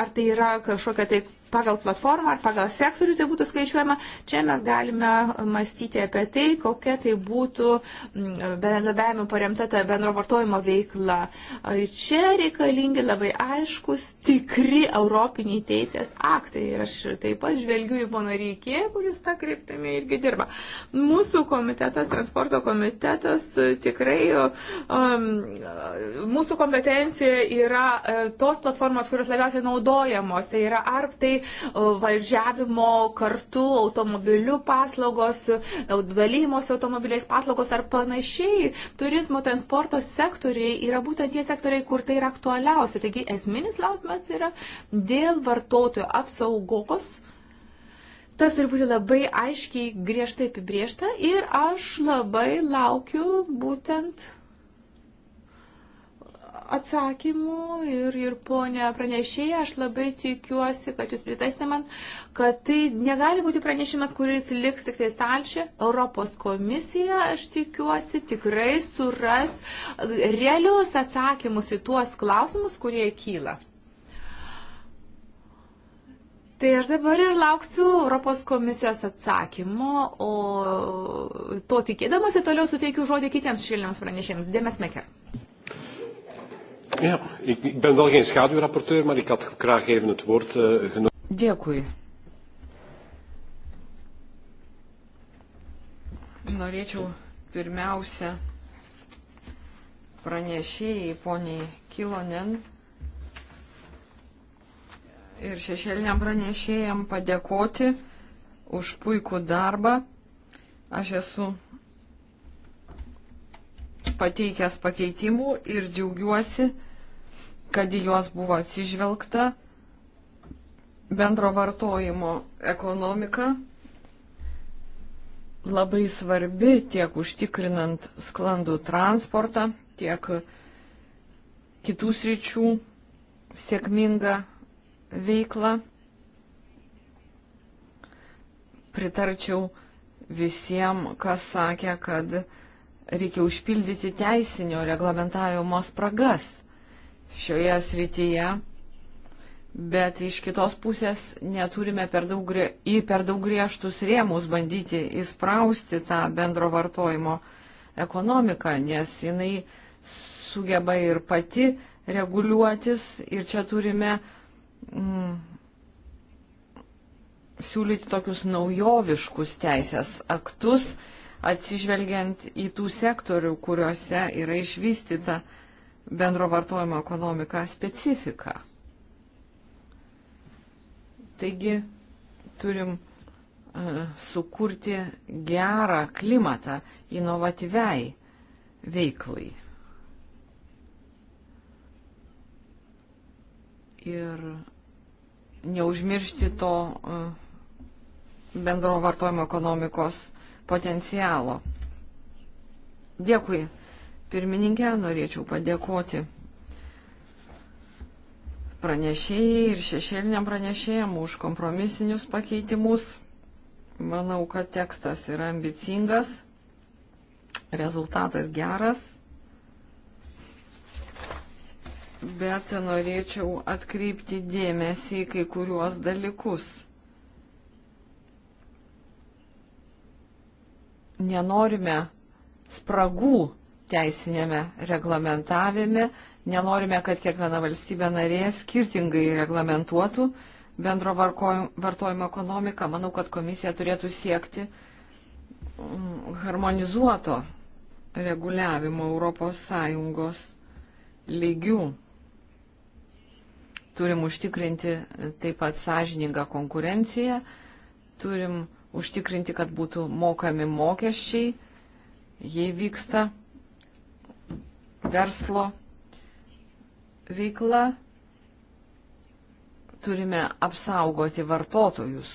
ar tai yra kažkokia tai pagal platformą ar pagal sektorių tai būtų skaičiuojama, čia mes galime mąstyti apie tai, kokia tai būtų mm, bendradarbiavimo paremta ta bendro vartojimo veikla. E, čia reikalingi labai aiškus, tikri europiniai teisės aktai. Ir aš taip pat žvelgiu į poną Reikė, kuris tą kryptimį irgi dirba. Mūsų komitetas, transporto komitetas, e, tikrai um, mūsų kompetencijoje yra tos platformos, kurios labiausiai naudojamos. Tai yra ar tai važiavimo kartu automobiliu paslaugos, dalymosi automobiliais paslaugos ar panašiai. Turizmo, transporto sektoriai yra būtent tie sektoriai, kur tai yra aktualiausia. Taigi esminis klausimas yra dėl vartotojų apsaugos. Tas turi būti labai aiškiai, griežtai apibriešta ir aš labai laukiu būtent atsakymų ir, ir ponė pranešėja, aš labai tikiuosi, kad jūs pritaisite man, kad tai negali būti pranešimas, kuris liks tik tai stalčiai. Europos komisija, aš tikiuosi, tikrai suras realius atsakymus į tuos klausimus, kurie kyla. Tai aš dabar ir lauksiu Europos komisijos atsakymo, o to tikėdamasi toliau suteikiu žodį kitiems šiliniams pranešėjams. Dėmes Meker. Ja, ik, ik ben wel geen schaduwrapporteur, maar ik had graag even het woord uh, genomen. Dėkui. Norėčiau pirmiausia pranešėjai poniai Kilonen ir šešėliniam pranešėjam padėkoti už puikų darbą. Aš esu pateikęs pakeitimų ir džiaugiuosi, kad į juos buvo atsižvelgta bendro vartojimo ekonomika labai svarbi tiek užtikrinant sklandų transportą, tiek kitų sričių sėkmingą veiklą. Pritarčiau visiems, kas sakė, kad reikia užpildyti teisinio reglamentavimo spragas šioje srityje, bet iš kitos pusės neturime per daug, į per daug griežtus rėmus bandyti įsprausti tą bendro vartojimo ekonomiką, nes jinai sugeba ir pati reguliuotis ir čia turime mm, siūlyti tokius naujoviškus teisės aktus, atsižvelgiant į tų sektorių, kuriuose yra išvystyta mm bendro vartojimo ekonomiką specifiką. Taigi turim uh, sukurti gerą klimatą inovatyviai veiklai. Ir neužmiršti to uh, bendro vartojimo ekonomikos potencialo. Dėkui pirmininkė, norėčiau padėkoti pranešėjai ir šešėliniam pranešėjam už kompromisinius pakeitimus. Manau, kad tekstas yra ambicingas, rezultatas geras, bet norėčiau atkreipti dėmesį į kai kuriuos dalykus. Nenorime spragų teisinėme reglamentavime. Nenorime, kad kiekviena valstybė narė skirtingai reglamentuotų bendro vartojimo ekonomiką. Manau, kad komisija turėtų siekti mm, harmonizuoto reguliavimo ES lygių. Turim užtikrinti taip pat sąžiningą konkurenciją, turim užtikrinti, kad būtų mokami mokesčiai, jei vyksta verslo veikla. Turime apsaugoti vartotojus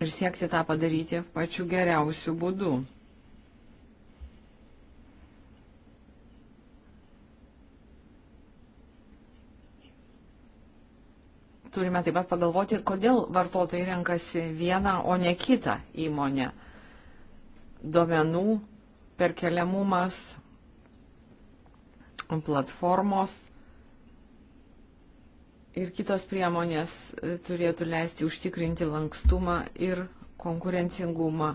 ir siekti tą padaryti pačiu geriausiu būdu. turime taip pat pagalvoti, kodėl vartotojai renkasi vieną, o ne kitą įmonę. Domenų perkeliamumas, platformos ir kitos priemonės e, turėtų leisti užtikrinti lankstumą ir konkurencingumą.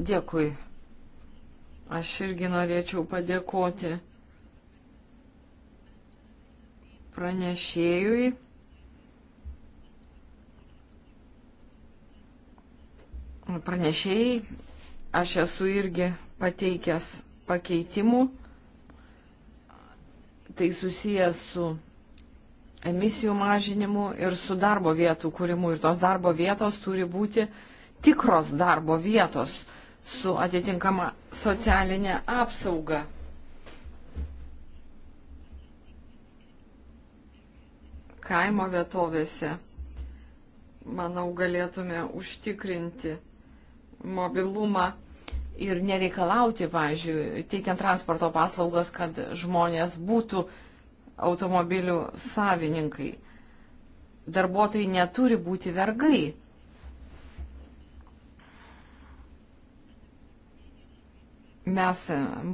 Dėkui. Aš irgi norėčiau padėkoti pranešėjui. Pranešėjai, aš esu irgi pateikęs pakeitimų. Tai susijęs su emisijų mažinimu ir su darbo vietų kūrimu. Ir tos darbo vietos turi būti tikros darbo vietos su atitinkama socialinė apsauga. Kaimo vietovėse, manau, galėtume užtikrinti mobilumą ir nereikalauti, pavyzdžiui, teikiant transporto paslaugas, kad žmonės būtų automobilių savininkai. Darbuotojai neturi būti vergai. Mes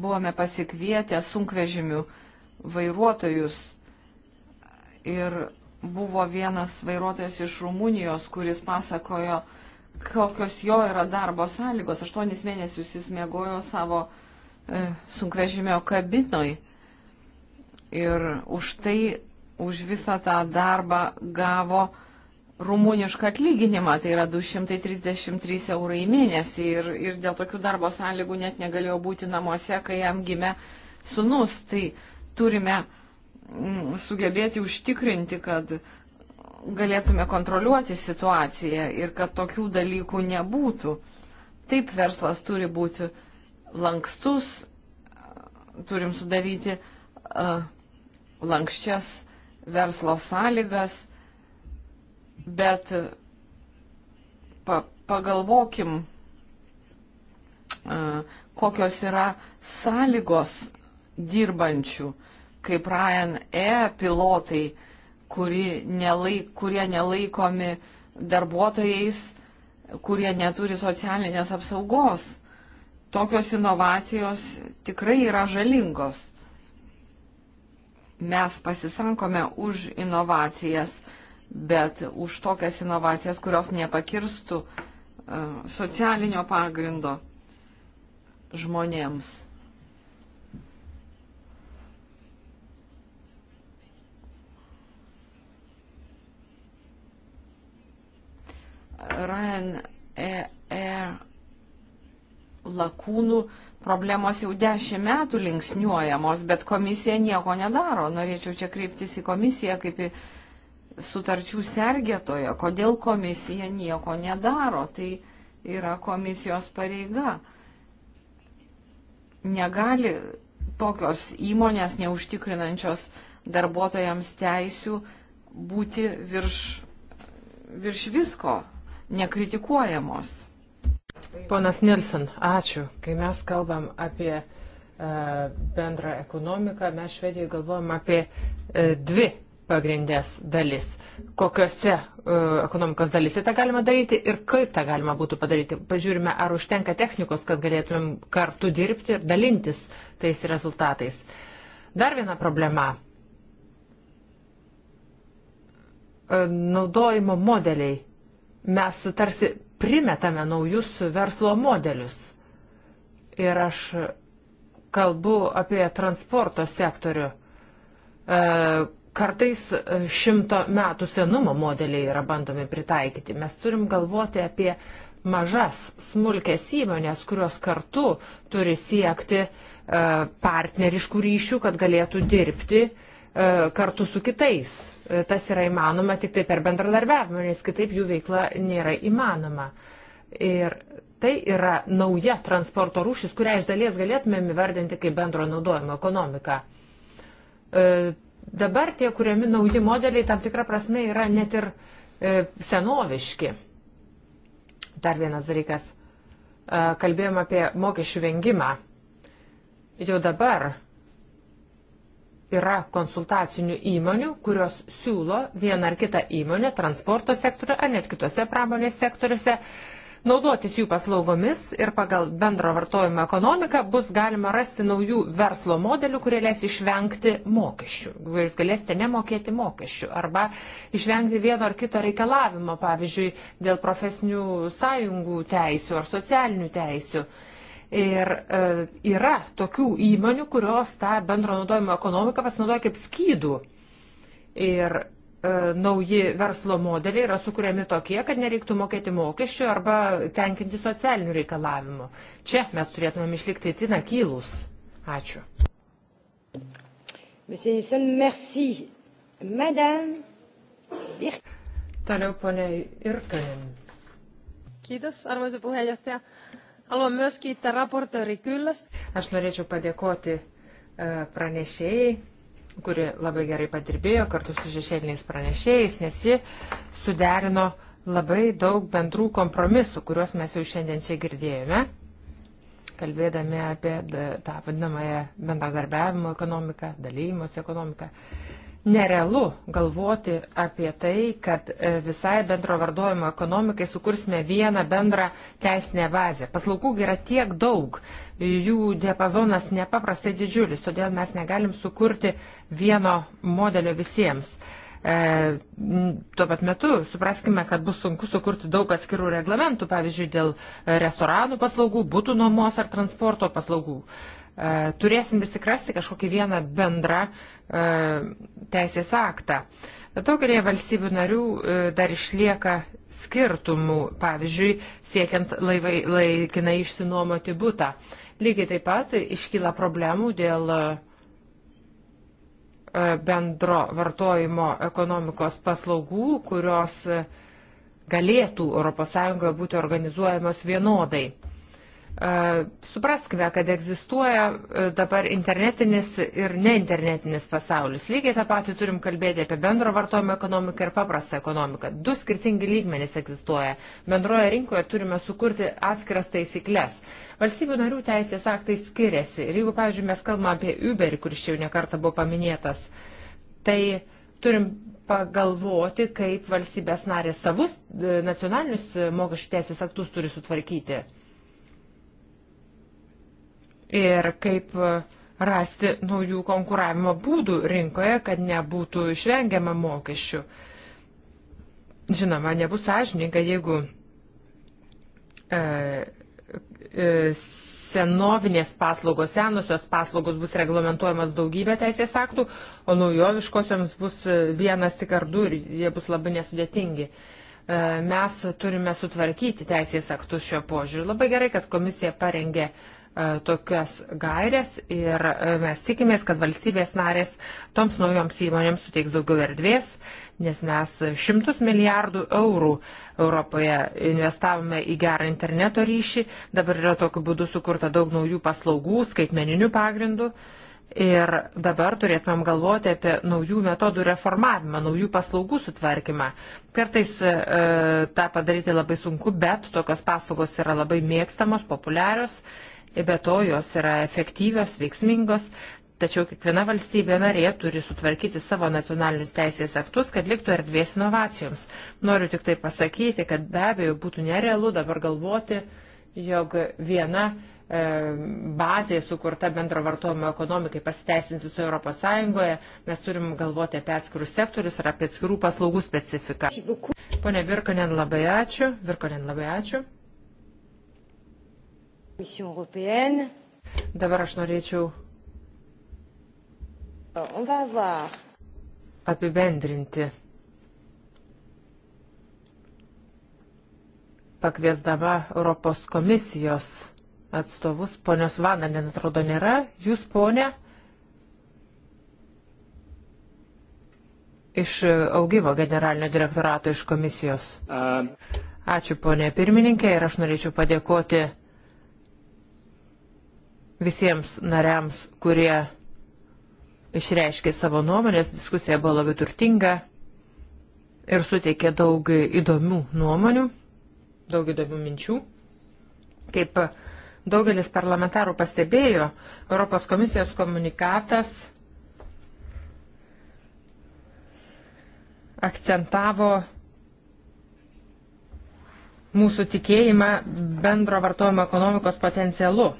buvome pasikvietę sunkvežimių vairuotojus ir buvo vienas vairuotojas iš Rumunijos, kuris pasakojo, uh, kokios jo yra darbo sąlygos. Aštuonis mėnesius jis mėgojo savo e, sunkvežimio kabinoj. Ir už tai, už visą tą darbą gavo rumunišką atlyginimą, tai yra 233 eurai mėnesį. Ir, ir dėl tokių darbo sąlygų net negalėjo būti namuose, kai jam gimė sunus. Tai turime mm, sugebėti užtikrinti, kad galėtume kontroliuoti situaciją ir kad tokių dalykų nebūtų. Taip verslas turi būti lankstus, turim sudaryti uh, lankščias verslo sąlygas, bet pa pagalvokim, uh, kokios yra sąlygos dirbančių, kaip Ryan E. pilotai uh, nelaik, kurie nelaikomi darbuotojais, kurie neturi socialinės apsaugos. Tokios inovacijos tikrai yra žalingos. Mes pasisakome už inovacijas, bet už tokias inovacijas, kurios nepakirstų e, socialinio pagrindo žmonėms. Ryanair lakūnų problemos jau dešimt metų linksniuojamos, bet komisija nieko nedaro. Norėčiau čia kreiptis į komisiją kaip į sutarčių sergėtoją. Kodėl komisija nieko nedaro? Tai yra komisijos pareiga. Negali tokios įmonės neužtikrinančios darbuotojams teisių būti virš, virš visko nekritikuojamos. Ponas Nilsen, ačiū. Kai mes kalbam apie e, bendrą ekonomiką, mes Švedijoje galvojam apie e, dvi pagrindės dalis, kokiuose uh, e, ekonomikos dalise tą galima daryti ir kaip tą galima būtų padaryti. Pažiūrime, ar užtenka technikos, kad galėtumėm kartu dirbti ir dalintis tais rezultatais. Dar viena problema. E, naudojimo modeliai mes tarsi primetame naujus verslo modelius. Ir aš kalbu apie transporto sektorių. E, kartais šimto metų senumo modeliai yra bandomi pritaikyti. Mes turim galvoti apie mažas, smulkės įmonės, kurios kartu turi siekti e, partneriškų ryšių, kad galėtų dirbti e, kartu su kitais tas yra įmanoma tik tai per bendradarbiavimą, nes kitaip jų veikla nėra įmanoma. Ir tai yra nauja transporto rūšis, kurią iš dalies galėtumėm įvardinti kaip bendro naudojimo ekonomiką. E, dabar tie kuriami nauji modeliai tam tikrą prasme yra net ir e, senoviški. Dar vienas dalykas. E, kalbėjom apie mokesčių vengimą. Jau dabar yra konsultacinių įmonių, kurios siūlo vieną ar kitą įmonę transporto sektoriu ar net kitose pramonės sektoriuose naudotis jų paslaugomis ir pagal bendro vartojimo ekonomiką bus galima rasti naujų verslo modelių, kurie leis išvengti mokesčių. Jūs galėsite nemokėti mokesčių arba išvengti vieno ar kito reikalavimo, pavyzdžiui, dėl profesinių sąjungų teisių ar socialinių teisių. Ir e, yra tokių įmonių, kurios tą bendro naudojimo ekonomiką pasinaudoja kaip skydų. Ir e, nauji verslo modeliai yra sukūriami tokie, kad nereiktų mokėti mokesčių arba tenkinti socialinių reikalavimų. Čia mes turėtumėm išlikti tina kylus. Ačiū. Monsieur Nilsson, merci. Madame. Toliau ponia Irkanen. Kiitos, arvoisa puheenjohtaja. Aš norėčiau padėkoti e, pranešėjai, kuri labai gerai padirbėjo kartu su šešėliniais pranešėjais, nes ji suderino labai daug bendrų kompromisų, kuriuos mes jau šiandien čia girdėjome, kalbėdami apie e, tą vadinamąją bendradarbiavimo ekonomiką, dalymosi ekonomiką. Nerealu galvoti apie tai, kad e, visai bendro vardojimo ekonomikai sukursime vieną bendrą teisinę bazę. Paslaugų yra tiek daug, jų diapazonas nepaprastai didžiulis, todėl mes negalim sukurti vieno modelio visiems. E, tuo pat metu supraskime, kad bus sunku sukurti daug atskirų reglamentų, pavyzdžiui, dėl restoranų paslaugų, būtų nuomos ar transporto paslaugų. E, E, turėsim visi krasti kažkokį vieną bendrą e, teisės aktą. Daugelėje valstybių narių e, dar išlieka skirtumų, pavyzdžiui, siekiant laivai, laikinai išsinuomoti būtą. Lygiai taip pat iškyla problemų dėl bendro vartojimo ekonomikos paslaugų, kurios galėtų ES būti organizuojamos vienodai. Supraskime, kad egzistuoja e, dabar internetinis ir neinternetinis pasaulis. Lygiai tą patį turim kalbėti apie bendro vartojimo ekonomiką ir paprastą ekonomiką. Du skirtingi lygmenys egzistuoja. Bendroje rinkoje turime sukurti atskiras taisyklės. Valstybių narių teisės aktai skiriasi. Ir jeigu, pavyzdžiui, mes kalbame apie Uber, kuris čia jau nekarta buvo paminėtas, tai turim pagalvoti, kaip valstybės narės savus e, nacionalinius e, mokesčių teisės aktus turi sutvarkyti ir kaip rasti naujų konkuravimo būdų rinkoje, kad nebūtų išvengiama mokesčių. Žinoma, nebus sąžininkai, jeigu e, e, senovinės paslaugos, senosios paslaugos bus reglamentuojamas daugybė teisės aktų, o naujoviškosioms bus e, vienas tik ar du ir jie bus labai nesudėtingi. E, mes turime sutvarkyti teisės aktus šio požiūriu. Labai gerai, kad komisija parengė uh, E, tokias gairias ir e, mes tikimės, kad valstybės narės toms naujoms įmonėms suteiks daugiau erdvės, nes mes šimtus milijardų eurų Europoje investavome į gerą interneto ryšį, dabar yra tokiu būdu sukurta daug naujų paslaugų skaitmeninių pagrindų. Ir dabar turėtumėm galvoti apie naujų metodų reformavimą, naujų paslaugų sutvarkymą. Kartais e, tą padaryti labai sunku, bet tokios paslaugos yra labai mėgstamos, populiarios be to jos yra efektyvios, veiksmingos, tačiau kiekviena valstybė narė turi sutvarkyti savo nacionalinius teisės aktus, kad liktų erdvės inovacijoms. Noriu tik tai pasakyti, kad be abejo būtų nerealu dabar galvoti, jog viena e, bazė sukurta bendro vartojimo ekonomikai pasiteisins visoje Europos Sąjungoje, mes turim galvoti apie atskirus sektorius ir apie atskirų paslaugų specifiką. Pone Virkonen, labai ačiū. Virkonen, labai ačiū. Dabar aš norėčiau euh, apibendrinti, pakviesdama Europos komisijos atstovus. Ponios Vananen, atrodo, nėra. Jūs, ponė, iš augimo generalinio direktorato iš komisijos. Uh, Ačiū, ponė pirmininkė, ir aš norėčiau padėkoti visiems nariams, kurie išreiškė savo nuomonės, diskusija buvo labai turtinga ir suteikė daug įdomių nuomonių, daug įdomių minčių. Kaip daugelis parlamentarų pastebėjo, Europos komisijos komunikatas akcentavo mūsų tikėjimą bendro vartojimo ekonomikos potencialu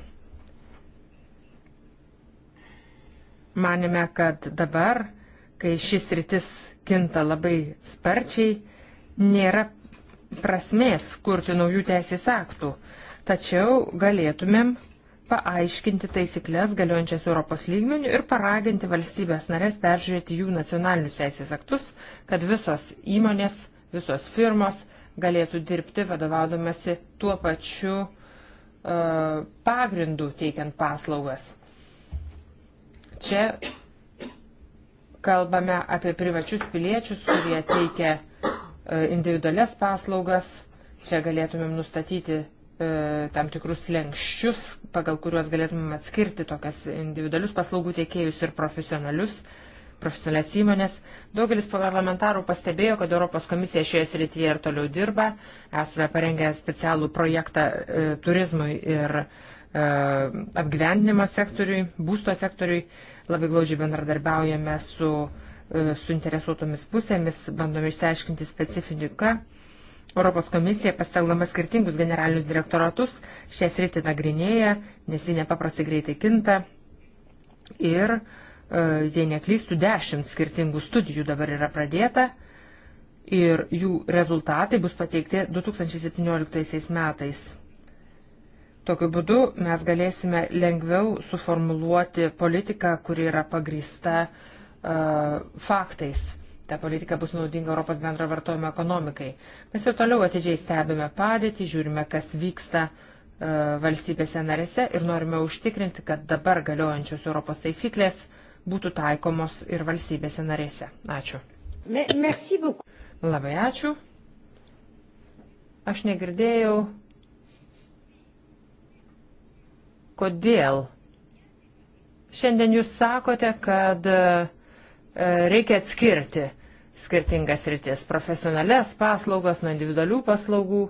Manime, kad dabar, kai šis rytis kinta labai sparčiai, nėra prasmės kurti naujų teisės aktų, tačiau galėtumėm paaiškinti taisyklės galiojančias Europos lygmenių ir paraginti valstybės narės peržiūrėti jų nacionalinius teisės aktus, kad visos įmonės, visos firmos galėtų dirbti vadovaudomasi tuo pačiu uh, pagrindu teikiant paslaugas. Čia kalbame apie privačius piliečius, kurie teikia e, individualias paslaugas. Čia galėtumėm nustatyti e, tam tikrus lenkščius, pagal kuriuos galėtumėm atskirti tokias individualius paslaugų tiekėjus ir profesionalius profesionalias įmonės. Daugelis parlamentarų pastebėjo, kad Europos komisija šioje srityje ir toliau dirba. Esame parengę specialų projektą e, turizmui ir e, E, apgyvendinimo sektoriui, būsto sektoriui. Labai glaužiai bendradarbiaujame su e, suinteresuotomis pusėmis, bandome išsiaiškinti specifiką. Europos komisija, pasitelkdama skirtingus generalinius direktoratus, šią sritį nagrinėja, nes ji nepaprastai greitai kinta. Ir, e, jei neklystų, dešimt skirtingų studijų dabar yra pradėta ir jų rezultatai bus pateikti 2017 metais. Tokiu būdu mes galėsime lengviau suformuluoti politiką, kuri yra pagrįsta uh, faktais. Ta politika bus naudinga Europos bendro vartojimo ekonomikai. Mes ir toliau atidžiai stebime padėtį, žiūrime, kas vyksta uh, valstybėse narėse ir norime užtikrinti, kad dabar galiojančios Europos taisyklės būtų taikomos ir valstybėse narėse. Ačiū. Me, Labai ačiū. Aš negirdėjau Kodėl? Šiandien jūs sakote, kad e, reikia atskirti skirtingas rytis - profesionales paslaugas nuo individualių paslaugų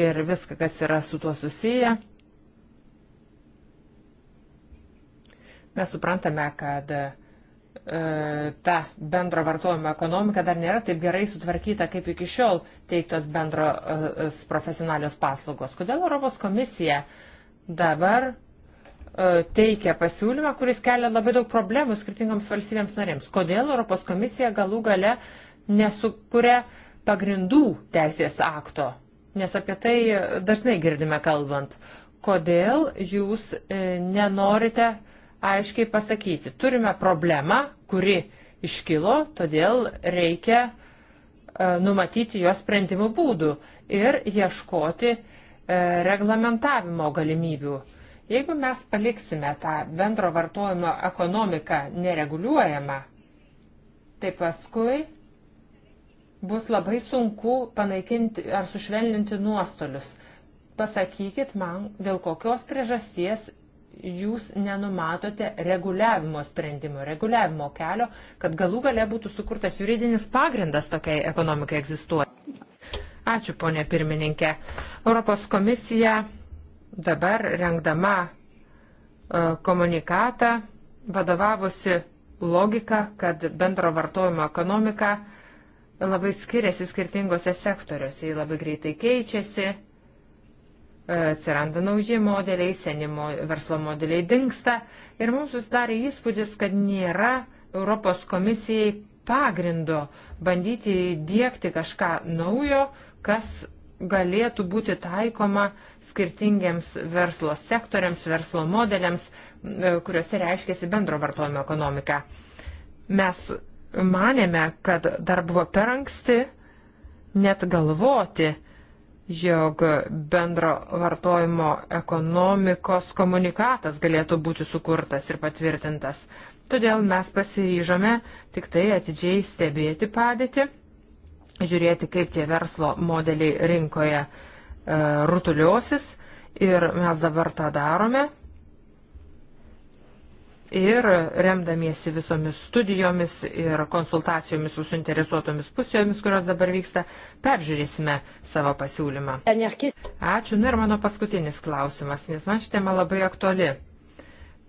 ir viską, kas yra su tuo susiję. Mes suprantame, kad e, ta bendro vartojimo ekonomika dar nėra taip gerai sutvarkyta, kaip iki šiol teiktos bendros e, profesionalios paslaugos. Kodėl Europos komisija dabar E, teikia pasiūlymą, kuris kelia labai daug problemų skirtingoms valstybėms narėms. Kodėl Europos komisija galų gale nesukuria pagrindų teisės akto? Nes apie tai dažnai girdime kalbant. Kodėl jūs e, nenorite aiškiai pasakyti, turime problemą, kuri iškilo, todėl reikia e, numatyti jos sprendimų būdų ir ieškoti reglamentavimo galimybių Jeigu mes paliksime tą bendro vartojimo ekonomiką nereguliuojamą, tai paskui bus labai sunku panaikinti ar sušvelninti nuostolius. Pasakykit man, dėl kokios priežasties jūs nenumatote reguliavimo sprendimo, reguliavimo kelio, kad galų gale būtų sukurtas juridinis pagrindas tokiai ekonomikai egzistuoti. Ačiū, ponė pirmininkė. Europos komisija dabar rengdama e, komunikatą vadovavusi logika, kad bendro vartojimo ekonomika labai skiriasi skirtingose sektoriuose, ji labai greitai keičiasi, e, atsiranda nauji modeliai, seni verslo modeliai dinksta ir mums susidarė įspūdis, kad nėra Europos komisijai pagrindo bandyti dėkti kažką naujo, kas galėtų būti taikoma skirtingiems verslo sektoriams, verslo modeliams, e, kuriuose reiškėsi bendro vartojimo ekonomika. Mes manėme, kad dar buvo per anksti net galvoti, jog bendro vartojimo ekonomikos komunikatas galėtų būti sukurtas ir patvirtintas. Todėl mes pasiryžome tik tai atidžiai stebėti padėtį žiūrėti, kaip tie verslo modeliai rinkoje e, rutuliosis ir mes dabar tą darome. Ir remdamiesi visomis studijomis ir konsultacijomis su suinteresuotomis pusėjomis, kurios dabar vyksta, peržiūrėsime savo pasiūlymą. Ačiū. Na ir mano paskutinis klausimas, nes man ši tema labai aktuali.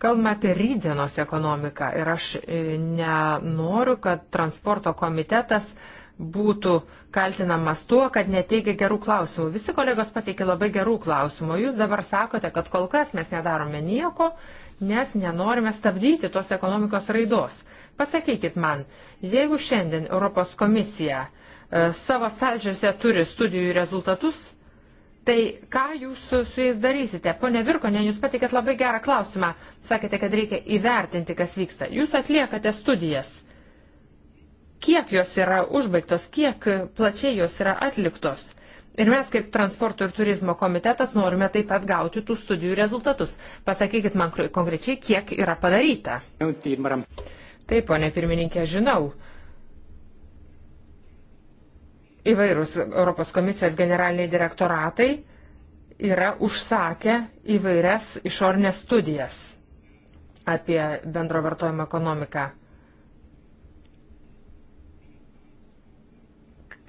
Kalbame apie rydienos ekonomiką ir aš e, nenoriu, kad transporto komitetas uh, būtų kaltinamas tuo, kad neteikia gerų klausimų. Visi kolegos pateikė labai gerų klausimų. Jūs dabar sakote, kad kol kas mes nedarome nieko, nes nenorime stabdyti tos ekonomikos raidos. Pasakykit man, jeigu šiandien Europos komisija e, savo stalžiuose turi studijų rezultatus, Tai ką jūs su jais darysite? Pone Virkonė, jūs patikėt labai gerą klausimą. Sakėte, kad reikia įvertinti, kas vyksta. Jūs atliekate studijas kiek jos yra užbaigtos, kiek plačiai jos yra atliktos. Ir mes kaip transporto ir turizmo komitetas norime taip pat gauti tų studijų rezultatus. Pasakykit man konkrečiai, kiek yra padaryta. Taip, ponė pirmininkė, žinau. Įvairūs Europos komisijos generaliniai direktoratai yra užsakę įvairias išornės studijas apie bendro vartojimo ekonomiką.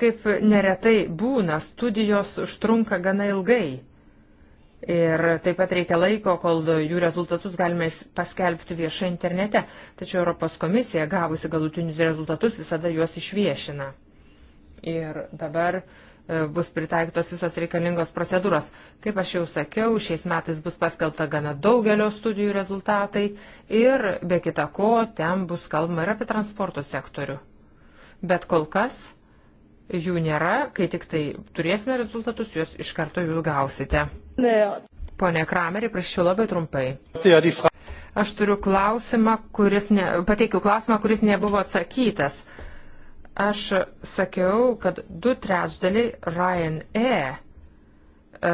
Kaip neretai būna, studijos užtrunka gana ilgai. Ir taip pat reikia laiko, kol jų rezultatus galime paskelbti viešai internete. Tačiau Europos komisija, gavusi galutinius rezultatus, visada juos išviešina. Ir dabar e, bus pritaikytos visos reikalingos procedūros. Kaip aš jau sakiau, šiais metais bus paskelbta gana daugelio studijų rezultatai ir be kita ko ten bus kalbama ir apie transporto sektorių. Bet kol kas jų nėra, kai tik tai turėsime rezultatus, juos iš karto jūs gausite. Pone Kramerį, prašau labai trumpai. Tai Aš turiu klausimą, kuris ne, pateikiu klausimą, kuris nebuvo atsakytas. Aš sakiau, kad du trečdaliai Ryanair e,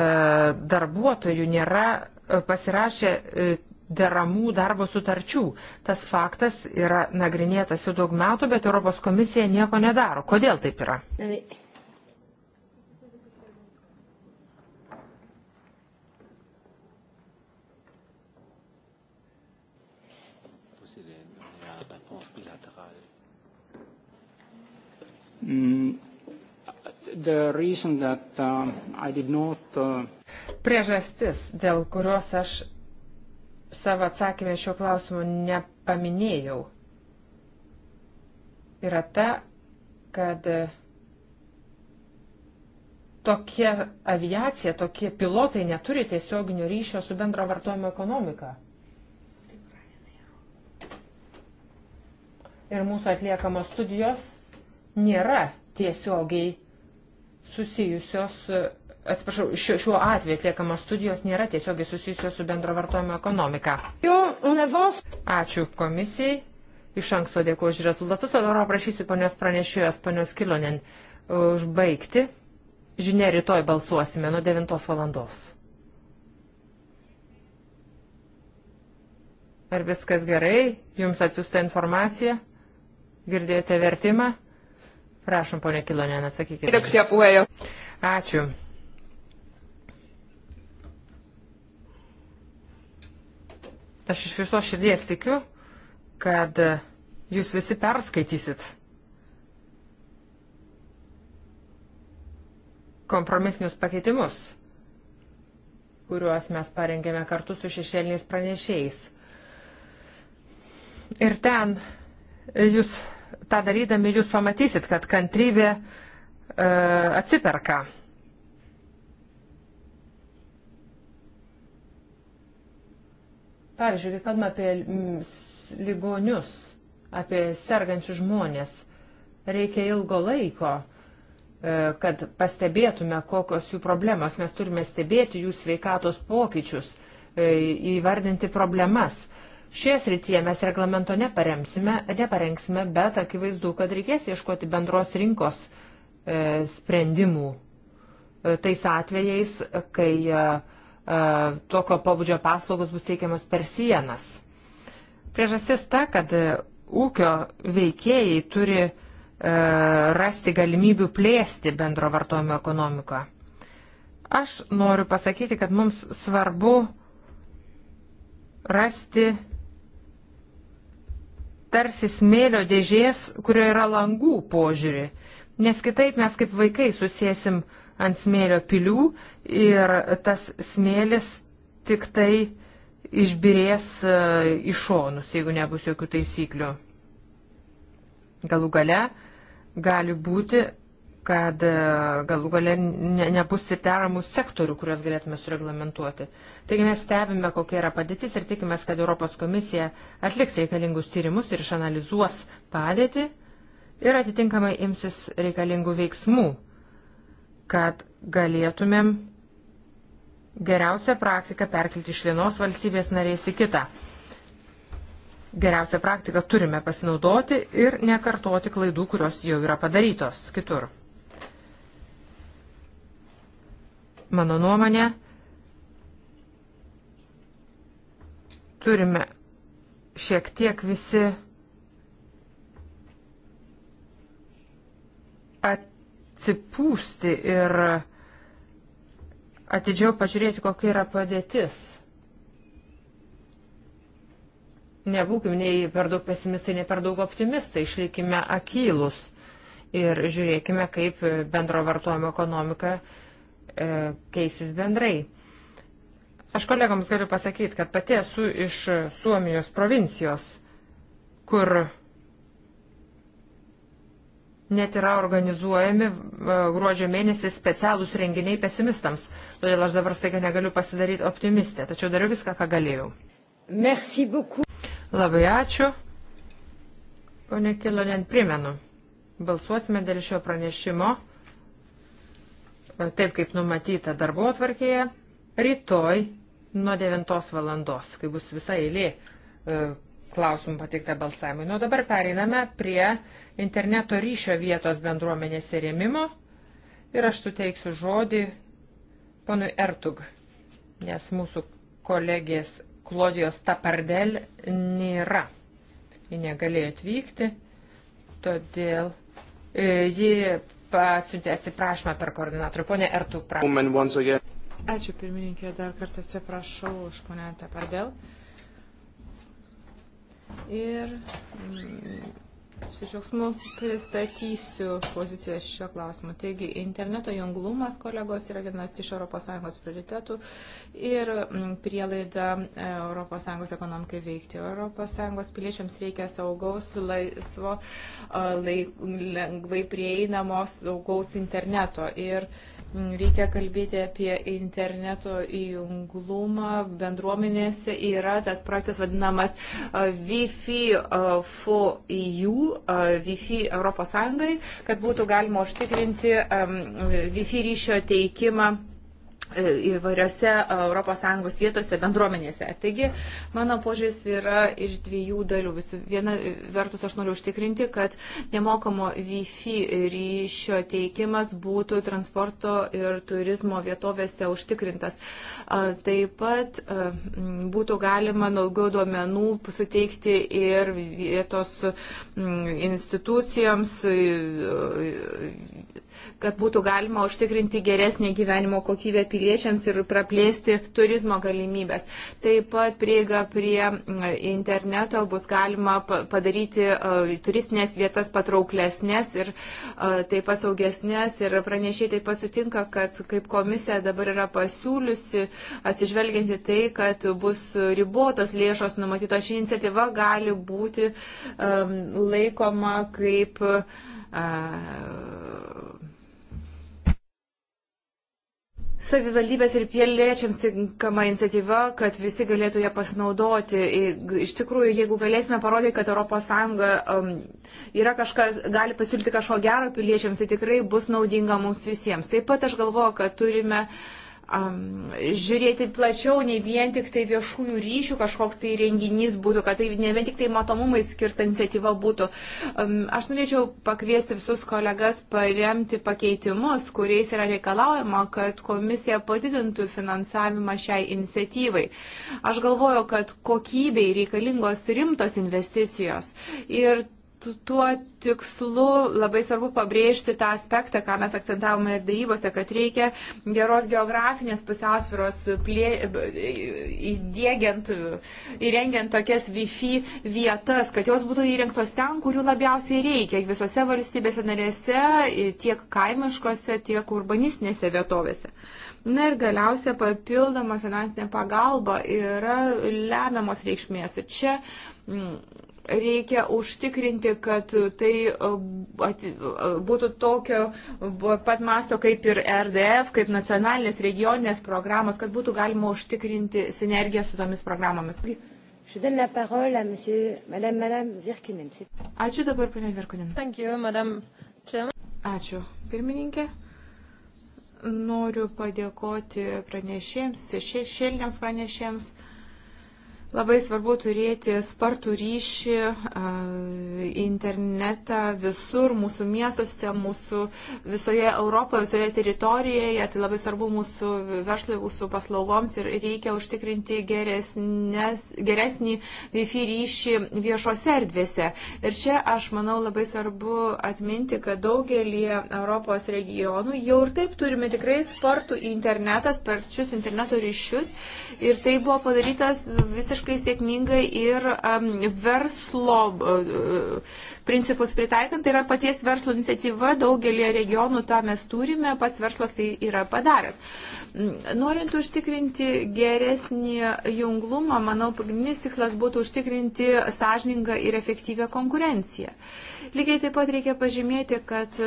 darbuotojų nėra e, pasirašę e, deramų darbo sutarčių. Tas faktas yra nagrinėtas jau daug metų, bet Europos komisija nieko nedaro. Kodėl taip yra? Mm, the reason that uh, I did not uh, priežastis, dėl kurios aš savo atsakymę šio klausimu nepaminėjau, yra ta, kad e, tokia aviacija, tokie pilotai neturi tiesioginio ryšio su bendro vartojimo ekonomika. Ir mūsų atliekamos studijos nėra tiesiogiai susijusios atsiprašau, šiuo, šiuo atveju atliekamos studijos nėra tiesiogiai susijusios su bendro vartojimo ekonomika. Ačiū komisijai. Iš anksto dėkuoju už rezultatus. Adoro prašysiu ponios pranešėjos, ponios Kilonin, užbaigti. Žinia, rytoj balsuosime nuo 9 valandos. Ar viskas gerai? Jums atsiųsta informacija? Girdėjote vertimą? Prašom, ponė Kilonė, atsakykite. Kiitoksia puheenjohtaja. Ačiū. Aš iš viso širdies tikiu, kad jūs visi perskaitysit kompromisinius pakeitimus, kuriuos mes parengėme kartu su šešėliniais pranešėjais. Ir ten jūs tą darydami jūs pamatysit, kad kantrybė e, atsiperka. Pavyzdžiui, kai kalbame apie ligonius, apie sergančius žmonės, reikia ilgo laiko, e, kad pastebėtume, kokios jų problemos. Mes turime stebėti jų sveikatos pokyčius, e, įvardinti problemas. Šioje srityje mes reglamento neparemsime, neparengsime, bet akivaizdu, kad reikės ieškoti bendros rinkos e, sprendimų e, tais atvejais, kai e, E, tokio pobūdžio paslaugos bus teikiamos per sienas. Priežastis ta, kad ūkio veikėjai turi e, rasti galimybių plėsti bendro vartojimo ekonomiką. Aš noriu pasakyti, kad mums svarbu rasti tarsi smėlio dėžės, kurioje yra langų požiūrį, nes kitaip mes kaip vaikai susėsim uh, ant smėlio pilių ir tas smėlis tik tai išbirės e, į šonus, jeigu nebus jokių taisyklių. Galų gale gali būti, kad e, galų gale ne, nebus ir deramų sektorių, kuriuos galėtume sureglamentuoti. Taigi mes stebime, kokia yra padėtis ir tikimės, kad Europos komisija atliks reikalingus tyrimus ir išanalizuos padėtį ir atitinkamai imsis reikalingų veiksmų kad galėtumėm geriausią praktiką perkelti iš vienos valstybės narės į kitą. Geriausią praktiką turime pasinaudoti ir nekartoti klaidų, kurios jau yra padarytos kitur. Mano nuomonė, turime šiek tiek visi atsipūsti ir atidžiau pažiūrėti, kokia yra padėtis. Nebūkim nei per daug pesimistai, nei per daug optimistai, išlikime akylus ir žiūrėkime, kaip bendro vartojimo ekonomika e, keisis bendrai. Aš kolegoms galiu pasakyti, kad pati esu iš Suomijos provincijos, kur net yra organizuojami gruodžio mėnesį specialūs renginiai pesimistams. Todėl aš dabar staiga negaliu pasidaryti optimistė, tačiau dariau viską, ką galėjau. Merci beaucoup. Labai ačiū. Pone Kilonien, primenu, balsuosime dėl šio pranešimo, e, taip kaip numatyta darbo atvarkėje, rytoj nuo 9 valandos, kai bus visa eilė e, klausimų pateikta balsavimui. Nuo dabar pereiname prie interneto ryšio vietos bendruomenės įrėmimo ir aš suteiksiu žodį ponui Ertug, nes mūsų kolegės Klodijos Tapardel nėra. Ji negalėjo atvykti, todėl e, ji atsiuntė atsiprašymą per koordinatorių. Pone Ertug, prašau. Ačiū pirmininkė, dar kartą atsiprašau už ponę Tapardel. Uh, ir mm, su žiaugsmu pristatysiu poziciją šio klausimu. Taigi, interneto junglumas, kolegos, yra vienas iš ES prioritetų ir mm, prielaida e, ES ekonomikai veikti. ES piliečiams reikia saugaus, laisvo, e, laik, lengvai prieinamos saugaus interneto. Ir mm, reikia kalbėti apie interneto įjunglumą bendruomenėse. Yra tas projektas vadinamas e, Wi-Fi for EU Wi-Fi ES, kad būtų galima užtikrinti Wi-Fi ryšio teikimą E, įvairiose ES vietose bendruomenėse. Taigi, mano požiūris yra iš dviejų dalių. Visų viena vertus aš noriu užtikrinti, kad nemokamo Wi-Fi ryšio teikimas būtų transporto ir turizmo vietovėse užtikrintas. Taip pat būtų galima daugiau duomenų suteikti ir vietos institucijoms kad būtų galima užtikrinti geresnį gyvenimo kokybę piliečiams ir praplėsti turizmo galimybės. Taip pat prieiga prie interneto bus galima padaryti e, turistinės vietas patrauklesnės ir e, taip pat saugesnės. Ir pranešiai taip pat sutinka, kad kaip komisija dabar yra pasiūliusi, atsižvelginti tai, kad bus ribotos lėšos numatytos. Ši iniciatyva gali būti um, laikoma kaip uh, savivaldybės ir pieliečiams tinkama iniciatyva, kad visi galėtų ją pasinaudoti. Iš tikrųjų, jeigu galėsime parodyti, kad ES um, yra kažkas, gali pasiūlyti kažko gero piliečiams, tai tikrai bus naudinga mums visiems. Taip pat aš galvoju, kad turime uh, um, žiūrėti plačiau, nei vien tik tai viešųjų ryšių kažkoks tai renginys būtų, kad tai ne vien tik tai matomumai skirta iniciatyva būtų. Um, aš norėčiau pakviesti visus kolegas paremti pakeitimus, kuriais yra reikalaujama, kad komisija padidintų finansavimą šiai iniciatyvai. Aš galvoju, kad kokybei reikalingos rimtos investicijos. Ir tuo tikslu labai svarbu pabrėžti tą aspektą, ką mes akcentavome ir dėrybose, kad reikia geros geografinės pusiausviros įdėgiant, įrengiant tokias Wi-Fi vietas, kad jos būtų įrengtos ten, kurių labiausiai reikia visose valstybėse narėse, tiek kaimiškose, tiek urbanistinėse vietovėse. Na ir galiausia papildoma finansinė pagalba yra lemiamos reikšmės. Ir čia reikia užtikrinti, kad tai e, e, būtų tokio pat masto kaip ir RDF, kaip nacionalinės regioninės programos, kad būtų galima užtikrinti sinergiją su tomis programomis. Ačiū dabar, ponia Verkunin. Ačiū, pirmininkė. Noriu padėkoti pranešėjams, šešėliniams pranešėjams Labai svarbu turėti spartų ryšį, internetą visur, mūsų miestuose, mūsų visoje Europoje, visoje teritorijoje. Tai labai svarbu mūsų verslui, mūsų paslaugoms ir reikia užtikrinti geresnės, geresnį Wi-Fi ryšį viešose erdvėse. Ir čia aš manau labai svarbu atminti, kad daugelį Europos regionų jau ir taip turime tikrai spartų internetą, sparčius interneto ryšius. Ir tai buvo padarytas visiškai visiškai sėkmingai ir um, verslo uh, principus pritaikant, tai yra paties verslo iniciatyva, daugelį regionų tą mes turime, pats verslas tai yra padaręs. Mm, norint užtikrinti geresnį junglumą, manau, pagrindinis tikslas būtų užtikrinti sąžiningą ir efektyvę konkurenciją. Lygiai taip pat reikia pažymėti, kad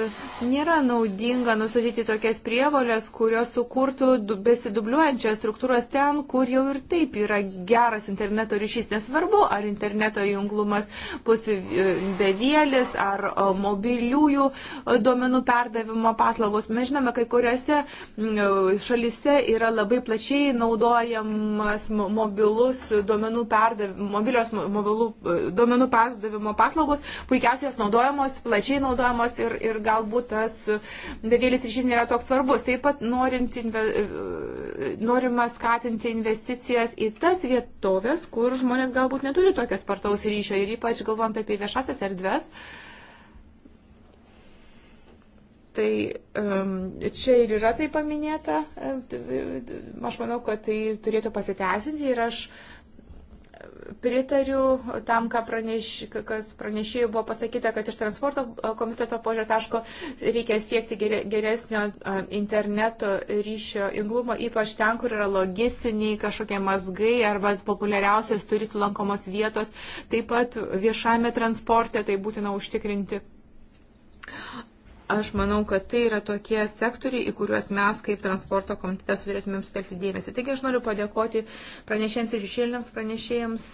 nėra naudinga nusatyti tokias prievolės, kurios sukurtų besidubliuojančias struktūras ten, kur jau ir taip yra geras interneto ryšys. Nesvarbu, ar interneto junglumas bus e, bevielis vežimėlis ar mobiliųjų duomenų perdavimo paslaugos. Mes žinome, kai kuriuose šalise yra labai plačiai naudojamas mobilus duomenų perdavimo, mobilios mobilų e, duomenų perdavimo paslaugos, puikiausiai jos naudojamos, plačiai naudojamos ir, ir galbūt tas bevėlis ryšys nėra toks svarbus. Taip pat norint, inve, e, norima skatinti investicijas į tas vietovės, kur žmonės galbūt neturi tokio spartaus ryšio ir ypač galvant apie viešasias erdves, šalis. Tai čia ir yra tai paminėta. Aš manau, kad tai turėtų pasiteisinti ir aš uh, pritariu tam, ką praneš, kas pranešėjų buvo pasakyta, kad iš transporto komiteto požiūrė taško reikia siekti geresnio interneto ryšio inglumo, ypač ten, kur yra logistiniai kažkokie mazgai arba populiariausios turistų lankomos vietos. Taip pat viešame transporte tai būtina užtikrinti. Aš manau, kad tai yra tokie sektoriai, į kuriuos mes kaip transporto komitetas turėtumėm sutelkti dėmesį. Taigi aš noriu padėkoti pranešėjams ir išėliniams pranešėjams.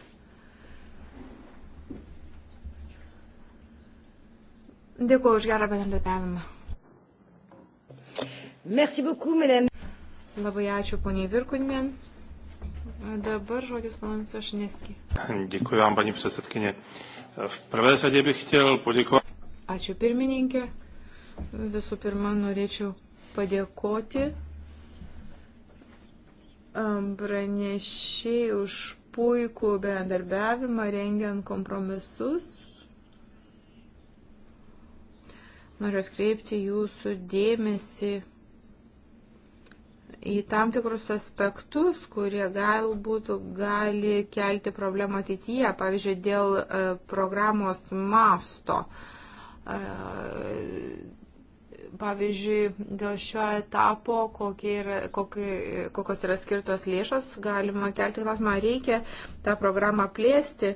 Dėkuoju už gerą bendradarbiavimą. Merci beaucoup, madame. Labai ačiū, poniai Virkunien. Dabar žodis panas Ašneski. Dėkuoju vam, pani předsedkyně. V prvé řadě bych chtěl poděkovat. Ačiū pirmininkė. Visų pirma, norėčiau padėkoti um, pranešiai už puikų bendarbiavimą rengiant kompromisus. Noriu atkreipti jūsų dėmesį į tam tikrus aspektus, kurie galbūt gali kelti problemą ateityje, pavyzdžiui, dėl e, programos masto e, pavyzdžiui, dėl šio etapo, yra, kokie, kokios yra skirtos lėšos, galima kelti klausimą, ar reikia tą programą plėsti,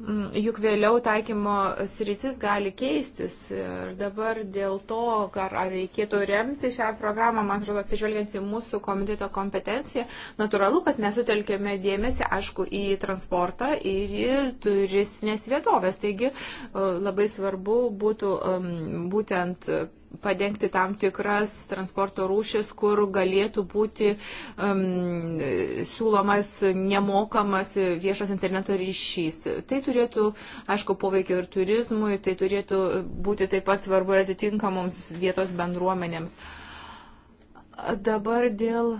mm, juk vėliau taikymo sritis gali keistis. Ir dabar dėl to, ar, ar reikėtų remti šią programą, man atrodo, atsižvelgiant į mūsų komiteto kompetenciją, natūralu, kad mes sutelkėme dėmesį, aišku, į transportą ir į turistinės vietovės. Taigi e, labai svarbu būtų um, būtent padengti tam tikras transporto rūšis, kur galėtų būti um, siūlomas nemokamas viešas interneto ryšys. Tai turėtų, aišku, poveikio ir turizmui, tai turėtų būti taip pat svarbu ir atitinkamoms vietos bendruomenėms. Dabar dėl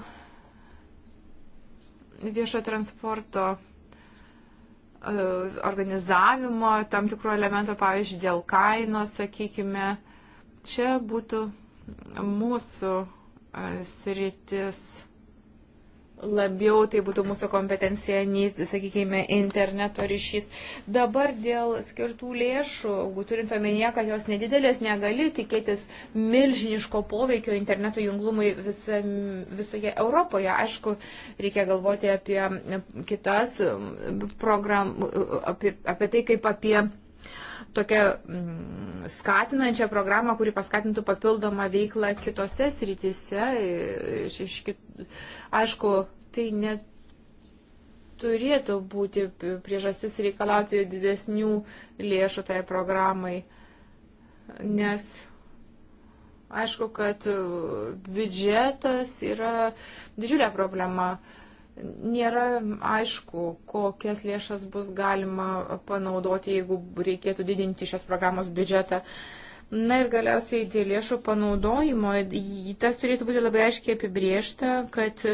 viešo transporto uh, organizavimo tam tikrų elementų, pavyzdžiui, dėl kainos, sakykime, uh, Čia būtų mūsų sritis labiau tai būtų mūsų kompetencija, nei, sakykime, interneto ryšys. Dabar dėl skirtų lėšų, turint omenyje, kad jos nedidelės, negali tikėtis milžiniško poveikio interneto junglumui visa, visoje Europoje. Aišku, reikia galvoti apie kitas program, apie, apie tai kaip apie tokią mm, skatinančią programą, kuri paskatintų papildomą veiklą kitose srityse. Iš, iš kit... Aišku, tai net turėtų būti priežastis reikalauti didesnių lėšų tai programai, nes aišku, kad biudžetas yra didžiulė problema. Uh, nėra aišku, kokias lėšas bus galima panaudoti, jeigu reikėtų didinti šios programos biudžetą. Na ir galiausiai dėl lėšų panaudojimo, tas turėtų būti labai aiškiai apibriešta, kad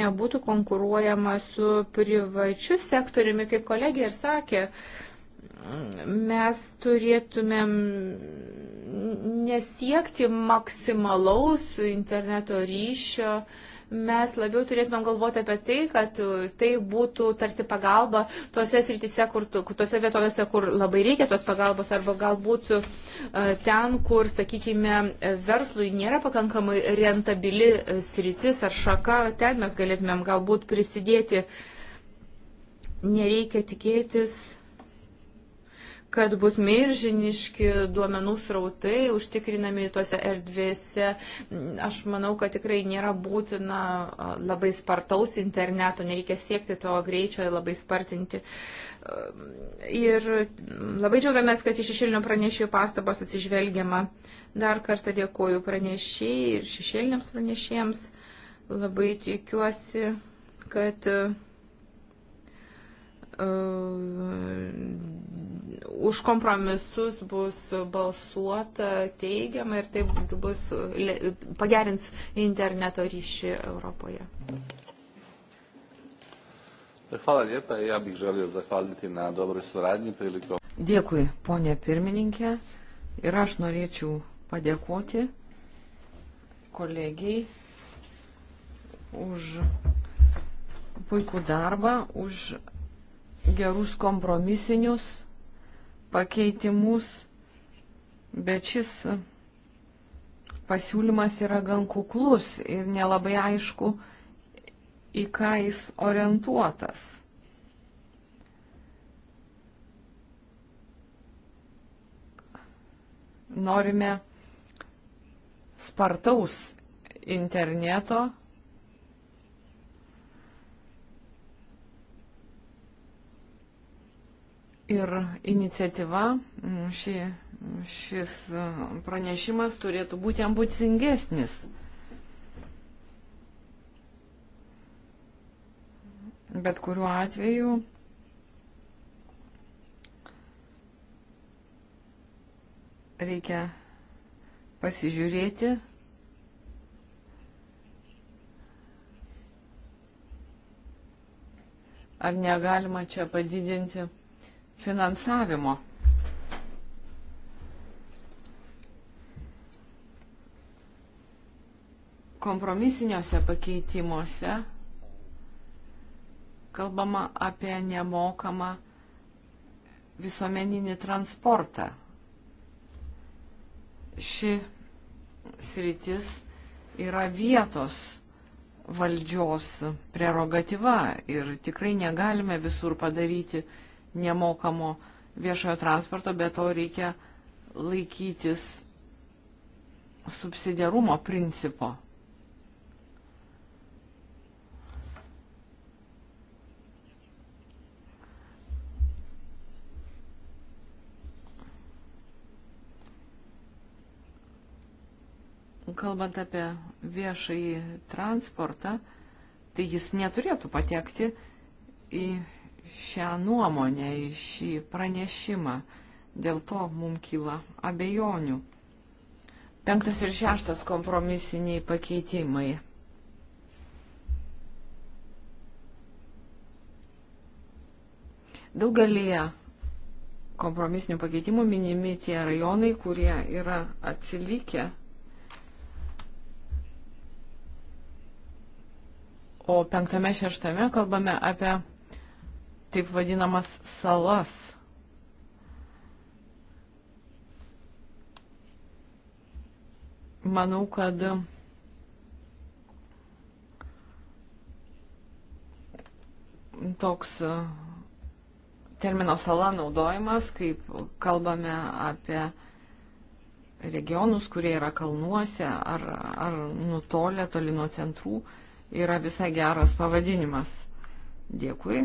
nebūtų konkuruojama su privačiu sektoriumi, kaip kolegė ir sakė. Mes turėtumėm nesiekti maksimalaus interneto ryšio uh, mes labiau turėtumėm galvoti apie tai, kad uh, tai būtų tarsi pagalba tose srityse, kur, tose vietovėse, kur labai reikia tos pagalbos, arba galbūt uh, ten, kur, sakykime, verslui nėra pakankamai rentabili uh, sritis ar šaka, ten mes galėtumėm galbūt prisidėti. Nereikia tikėtis kad bus milžiniški duomenų srautai užtikrinami tose erdvėse. Aš manau, kad tikrai nėra būtina labai spartaus interneto, nereikia siekti to greičio labai spartinti. Ir labai džiaugiamės, kad iš šešėlinio pranešėjų pastabas atsižvelgiama. Dar kartą dėkoju pranešėjai ir šešėliniams pranešėjams. Labai tikiuosi, kad už kompromisus bus balsuota teigiamai ir taip bus pagerins interneto ryšį Europoje. Hvala lijepa i ja bih želio zahvaliti na dobroj suradnji prilikom. Dėkui, ponė pirmininkė. Ir aš norėčiau padėkoti kolegijai už puikų darbą, už gerus kompromisinius pakeitimus, bet šis pasiūlymas yra gan kuklus ir nelabai aišku, į ką jis orientuotas. Norime spartaus interneto ir iniciatyva, ši, šis e, pranešimas turėtų būti ambicingesnis. Bet kuriuo atveju reikia pasižiūrėti, ar negalima čia padidinti finansavimo. Kompromisiniuose pakeitimuose kalbama apie nemokamą visuomeninį transportą. Ši sritis yra vietos valdžios prerogatyva ir tikrai negalime visur padaryti nemokamo viešojo transporto, bet to reikia laikytis subsidiarumo principo. Kalbant apie viešąjį transportą, tai jis neturėtų patekti į šią nuomonę, į šį pranešimą. Dėl to mums kyla abejonių. Penktas ir šeštas kompromisiniai pakeitimai. Daugelie kompromisinių pakeitimų minimi tie rajonai, kurie yra atsilikę. O penktame, šeštame kalbame apie taip vadinamas salas. Manau, kad toks e, termino sala naudojimas, kaip kalbame apie regionus, kurie yra kalnuose ar, ar nutolę toli nuo centrų, yra visai geras pavadinimas. Dėkui.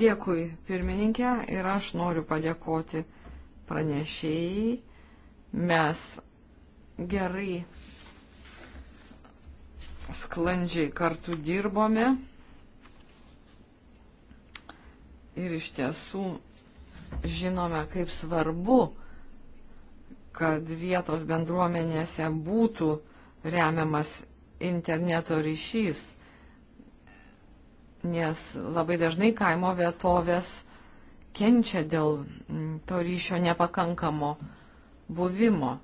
Dėkui, pirmininkė, ir aš noriu padėkoti pranešėjai. Mes gerai sklandžiai kartu dirbome ir iš tiesų žinome, kaip svarbu, kad vietos bendruomenėse būtų remiamas interneto ryšys nes labai dažnai kaimo vietovės kenčia dėl mm, to ryšio nepakankamo buvimo.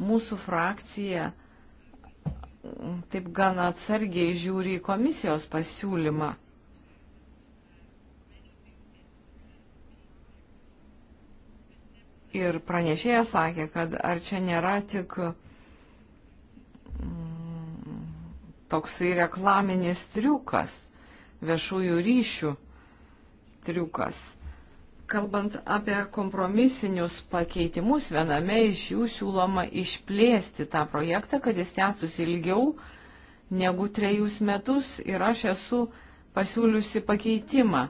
Mūsų frakcija mm, taip gana atsargiai žiūri į komisijos pasiūlymą. Ir pranešėjas sakė, kad ar čia nėra tik mm, toksai reklaminis triukas viešųjų ryšių triukas. Kalbant apie kompromisinius pakeitimus, viename iš jų siūloma išplėsti tą projektą, kad jis tęstųsi ilgiau negu trejus metus ir aš esu pasiūliusi pakeitimą.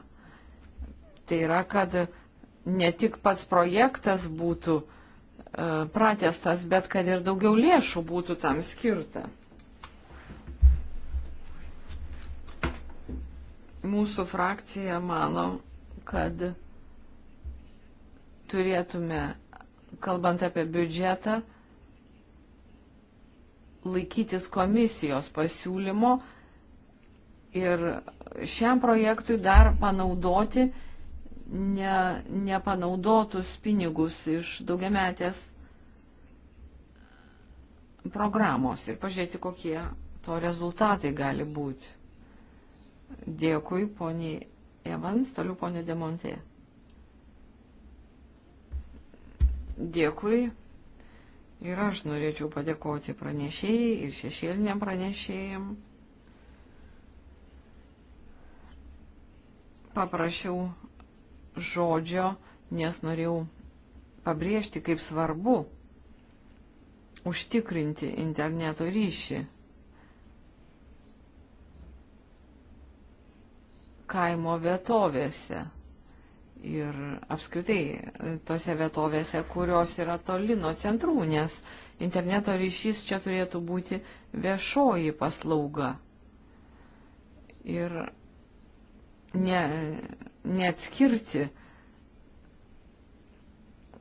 Tai yra, kad ne tik pats projektas būtų e, pratestas, bet kad ir daugiau lėšų būtų tam skirta. Mūsų frakcija mano, kad turėtume, kalbant apie biudžetą, laikytis komisijos pasiūlymo ir šiam projektui dar panaudoti ne, nepanaudotus pinigus iš daugiametės programos ir pažiūrėti, kokie to rezultatai gali būti. Dėkui, poniai Evans, toliau ponė Demontė. Dėkui. Ir aš norėčiau padėkoti pranešėjai ir šešėliniam pranešėjim. Paprašiau žodžio, nes norėjau pabrėžti, kaip svarbu užtikrinti interneto ryšį kaimo vietovėse ir apskritai e, tose vietovėse, kurios yra toli nuo centrų, nes interneto ryšys čia turėtų būti viešoji paslauga. Ir ne, neatskirti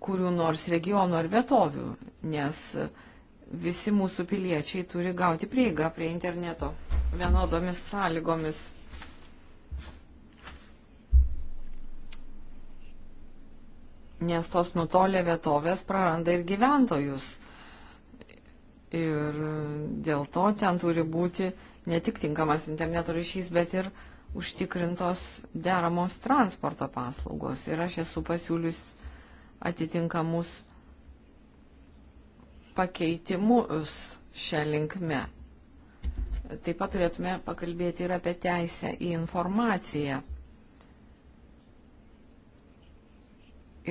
kurių nors regionų ar vietovių, nes visi mūsų piliečiai turi gauti prieigą prie interneto vienodomis sąlygomis. nes tos nutolė vietovės praranda ir gyventojus. Ir dėl to ten turi būti ne tik tinkamas interneto ryšys, bet ir užtikrintos deramos transporto paslaugos. Ir aš esu pasiūlius atitinkamus pakeitimus šią linkmę. Taip pat turėtume pakalbėti ir apie teisę į informaciją.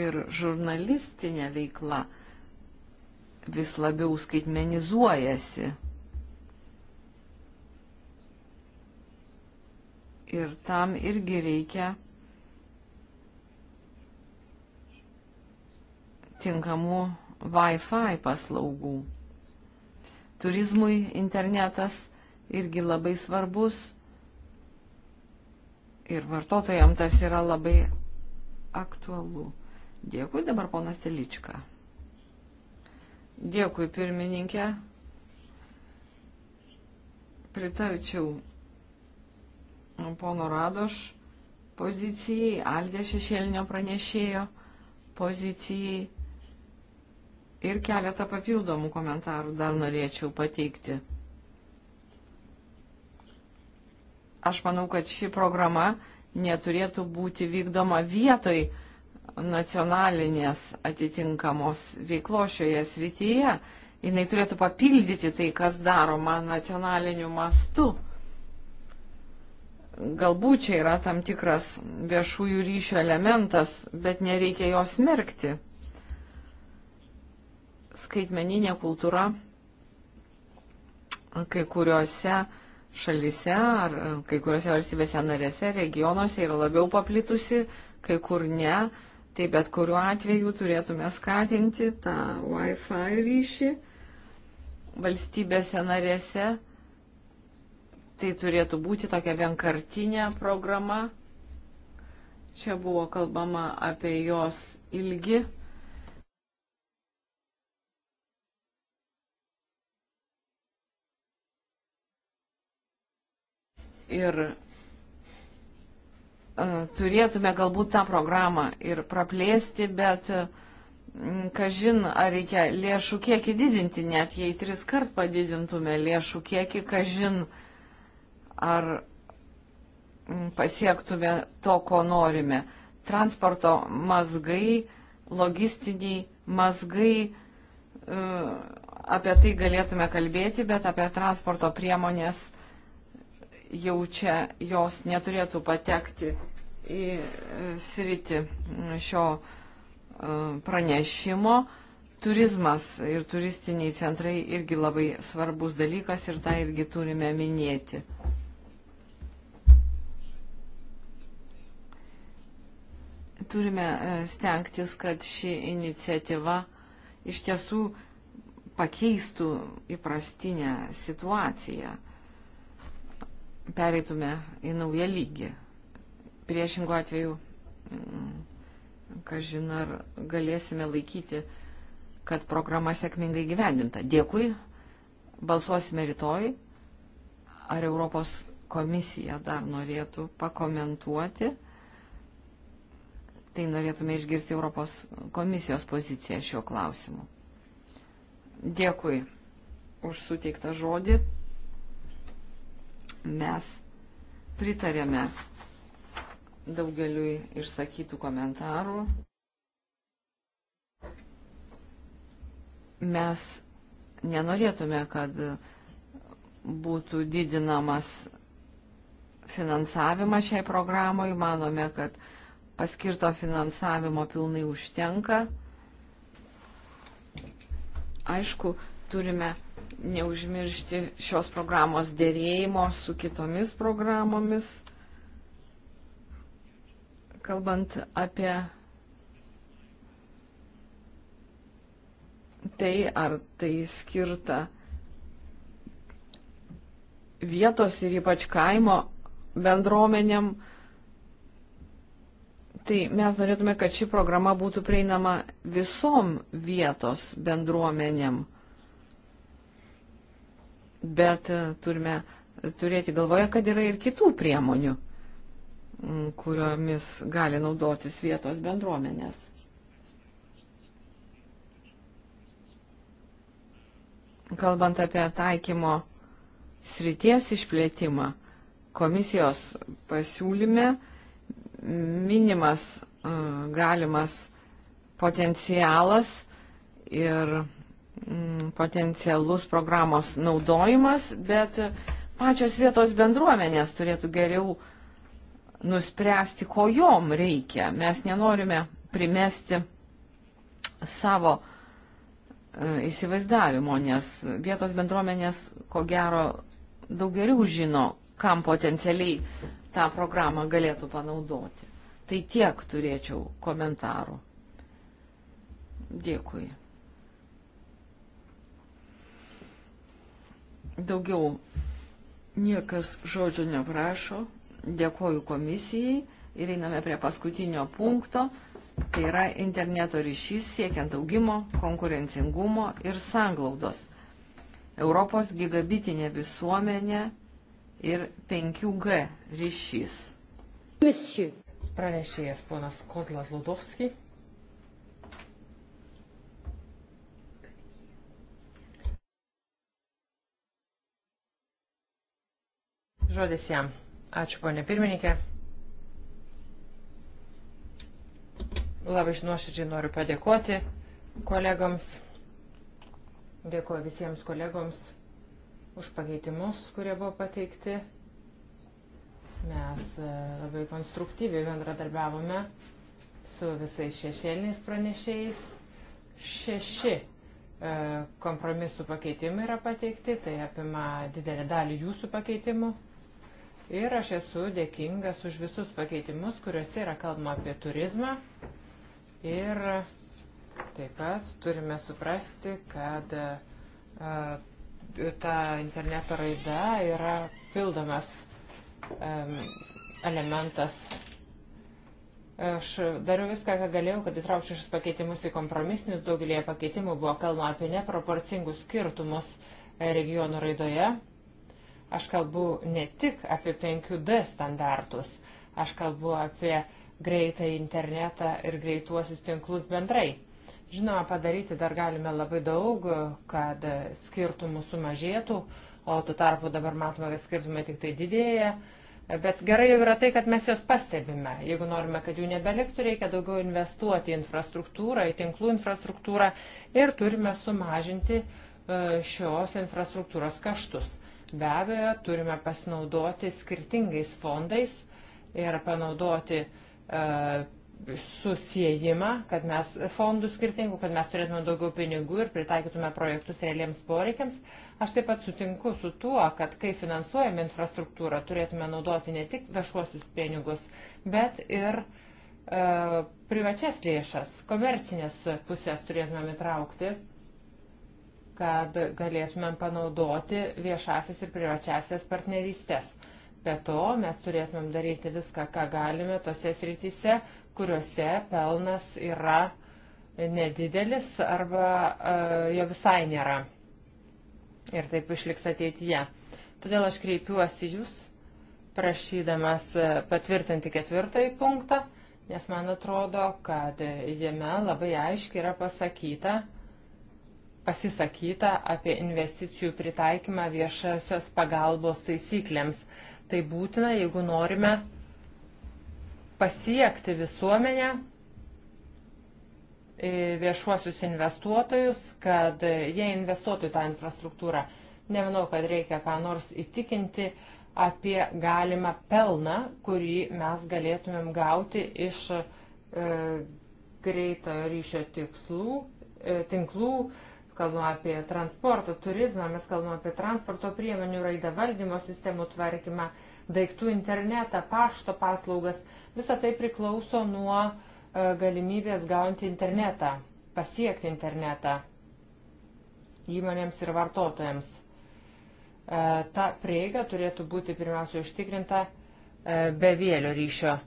ir žurnalistinė veikla vis labiau skaitmenizuojasi. Ir tam irgi reikia tinkamų Wi-Fi paslaugų. Turizmui internetas irgi labai svarbus ir vartotojams tas yra labai aktualu. Dėkui dabar ponas Teličką. Dėkui pirmininkė. Pritarčiau pono Radoš pozicijai, Aldė šešėlinio pranešėjo pozicijai ir keletą papildomų komentarų dar norėčiau pateikti. Aš manau, kad ši programa neturėtų būti vykdoma vietoj, nacionalinės atitinkamos veiklos šioje srityje. Jis turėtų papildyti tai, kas daroma nacionaliniu mastu. Galbūt čia yra tam tikras viešųjų ryšių elementas, bet nereikia jo smerkti. Skaitmeninė kultūra kai kuriuose šalise ar kai kuriuose valstybėse narėse, regionuose yra labiau paplitusi, kai kur ne. Tai bet kuriuo atveju turėtume skatinti tą Wi-Fi ryšį valstybėse narėse. Tai turėtų būti tokia vienkartinė programa. Čia buvo kalbama apie jos ilgi. Ir turėtume galbūt tą programą ir praplėsti, bet kažin, ar reikia lėšų kiekį didinti, net jei tris kart padidintume lėšų kiekį, kažin, ar pasiektume to, ko norime. Transporto mazgai, logistiniai mazgai, e, apie tai galėtume kalbėti, bet apie transporto priemonės jau čia jos neturėtų patekti į e, sritį šio e, pranešimo. Turizmas ir turistiniai centrai irgi labai svarbus dalykas ir tą irgi turime minėti. Turime e, stengtis, kad ši iniciatyva iš tiesų pakeistų įprastinę situaciją pereitume į naują lygį. Priešingų atveju, mm, kažin ar galėsime laikyti, kad programa sėkmingai gyvendinta. Dėkui, balsuosime rytoj. Ar Europos komisija dar norėtų pakomentuoti? Tai norėtume išgirsti Europos komisijos poziciją šiuo klausimu. Dėkui už suteiktą žodį. Mes pritarėme daugeliui išsakytų komentarų. Mes nenorėtume, kad būtų didinamas finansavimas šiai programai. Manome, kad paskirto finansavimo pilnai užtenka. Aišku, turime neužmiršti šios programos dėrėjimo su kitomis programomis. Kalbant apie tai, ar tai skirta vietos ir ypač kaimo bendruomenėm, tai mes norėtume, kad ši programa būtų prieinama visom vietos bendruomenėm bet e, turime turėti galvoje, kad yra ir kitų priemonių, kuriomis gali naudotis vietos bendruomenės. Kalbant apie taikymo srities išplėtimą, komisijos pasiūlyme minimas e, galimas potencialas ir Mm, potencialus programos naudojimas, bet pačios vietos bendruomenės turėtų geriau nuspręsti, ko jom reikia. Mes nenorime primesti savo e, įsivaizdavimo, nes vietos bendruomenės ko gero daug geriau žino, kam potencialiai tą programą galėtų panaudoti. Tai tiek turėčiau komentarų. Dėkui. Daugiau niekas žodžio neprašo. Dėkoju komisijai ir einame prie paskutinio punkto. Tai yra interneto ryšys siekiant augimo, konkurencingumo ir sanglaudos. Europos gigabitinė visuomenė ir 5G ryšys. Monsieur. Pranešėjas ponas Kozlas Ludovskis. Žodis jam. Ačiū, ponė pirmininkė. Labai nuoširdžiai noriu padėkoti kolegoms. Dėkuoju visiems kolegoms už pakeitimus, kurie buvo pateikti. Mes e, labai konstruktyviai bendradarbiavome su visais šešėliniais pranešėjais. Šeši e, kompromisų pakeitimai yra pateikti, tai apima didelį dalį jūsų pakeitimų. Ir aš esu dėkingas už visus pakeitimus, kuriuose yra kalbama apie turizmą. Ir taip pat turime suprasti, kad a, ta interneto raida yra pildomas a, elementas. Aš dariau viską, ką galėjau, kad įtraukčiau šis pakeitimus į kompromisinius. Daugelėje pakeitimų buvo kalbama apie neproporcingus skirtumus regionų raidoje Aš kalbu ne tik apie 5D standartus, aš kalbu apie greitą internetą ir greituosius tinklus bendrai. Žinoma, padaryti dar galime labai daug, kad skirtumų sumažėtų, o tu tarpu dabar matome, kad skirtumai tik tai didėja. Bet gerai jau yra tai, kad mes juos pastebime. Jeigu norime, kad jų nebeliktų, reikia daugiau investuoti į infrastruktūrą, į tinklų infrastruktūrą ir turime sumažinti e, šios infrastruktūros kaštus. Be abejo, turime pasinaudoti skirtingais fondais ir panaudoti uh, e, susijimą, kad mes fondų skirtingų, kad mes turėtume daugiau pinigų ir pritaikytume projektus realiems poreikiams. Aš taip pat sutinku su tuo, kad kai finansuojame infrastruktūrą, turėtume naudoti ne tik viešuosius pinigus, bet ir e, privačias lėšas, komercinės pusės turėtume įtraukti kad galėtumėm panaudoti viešasias ir privačiasias partnerystės. Be to, mes turėtumėm daryti viską, ką galime tose srityse, kuriuose pelnas yra nedidelis arba uh, jo visai nėra. Ir taip išliks ateityje. Todėl aš kreipiuosi jūs, prašydamas e, patvirtinti ketvirtąjį punktą, nes man atrodo, kad jame labai aiškiai yra pasakyta, uh, pasisakyta apie investicijų pritaikymą viešasios pagalbos taisyklėms. Tai būtina, jeigu norime pasiekti visuomenę, e, viešuosius investuotojus, kad jie investuotų į tą infrastruktūrą. Nemanau, kad reikia ką nors įtikinti apie galimą pelną, kurį mes galėtumėm gauti iš e, greitojo ryšio tikslų, e, tinklų, e, kalbam apie transporto, turizmą, mes kalbam apie transporto priemonių raidą, valdymo sistemų tvarkymą, daiktų internetą, pašto paslaugas. Visa tai priklauso nuo e, galimybės gauti internetą, pasiekti internetą įmonėms ir vartotojams. E, ta prieiga turėtų būti pirmiausia užtikrinta e, be vėlio ryšio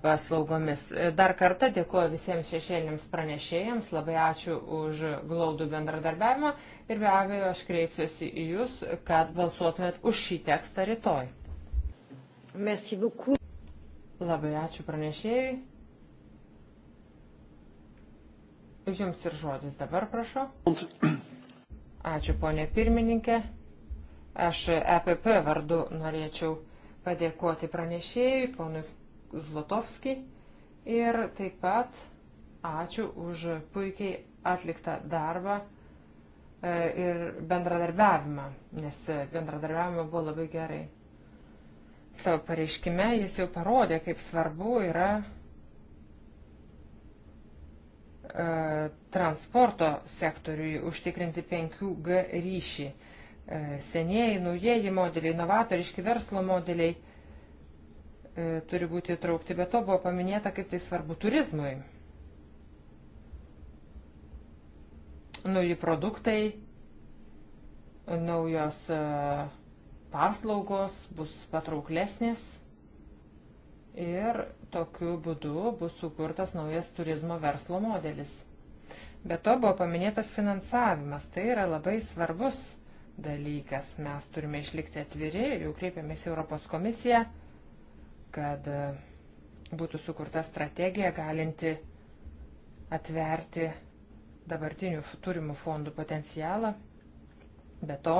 paslaugomis. Dar kartą dėkuoju visiems šešėlėms pranešėjams, labai ačiū už glaudų bendradarbiavimą ir be abejo aš kreipsiuosi į Jūs, kad balsuotumėt už šį tekstą rytoj. Merci beaucoup. Labai ačiū pranešėjai. Jums ir žodis dabar, prašau. Ačiū, ponė pirmininkė. Aš EPP vardu norėčiau padėkoti pranešėjui, ponui Zlotovski ir taip pat ačiū už puikiai atliktą darbą e, ir bendradarbiavimą, nes bendradarbiavimo buvo labai gerai. Savo pareiškime jis jau parodė, kaip svarbu yra e, transporto sektoriui užtikrinti 5G ryšį. E, senieji, naujieji modeliai, novatoriški verslo modeliai E, turi būti įtraukti, bet to buvo paminėta, kaip tai svarbu turizmui. Nauji produktai, naujos e, paslaugos bus patrauklesnės ir tokiu būdu bus sukurtas naujas turizmo verslo modelis. Be to buvo paminėtas finansavimas, tai yra labai svarbus dalykas. Mes turime išlikti atviri, jau kreipiamės į Europos komisiją kad e, būtų sukurta strategija galinti atverti dabartinių turimų fondų potencialą. Be to,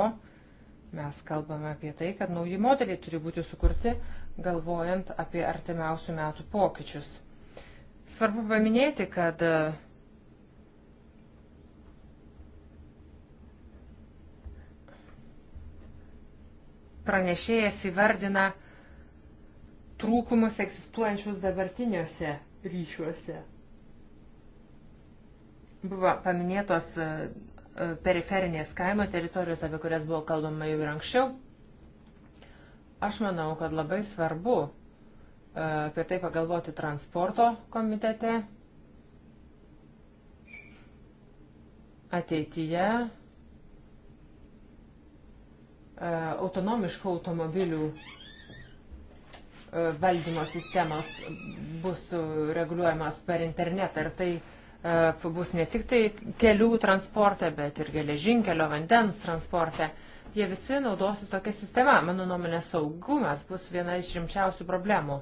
mes kalbame apie tai, kad nauji modeliai turi būti sukurti, galvojant apie artimiausių metų pokyčius. Svarbu paminėti, kad e, pranešėjas įvardina, trūkumus egzistuojančius dabartiniuose ryšiuose. Buvo paminėtos e, e, periferinės kaimo teritorijos, apie kurias buvo kalbama jau ir anksčiau. Aš manau, kad labai svarbu e, apie tai pagalvoti transporto komitete ateityje autonomiškų automobilių E, valdymo sistemos bus reguliuojamas per internetą. Ar tai e, bus ne tik tai kelių transporte, bet ir geležinkelio vandens transporte. Jie visi naudosis tokia sistema. Mano nuomonė, saugumas bus viena iš rimčiausių problemų.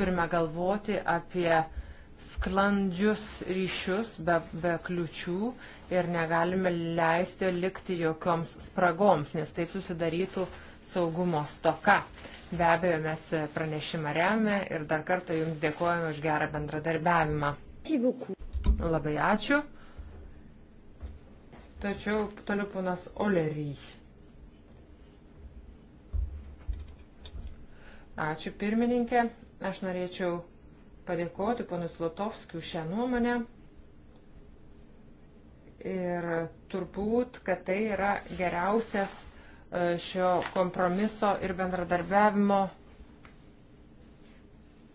Turime galvoti apie sklandžius ryšius be, be kliučių ir negalime leisti likti jokioms spragoms, nes taip susidarytų saugumo stoka. Be abejo, mes pranešimą remia ir dar kartą Jums dėkojame už gerą bendradarbiavimą. Labai ačiū. Tačiau toliau ponas Olery. Ačiū pirmininkė. Aš norėčiau padėkoti ponus Lotovskiu šią nuomonę. Ir turbūt, kad tai yra geriausias E, šio kompromiso ir bendradarbiavimo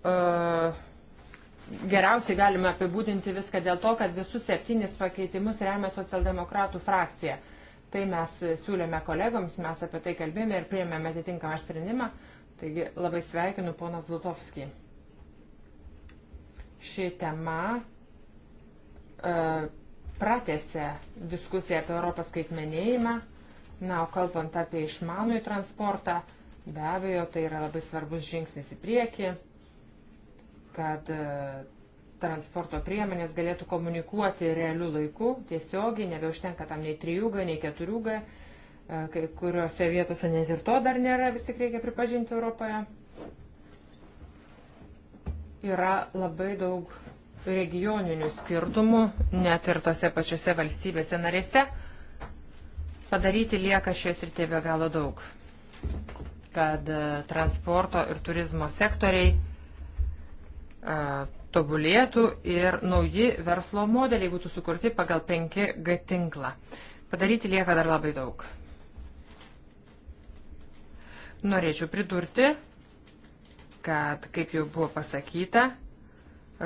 e, geriausiai galime apibūdinti viską dėl to, kad visus septynis pakeitimus remia socialdemokratų frakcija. Tai mes siūlėme kolegoms, mes apie tai kalbėjome ir priėmėme atitinkamą sprendimą. Taigi labai sveikinu ponas Lutovskį. Ši tema e, pratėse diskusiją apie Europos skaitmenėjimą Na, o kalbant apie išmanųjį transportą, be abejo, tai yra labai svarbus žingsnis į priekį, kad e, transporto priemonės galėtų komunikuoti realiu laiku, tiesiogiai, nebeužtenka tam nei 3G, nei 4G, e, kai kuriuose vietose net ir to dar nėra, vis tik reikia pripažinti Europoje. Yra labai daug regioninių skirtumų, net ir tose pačiose valstybėse narėse Padaryti lieka šioje srityje be galo daug, kad e, transporto ir turizmo sektoriai e, tobulėtų ir nauji verslo modeliai būtų sukurti pagal 5G tinklą. Padaryti lieka dar labai daug. Norėčiau pridurti, kad, kaip jau buvo pasakyta,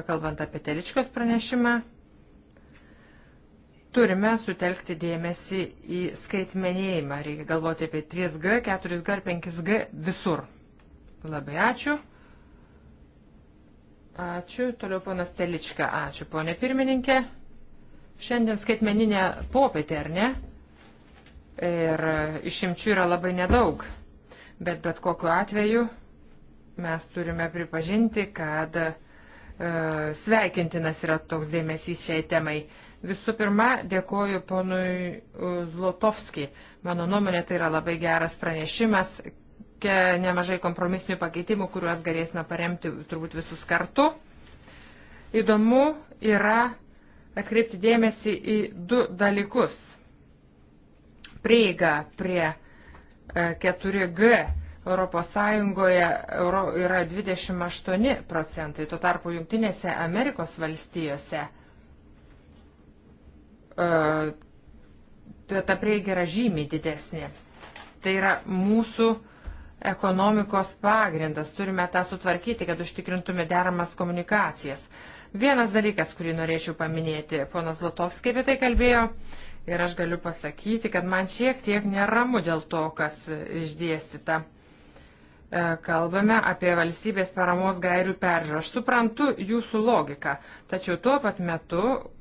kalbant apie Teličkos pranešimą, Turime sutelkti dėmesį į skaitmenėjimą. Reikia galvoti apie 3G, 4G ir 5G visur. Labai ačiū. Ačiū. Toliau ponas Telička. Ačiū, ponė pirmininkė. Šiandien skaitmeninė popietė, ar ne? Ir išimčių yra labai nedaug. Bet bet kokiu atveju mes turime pripažinti, kad E, sveikintinas yra toks dėmesys šiai temai. Visų pirma, dėkoju ponui e, Zlotovski. Mano nuomonė tai yra labai geras pranešimas, nemažai kompromisinių pakeitimų, kuriuos galėsime paremti turbūt visus kartu. Įdomu yra atkreipti dėmesį į du dalykus. Prieiga prie 4G e, Europos Sąjungoje euro yra 28 procentai, tuo tarpu Junktinėse Amerikos valstijose e, ta prieiga yra žymiai didesnė. Tai yra mūsų ekonomikos pagrindas, turime tą sutvarkyti, kad užtikrintume deramas komunikacijas. Vienas dalykas, kurį norėčiau paminėti, ponas Latovskis apie tai kalbėjo ir aš galiu pasakyti, kad man šiek tiek neramu dėl to, kas išdėstyta. E, kalbame apie valstybės paramos gairių peržiūrą. Aš suprantu jūsų logiką, tačiau tuo pat metu,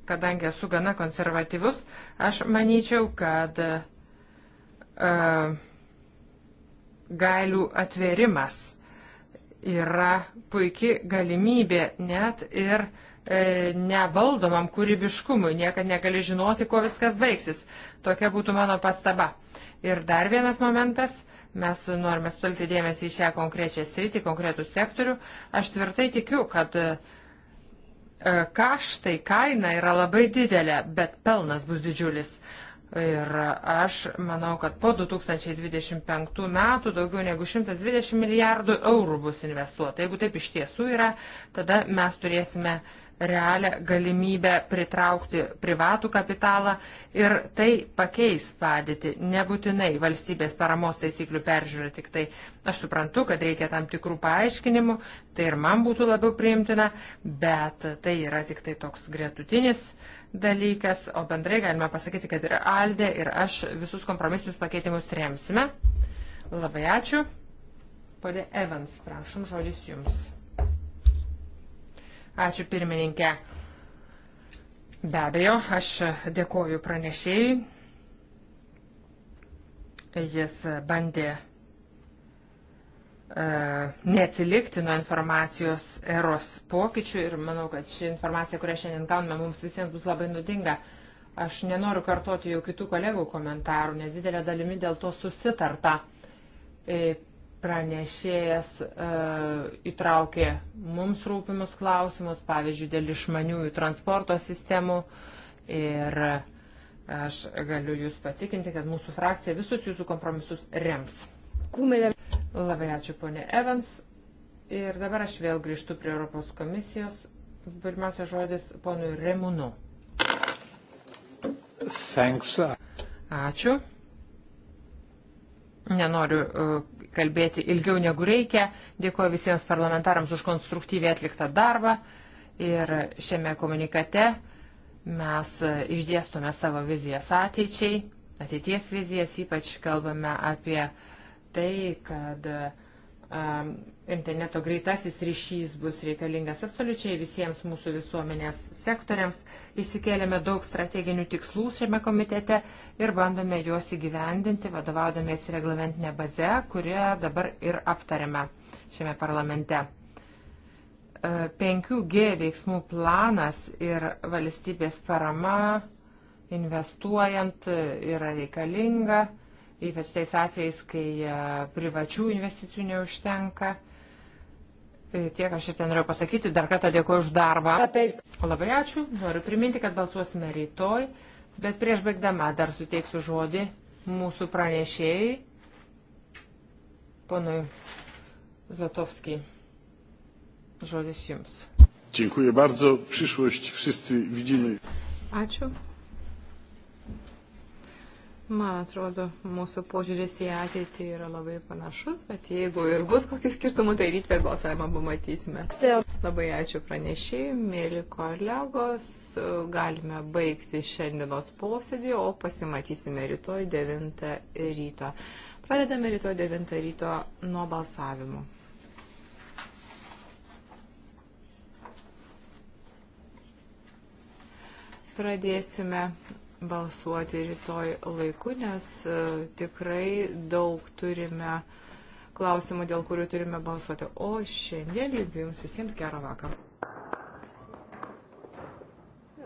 kadangi esu gana konservatyvus, aš manyčiau, kad uh, gailių atvėrimas yra puikia galimybė net ir uh, nevaldomam kūrybiškumui, niekad negali žinoti, kuo viskas baigsis. Tokia būtų mano pastaba. Ir dar vienas momentas. Uh, Mes norime sulti dėmesį į šią konkrečią sritį, konkretų sektorių. Aš tvirtai tikiu, kad e, kaštai, kaina yra labai didelė, bet pelnas bus didžiulis. Ir aš manau, kad po 2025 metų daugiau negu 120 milijardų eurų bus investuota. Jeigu taip iš tiesų yra, tada mes turėsime uh, realią galimybę pritraukti privatų kapitalą ir tai pakeis padėti. Nebūtinai valstybės paramos taisyklių peržiūrė tik tai. Aš suprantu, kad reikia tam tikrų paaiškinimų, tai ir man būtų labiau priimtina, bet tai yra tik tai toks gretutinis dalykas, o bendrai galime pasakyti, kad ir Aldė, ir aš visus kompromisinius pakeitimus remsime. Labai ačiū. Pode Evans, prašom, žodis jums. Ačiū pirmininkė. Be abejo, aš dėkoju pranešėjui. Jis bandė e, neatsilikti nuo informacijos eros pokyčių ir manau, kad ši informacija, kurią šiandien gauname, mums visiems bus labai nudinga. Aš nenoriu kartoti jau kitų kolegų komentarų, nes didelė dalimi dėl to susitarta. E, Pranešėjas e, įtraukė mums rūpimus klausimus, pavyzdžiui, dėl išmaniųjų transporto sistemų ir aš galiu Jūs patikinti, kad mūsų frakcija visus Jūsų kompromisus rems. Kūmėlė. Labai ačiū, ponė Evans. Ir dabar aš vėl grįžtu prie Europos komisijos. Pirmiausia žodis ponui Remunu. Thanks. Ačiū. Nenoriu e, kalbėti ilgiau negu reikia. Dėkuoju visiems parlamentarams už konstruktyviai atliktą darbą ir šiame komunikate mes išdėstume savo vizijas ateičiai, ateities vizijas, ypač kalbame apie tai, kad um, interneto greitasis ryšys bus reikalingas absoliučiai visiems mūsų visuomenės sektoriams. Išsikėlėme daug strateginių tikslų šiame komitete ir bandome juos įgyvendinti, vadovaudomės reglamentinę bazę, kurią dabar ir aptarėme šiame parlamente. 5G e, veiksmų planas ir valstybės parama investuojant yra reikalinga, ypač tais atvejais, kai e, privačių investicijų neužtenka E, tiek aš ir ten noriu pasakyti. Dar kartą dėkuoju už darbą. Labai ačiū. Noriu priminti, kad balsuosime rytoj. Bet prieš baigdama dar suteiksiu žodį mūsų pranešėjai, ponui Zatovskiai. Žodis jums. Dziękuję bardzo. Przyszłość wszyscy widzimy. Ačiū. Man atrodo, mūsų požiūris į ateitį yra labai panašus, bet jeigu ir bus kokių skirtumų, tai ryt per balsavimą pamatysime. Labai ačiū pranešėjai, mėly kolegos, galime baigti šiandienos posėdį, o pasimatysime rytoj 9 ryto. Pradedame rytoj 9 ryto nuo balsavimo. Pradėsime balsuoti rytoj laiku, nes e, tikrai daug turime klausimų, dėl kurių turime balsuoti. O šiandien linkiu Jums visiems gerą vakarą.